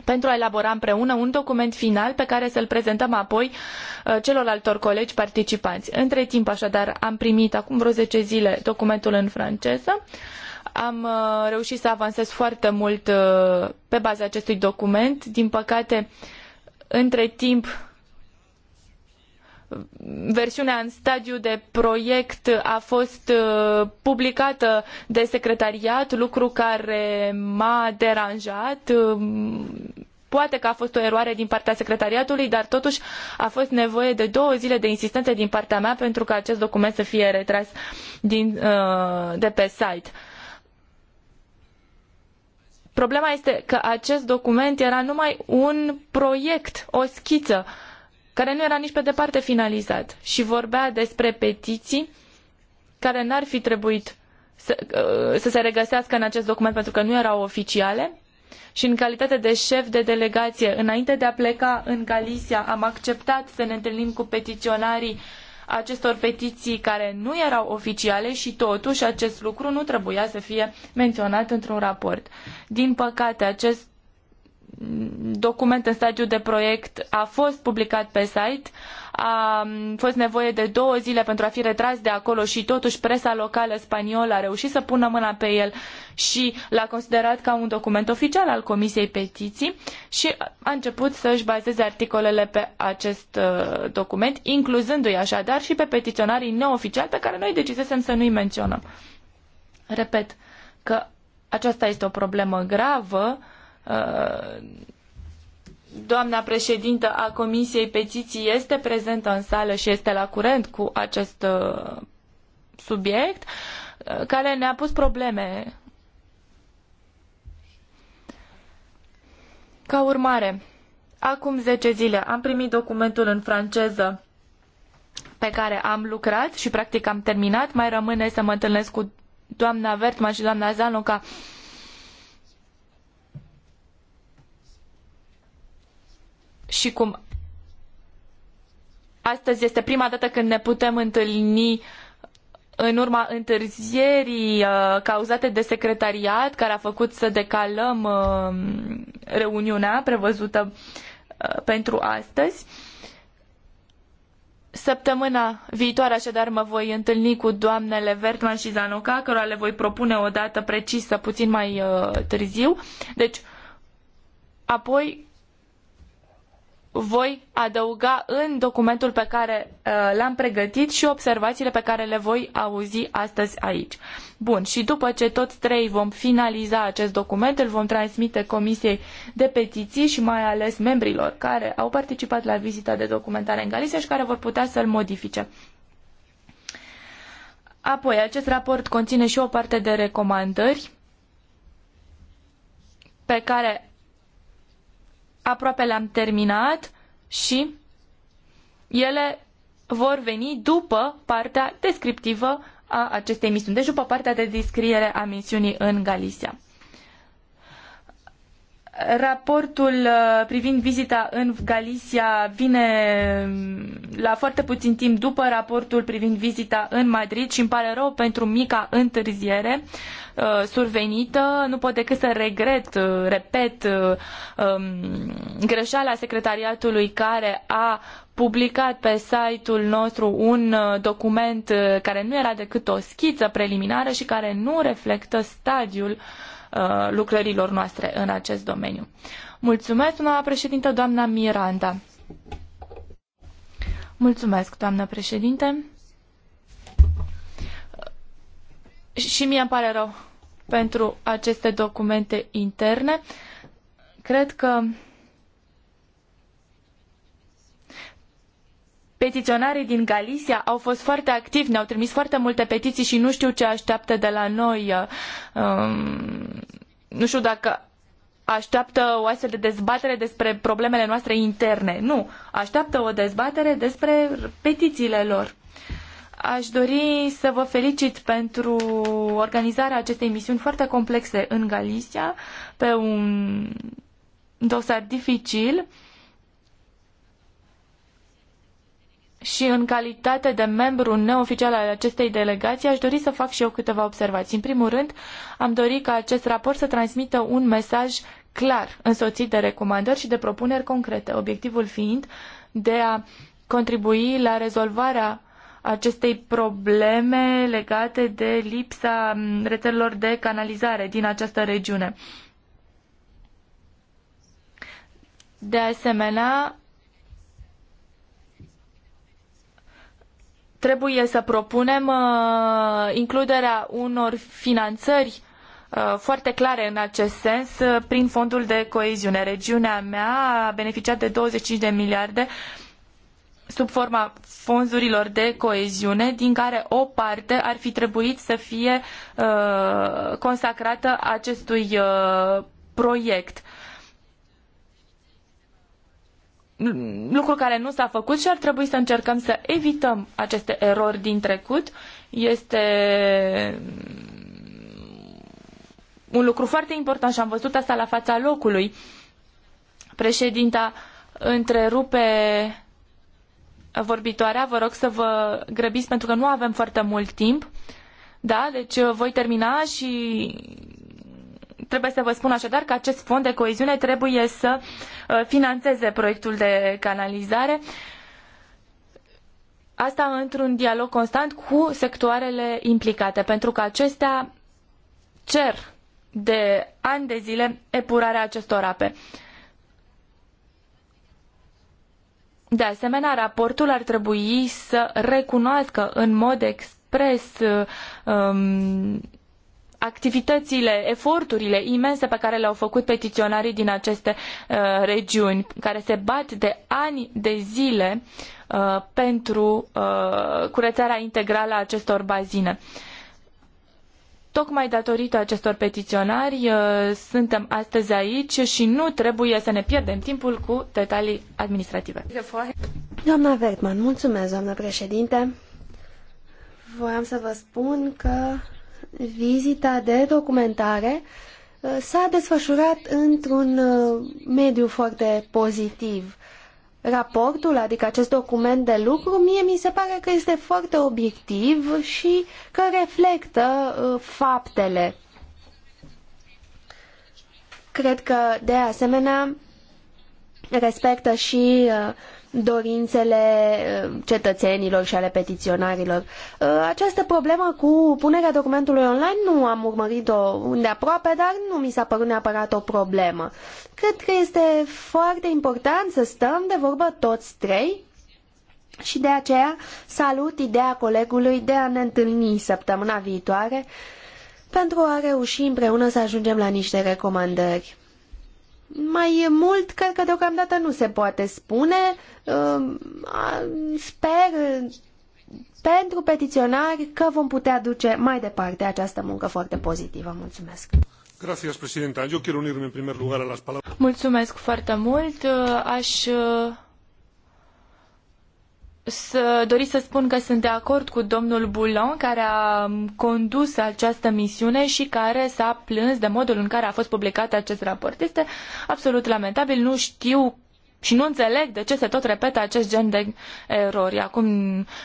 Speaker 3: pentru a elabora împreună un document final pe care să-l prezentăm apoi uh, celorlaltor colegi participanți. Între timp, așadar, am primit acum vreo zece zile documentul în franceză. Am reușit să avansez foarte mult pe baza acestui document. Din păcate, între timp, versiunea în stadiu de proiect a fost uh, publicată de secretariat, lucru care m-a deranjat. Um, poate că a fost o eroare din partea secretariatului, dar totuși a fost nevoie de două zile de insistență din partea mea pentru ca acest document să fie retras din, uh, de pe site. Problema este că acest document era numai un proiect, o schiță uh, care nu era nici pe departe finalizat și vorbea despre petiții care n-ar fi trebuit să, uh, să se regăsească în acest document pentru că nu erau oficiale și în calitate de șef de delegație, înainte de a pleca în Galicia, am acceptat să ne întâlnim cu petiționarii acestor petiții care nu erau oficiale și totuși acest lucru nu trebuia să fie menționat într-un raport. Din păcate, acest document în stadiu de proiect a fost publicat pe site, a fost nevoie de două zile pentru a fi retras de acolo și totuși presa locală spaniolă a reușit să pună mâna pe el și l-a considerat ca un document oficial al Comisiei Petiții și a început să își bazeze articolele pe acest uh, document, incluzându-i așadar și pe petiționarii neoficiali pe care noi decisesem să nu-i menționăm. Repet că aceasta este o problemă gravă Uh, doamna președintă a Comisiei Petiții este prezentă în sală și este la curent cu acest uh, subiect uh, care ne-a pus probleme. Ca urmare, acum zece zile am primit documentul în franceză pe care am lucrat și practic am terminat. Mai rămâne să mă întâlnesc cu doamna Vertman și doamna Zanoca ca și cum astăzi este prima dată când ne putem întâlni în urma întârzierii uh, cauzate de secretariat, care a făcut să decalăm uh, reuniunea prevăzută uh, pentru astăzi. Săptămâna viitoare, așadar, mă voi întâlni cu doamnele Vertman și Zanoca, cărora le voi propune o dată precisă, puțin mai uh, târziu. Deci, apoi, voi adăuga în documentul pe care uh, l-am pregătit și observațiile pe care le voi auzi astăzi aici. Bun, și după ce toți trei vom finaliza acest document, îl vom transmite Comisiei de Petiții și mai ales membrilor care au participat la vizita de documentare în Galicia și care vor putea să-l modifice. Apoi, acest raport conține și o parte de recomandări pe care aproape le-am terminat și ele vor veni după partea descriptivă a acestei misiuni, deci după partea de descriere a misiunii în Galicia. Raportul uh, privind vizita în Galicia vine mm, la foarte puțin timp după raportul privind vizita în Madrid și îmi pare rău pentru mica întârziere. Uh, survenită, nu pot decât să regret, uh, repet, uh, um, greșeala secretariatului care a publicat pe site-ul nostru un document care nu era decât o schiță preliminară și care nu reflectă stadiul lucrărilor noastre în acest domeniu. Mulțumesc, doamna președintă, doamna Miranda. Mulțumesc, doamnă președinte. și mie îmi pare rău pentru aceste documente interne. Cred că petiționarii din Galicia au fost foarte activi, ne-au trimis foarte multe petiții și nu știu ce așteaptă de la noi. Um, nu știu dacă așteaptă o astfel de dezbatere despre problemele noastre interne. Nu, așteaptă o dezbatere despre petițiile lor. Aș dori să vă felicit pentru organizarea acestei misiuni foarte complexe în Galicia, pe un dosar dificil și în calitate de membru neoficial al acestei delegații aș dori să fac și eu câteva observații. În primul rând, am dorit ca acest raport să transmită un mesaj clar, însoțit de recomandări și de propuneri concrete, obiectivul fiind de a contribui la rezolvarea acestei probleme legate de lipsa rețelelor de canalizare din această regiune. De asemenea, trebuie să propunem uh, includerea unor finanțări uh, foarte clare în acest sens uh, prin fondul de coeziune. Regiunea mea a beneficiat de 25 de miliarde uh, sub forma fondurilor de coeziune, din care o parte ar fi trebuit să fie uh, consacrată acestui uh, proiect. Lucru care nu s-a făcut și ar trebui să încercăm să evităm aceste erori din trecut. Este mm, un lucru foarte important și am văzut asta la fața locului. Președinta întrerupe vorbitoarea, vă rog să vă grăbiți pentru că nu avem foarte mult timp. Da, deci uh, voi termina și trebuie să vă spun așadar că acest fond de coeziune trebuie să uh, financeze proiectul de canalizare. Asta într-un dialog constant cu sectoarele implicate, pentru că acestea cer de ani de zile epurarea acestor ape. De asemenea, raportul ar trebui să recunoască în mod expres um, activitățile, eforturile imense pe care le-au făcut petiționarii din aceste uh, regiuni, care se bat de ani de zile uh, pentru uh, curățarea integrală a acestor bazine. Uh, Tocmai datorită acestor petiționari uh, suntem astăzi aici și nu trebuie să ne pierdem timpul cu detalii administrative.
Speaker 2: Doamna Vertman, mulțumesc, doamnă președinte. Voiam să vă spun că vizita de documentare uh, s-a desfășurat într-un uh, mediu foarte pozitiv raportul, adică acest document de lucru, mie mi se pare că este foarte obiectiv și că reflectă uh, faptele. Cred că, de asemenea, respectă și uh, dorințele uh, cetățenilor și ale petiționarilor. Uh, această problemă cu punerea documentului online nu am urmărit-o îndeaproape, dar nu mi s-a părut neapărat o problemă. Cred că este foarte important să stăm de vorbă toți trei și de aceea salut ideea colegului de a ne întâlni săptămâna viitoare pentru a reuși împreună să ajungem la niște recomandări. Mai mult, cred că deocamdată nu se poate spune. Ehm, sper pentru petiționari că vom putea duce mai departe această muncă foarte pozitivă. Mulțumesc! Mulțumesc foarte mult.
Speaker 3: Aș să dori să spun că sunt de acord cu domnul Boulon, care a condus această misiune și care s-a plâns de modul în care a fost publicat acest raport. Este absolut lamentabil, nu știu și nu înțeleg de ce se tot repetă acest gen de erori. Acum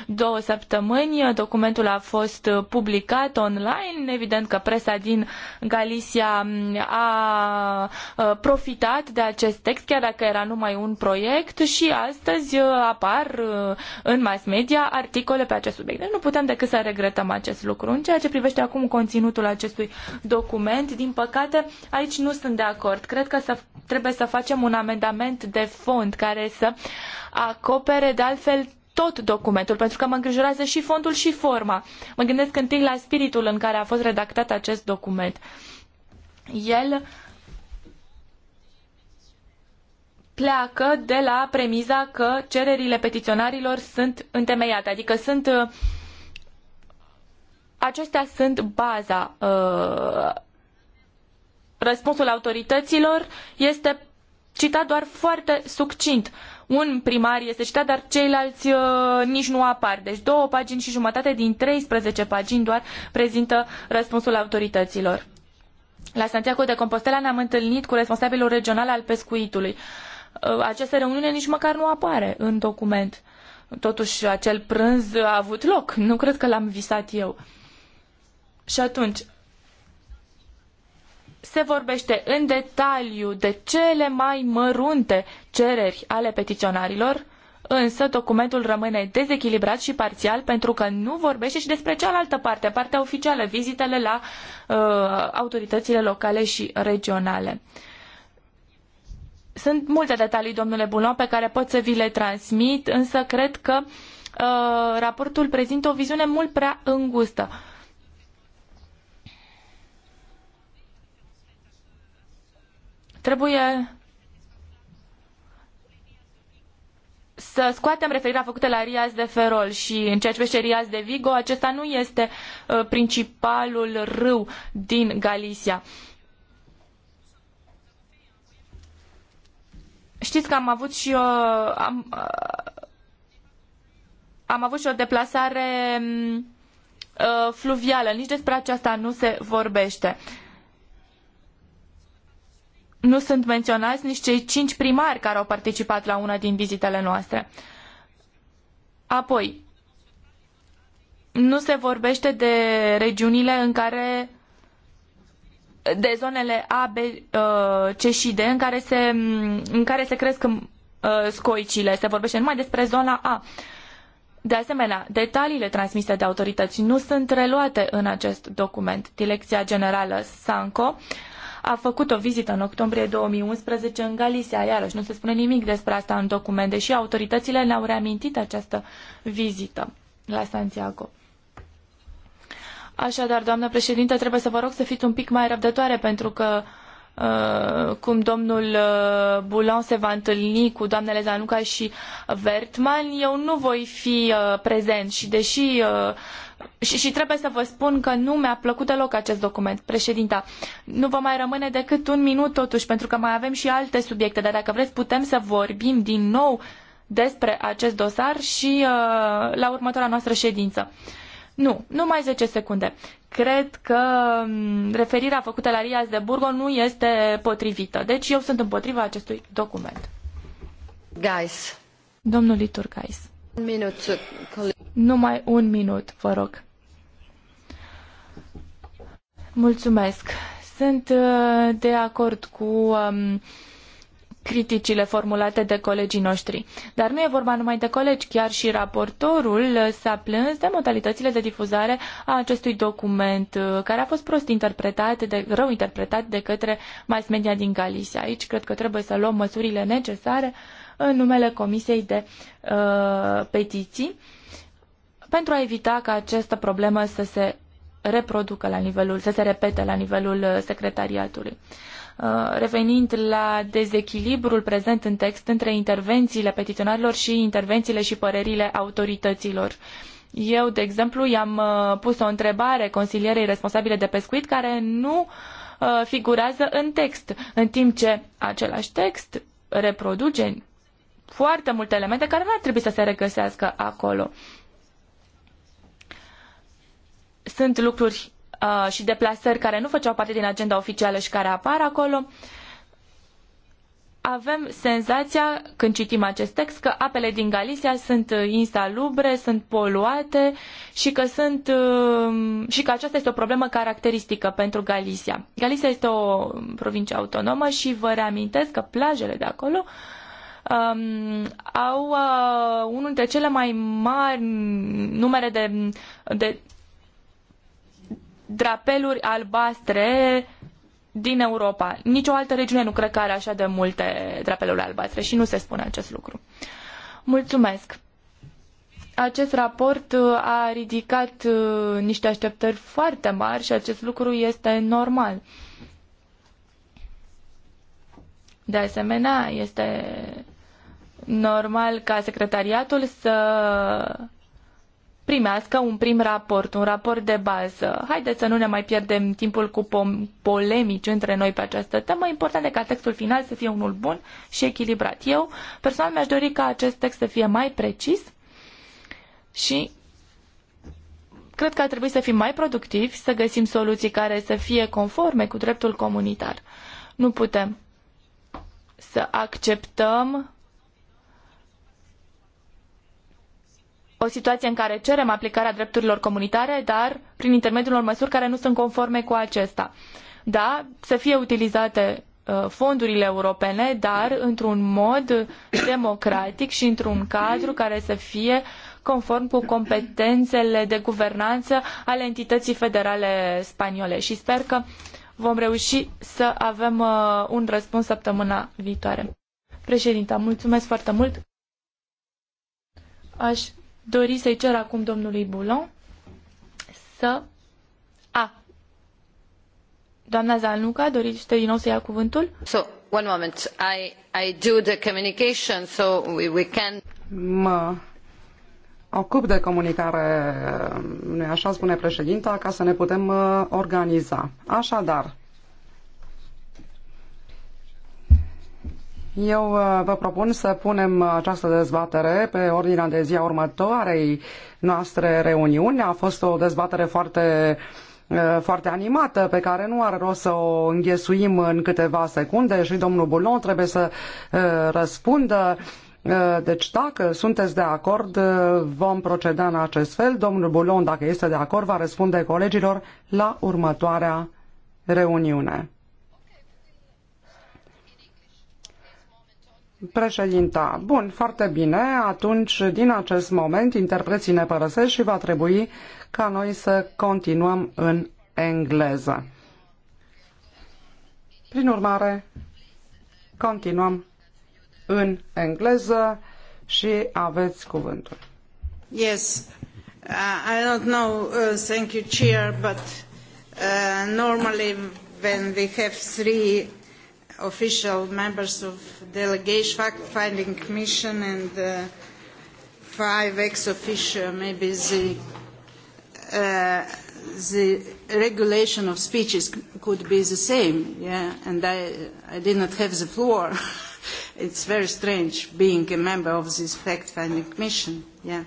Speaker 3: două săptămâni uh, documentul a fost uh, publicat online. Evident că presa din Galicia mm, a uh, profitat de acest text, chiar dacă era numai un proiect și astăzi apar în mass media articole pe acest subiect. Deci nu putem decât să regretăm acest lucru. În ceea ce privește acum conținutul acestui document, din păcate, aici nu sunt de acord. Cred că să, trebuie să facem un amendament de fond fond care să acopere de altfel tot documentul, pentru că mă îngrijorează și fondul și forma. Mă gândesc întâi la spiritul în care a fost redactat acest document. El pleacă de la premiza că cererile petiționarilor sunt întemeiate, adică sunt uh, acestea sunt baza. Uh, răspunsul autorităților este citat doar foarte succint. Un primar este citat, dar ceilalți uh, nici nu apar. Deci două pagini și jumătate din 13 pagini doar prezintă răspunsul autorităților. La Santiago de Compostela ne-am întâlnit cu responsabilul regional al pescuitului. Uh, această reuniune nici măcar nu apare în document. Totuși, acel prânz a avut loc. Nu cred că l-am visat eu. Și atunci, se vorbește în detaliu de cele mai mărunte cereri ale petiționarilor, însă documentul rămâne dezechilibrat și parțial pentru că nu vorbește și despre cealaltă parte, partea oficială, vizitele la uh, autoritățile locale și regionale. Sunt multe detalii, domnule Bulon, pe care pot să vi le transmit, însă cred că uh, raportul prezintă o viziune mult prea îngustă. Uh, Trebuie să scoatem referirea făcută la Riaz de Ferol și în ceea ce privește Riaz de Vigo, acesta nu este uh, principalul râu din Galicia. Știți că am avut și o, am, uh, am avut și o deplasare mm, uh, fluvială. Nici despre aceasta nu se vorbește nu sunt menționați nici cei cinci primari care au participat la una din vizitele noastre. Apoi, nu se vorbește de regiunile în care de zonele A, B, uh, C și D în care se, în care se cresc uh, scoicile. Se vorbește numai despre zona A. De asemenea, detaliile transmise de autorități nu sunt reluate în acest document. Direcția Generală Sanco uh, a făcut o vizită în octombrie 2011 în Galicia. Iarăși nu se spune nimic despre asta în documente, și autoritățile ne-au reamintit această vizită la Santiago. Așadar, doamnă președinte, trebuie să vă rog să fiți un pic mai răbdătoare pentru că Uh, cum domnul uh, se va întâlni cu doamnele Zanuca și Vertman, eu nu voi fi uh, prezent și deși uh, și, și trebuie să vă spun că nu mi-a plăcut deloc acest document, președinta. Nu vă mai rămâne decât un minut totuși, pentru că mai avem și alte subiecte, dar dacă vreți putem să vorbim din nou despre acest dosar și uh, la următoarea noastră ședință. Nu, numai zece secunde. Cred că um, referirea făcută la Riaz de Burgo nu este potrivită. Deci eu sunt împotriva acestui document. Guys. Domnul Litur Guys. Numai un minut, vă rog. Mulțumesc. Sunt uh, de acord cu um, criticile formulate de colegii noștri. Dar nu e vorba numai de colegi, chiar și raportorul uh, s-a plâns de modalitățile de difuzare a acestui document, uh, care a fost prost interpretat, de, rău interpretat de către mass media din Galicia. Aici cred că trebuie să luăm măsurile necesare în numele Comisiei de uh, Petiții pentru a evita ca această problemă să se reproducă la nivelul, să se repete la nivelul uh, secretariatului. Uh, revenind la dezechilibrul prezent în text între intervențiile petiționarilor și intervențiile și părerile autorităților. Eu, de exemplu, i-am uh, pus o întrebare consilierei responsabile de pescuit care nu figurează în text, în timp ce același text reproduce foarte multe elemente care nu ar trebui să se regăsească acolo. Sunt lucruri uh, și deplasări care nu făceau parte din agenda oficială și care apar acolo. Avem senzația, când citim acest text, că apele din Galicia sunt uh, insalubre, sunt poluate și că, sunt, uh, și că aceasta este o problemă caracteristică pentru Galicia. Galicia este o um, provincie autonomă și vă reamintesc că plajele de acolo uh, um, au uh, unul dintre cele mai mari numere de, de drapeluri albastre din Europa. Nici o altă regiune nu cred că are așa de multe drapeluri albastre și nu se spune acest lucru. Mulțumesc! Acest raport uh, a ridicat uh, niște așteptări foarte mari și acest lucru este normal. De asemenea, este normal ca secretariatul să primească un prim raport, un raport de bază. Haideți să nu ne mai pierdem timpul cu polemici între noi pe această temă. Important e ca textul final să fie unul bun și echilibrat. Eu personal mi-aș dori ca acest text să fie mai precis și cred că ar trebui să fim mai productivi, să găsim soluții care să fie conforme cu dreptul comunitar. Nu putem să acceptăm o situație în care cerem aplicarea drepturilor comunitare, dar prin intermediul unor măsuri care nu sunt conforme cu acesta. Da, să fie utilizate uh, fondurile europene, dar într-un mod democratic și într-un cadru care să fie conform cu competențele de guvernanță ale entității federale spaniole. Și sper că vom reuși să avem uh, un răspuns săptămâna viitoare. Președinta, mulțumesc foarte mult! Aș dori să-i cer acum domnului Bulon să... A.
Speaker 7: Doamna Zanuca, doriți din nou să ia cuvântul? So, one moment. I, I do the communication, so we, we can...
Speaker 1: Mă ocup de comunicare, nu așa spune președinta, ca să ne putem uh, organiza. Așadar, Eu uh, vă propun să punem această dezbatere pe ordinea de zi a următoarei noastre reuniuni. A fost o dezbatere foarte uh, foarte animată, pe care nu are rost să o înghesuim în câteva secunde și domnul Bulon trebuie să uh, răspundă. Deci dacă sunteți de acord, vom proceda în acest fel. Domnul Bulon, dacă este de acord, va răspunde colegilor la următoarea reuniune. Președinta, bun, foarte bine, atunci din acest moment interpreții ne părăsesc și va trebui ca noi să continuăm în engleză. Prin urmare, continuăm în engleză și aveți cuvântul. Yes,
Speaker 6: uh, I don't know, uh, thank you, Chair, but uh, normally when we have three official members of delegation fact-finding Commission and uh, five ex officio, maybe the, uh, the regulation of speeches could be the same, yeah, and I, I did not have the floor. it's very strange being a member of this fact-finding Commission, yeah.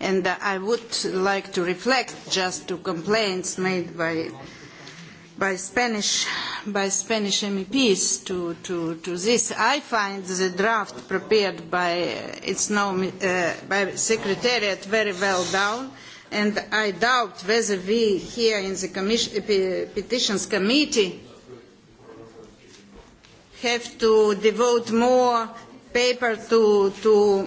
Speaker 6: And uh, I would like to reflect just to complaints made by by Spanish, by Spanish MEPs to, to, to this. I find the draft prepared by its now, uh, by Secretariat very well done, and I doubt whether we here in the commission, uh, Petitions Committee have to devote more paper to, to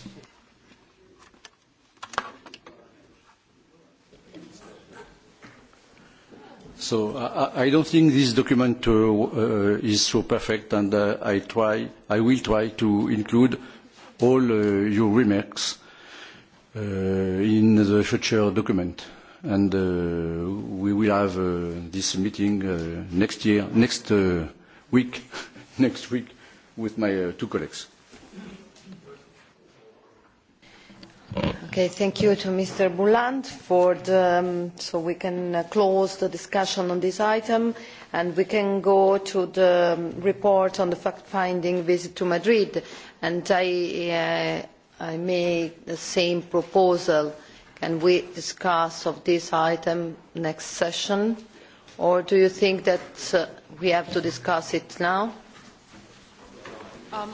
Speaker 4: So I, I don't think this document uh, uh, is so perfect, and uh, I try, I will try to include all uh, your remarks uh, in the future document, and uh, we will have this meeting next year, next week, next week, with my two colleagues.
Speaker 7: Okay, thank you to Mr. Bouland for the, um, so we can uh, close the discussion on this item and we can go to the um, report on the fact-finding visit to Madrid and I, uh, I made the same proposal. Can we discuss of this item next session or do you think that uh, we have to discuss it now?
Speaker 2: Um,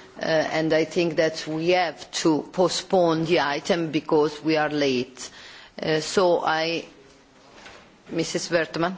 Speaker 7: Uh, and I think that we have to postpone the item because we are late. Uh, so I, Mrs. Bertman.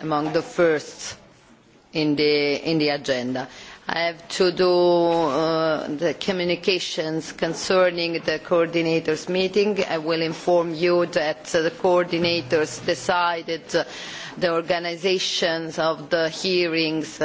Speaker 7: among the first in the, agenda. I have to do uh, the communications concerning the coordinators meeting. I will inform you that the coordinators decided the organisation of the hearings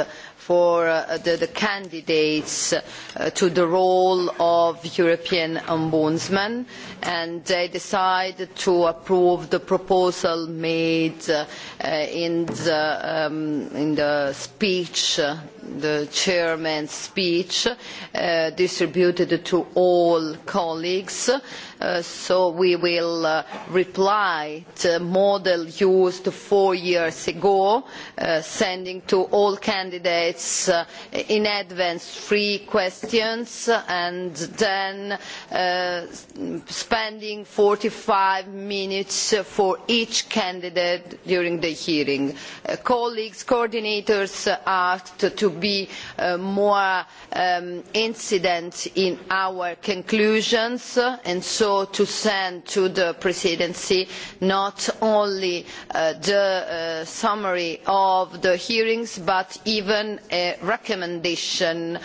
Speaker 7: for uh, the, the, candidates uh, to the role of European Ombudsman and they decided to approve the proposal made uh, in, the, um, in, the, speech uh, the chairman's speech uh, distributed to all colleagues. Uh, so we will uh, reply to the model used four years ago, uh, sending to all candidates uh, in advance three questions and then uh, spending 45 minutes for each candidate during the hearing. colleagues, coordinators asked to be uh, more um, incident in our conclusions uh, and so to send to the presidency not only uh, the uh, summary of the hearings but even a recommendation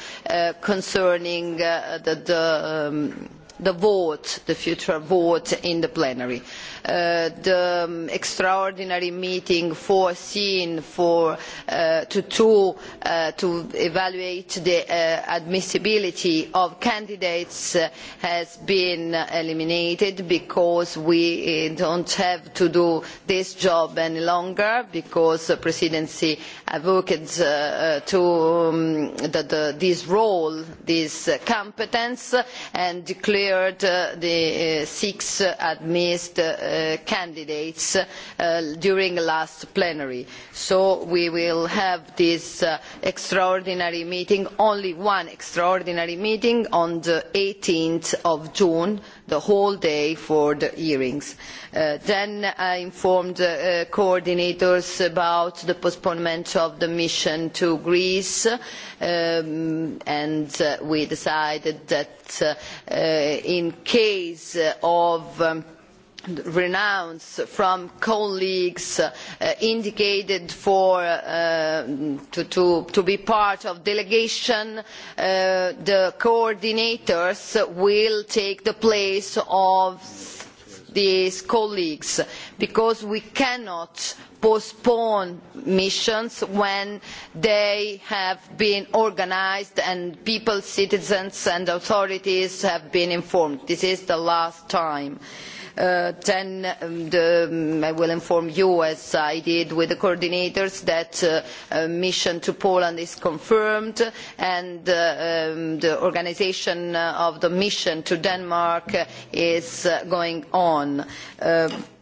Speaker 7: concerning the, the um, the vote, the future vote in the plenary. Uh, the um, extraordinary meeting foreseen for, uh, to, to, uh, to, evaluate the uh, admissibility of candidates uh, has been eliminated because we uh, don't have to do this job any longer because the presidency advocates to, um, the, the, this role, this competence and declared hired uh, the uh, six admitted uh, candidates during last plenary. So we will have this extraordinary meeting, only one extraordinary meeting on the 18th of June the whole day for the hearings. Uh, then I informed the uh, coordinators about the postponement of the mission to Greece um, and uh, we decided that in case of um, Renounce from colleagues uh, indicated for, uh, to, be part of delegation uh, the coordinators will take the place of these colleagues because we cannot postpone missions when they have been organised and people citizens and authorities have been informed. this is the last time. Uh, then um, um, I will inform you, as I did with the coordinators, that the uh, mission to Poland is confirmed and uh, um, the organisation of the mission to Denmark is going on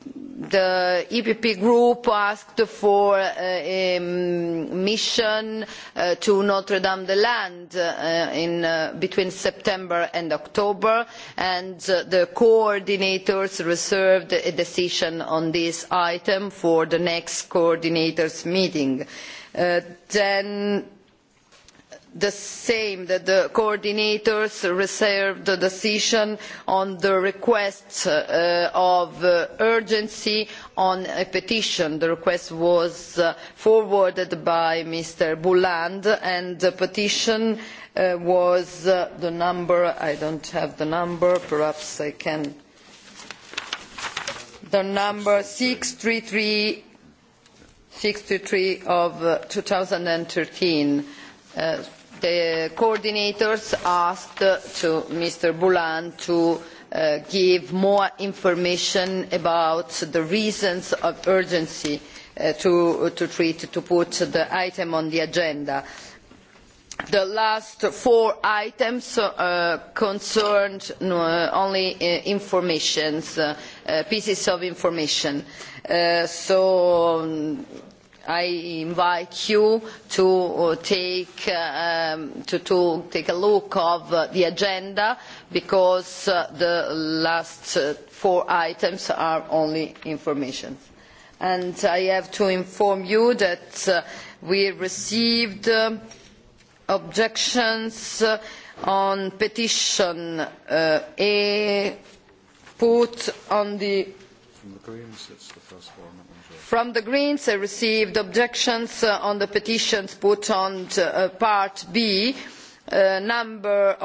Speaker 7: the epp group asked for a mission uh, to notre dame des landes uh, in, uh, between september and october and the coordinators reserved a decision on this item for the next coordinators meeting. then the same that the coordinators reserve the decision on the request uh, of uh, urgency on a petition. the request was uh, forwarded by mr boulland and the petition was the number i do not have the number perhaps i can the number six hundred and thirty three of two thousand and thirteen the coordinators asked Mr. boulland to uh, give more information about the reasons of urgency uh, to, treat, to put the item on the agenda. The last four items uh, concerned only informations, pieces of information. so I invite you to uh, take, uh, um, to, to take a look of uh, the agenda because the last four items are only information. And I have to inform you that we received objections on petition uh, A put on the... From the
Speaker 4: Greens, it's the first one
Speaker 7: from the greens i received objections uh, on the petitions put on uh, part b uh, number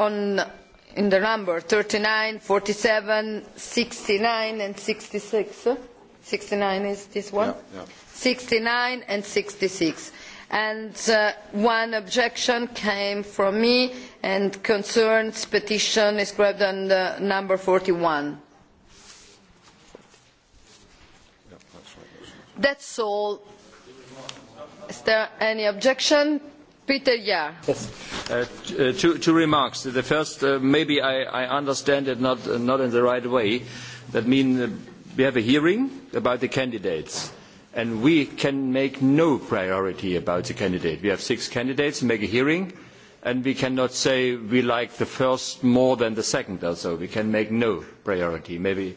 Speaker 7: in the number thirty nine forty seven sixty nine and sixty six sixty nine is this one sixty yeah, nine and sixty six and one objection came from me and concerns petition described under number forty one That's all. Is there any objection? Peter, yeah.
Speaker 5: Yes. Uh, uh, two, two, remarks. The first, uh, maybe I, I, understand it not, uh, not in the right way. That means uh, we have a hearing about the candidates, and we can make no priority about the candidate. We have six candidates, make a hearing, and we cannot say we like the first more than the second or so. We can make no priority. Maybe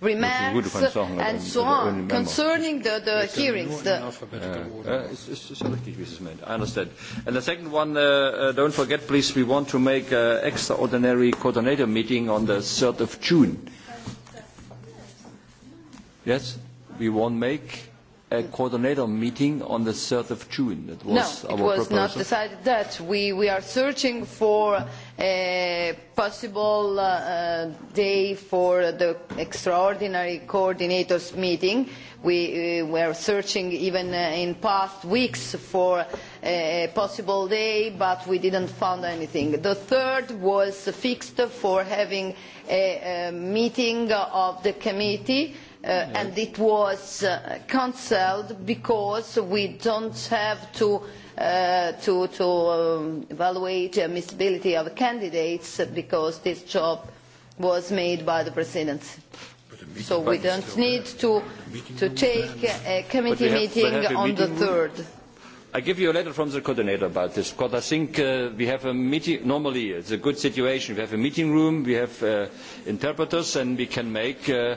Speaker 7: remarks and so on concerning the, the hearings. The uh,
Speaker 5: it's, Mrs. I understand. And the second one, uh, uh, don't forget, please, we want to make an extraordinary coordinator meeting on the 3rd of June. Yes, we won't make a coordinator meeting on the 3rd of June. That was no, our it was proposal. not decided
Speaker 7: that. We, we are searching for a possible uh, uh day for the extraordinary coordinators meeting. We uh, were searching even uh, in past weeks for a possible day, but we didn't find anything. The third was fixed for having a, a meeting of the committee Uh, and it was uh, cancelled because we don't have to, uh, to, to um, evaluate the admissibility of candidates because this job was made by the presidency. So we don't need to, to take a committee meeting on the 3rd.
Speaker 5: I give you a letter from the coordinator about this because I think uh, we have a meeting. Normally, it's a good situation. We have a meeting room, we have uh, interpreters, and we can make uh,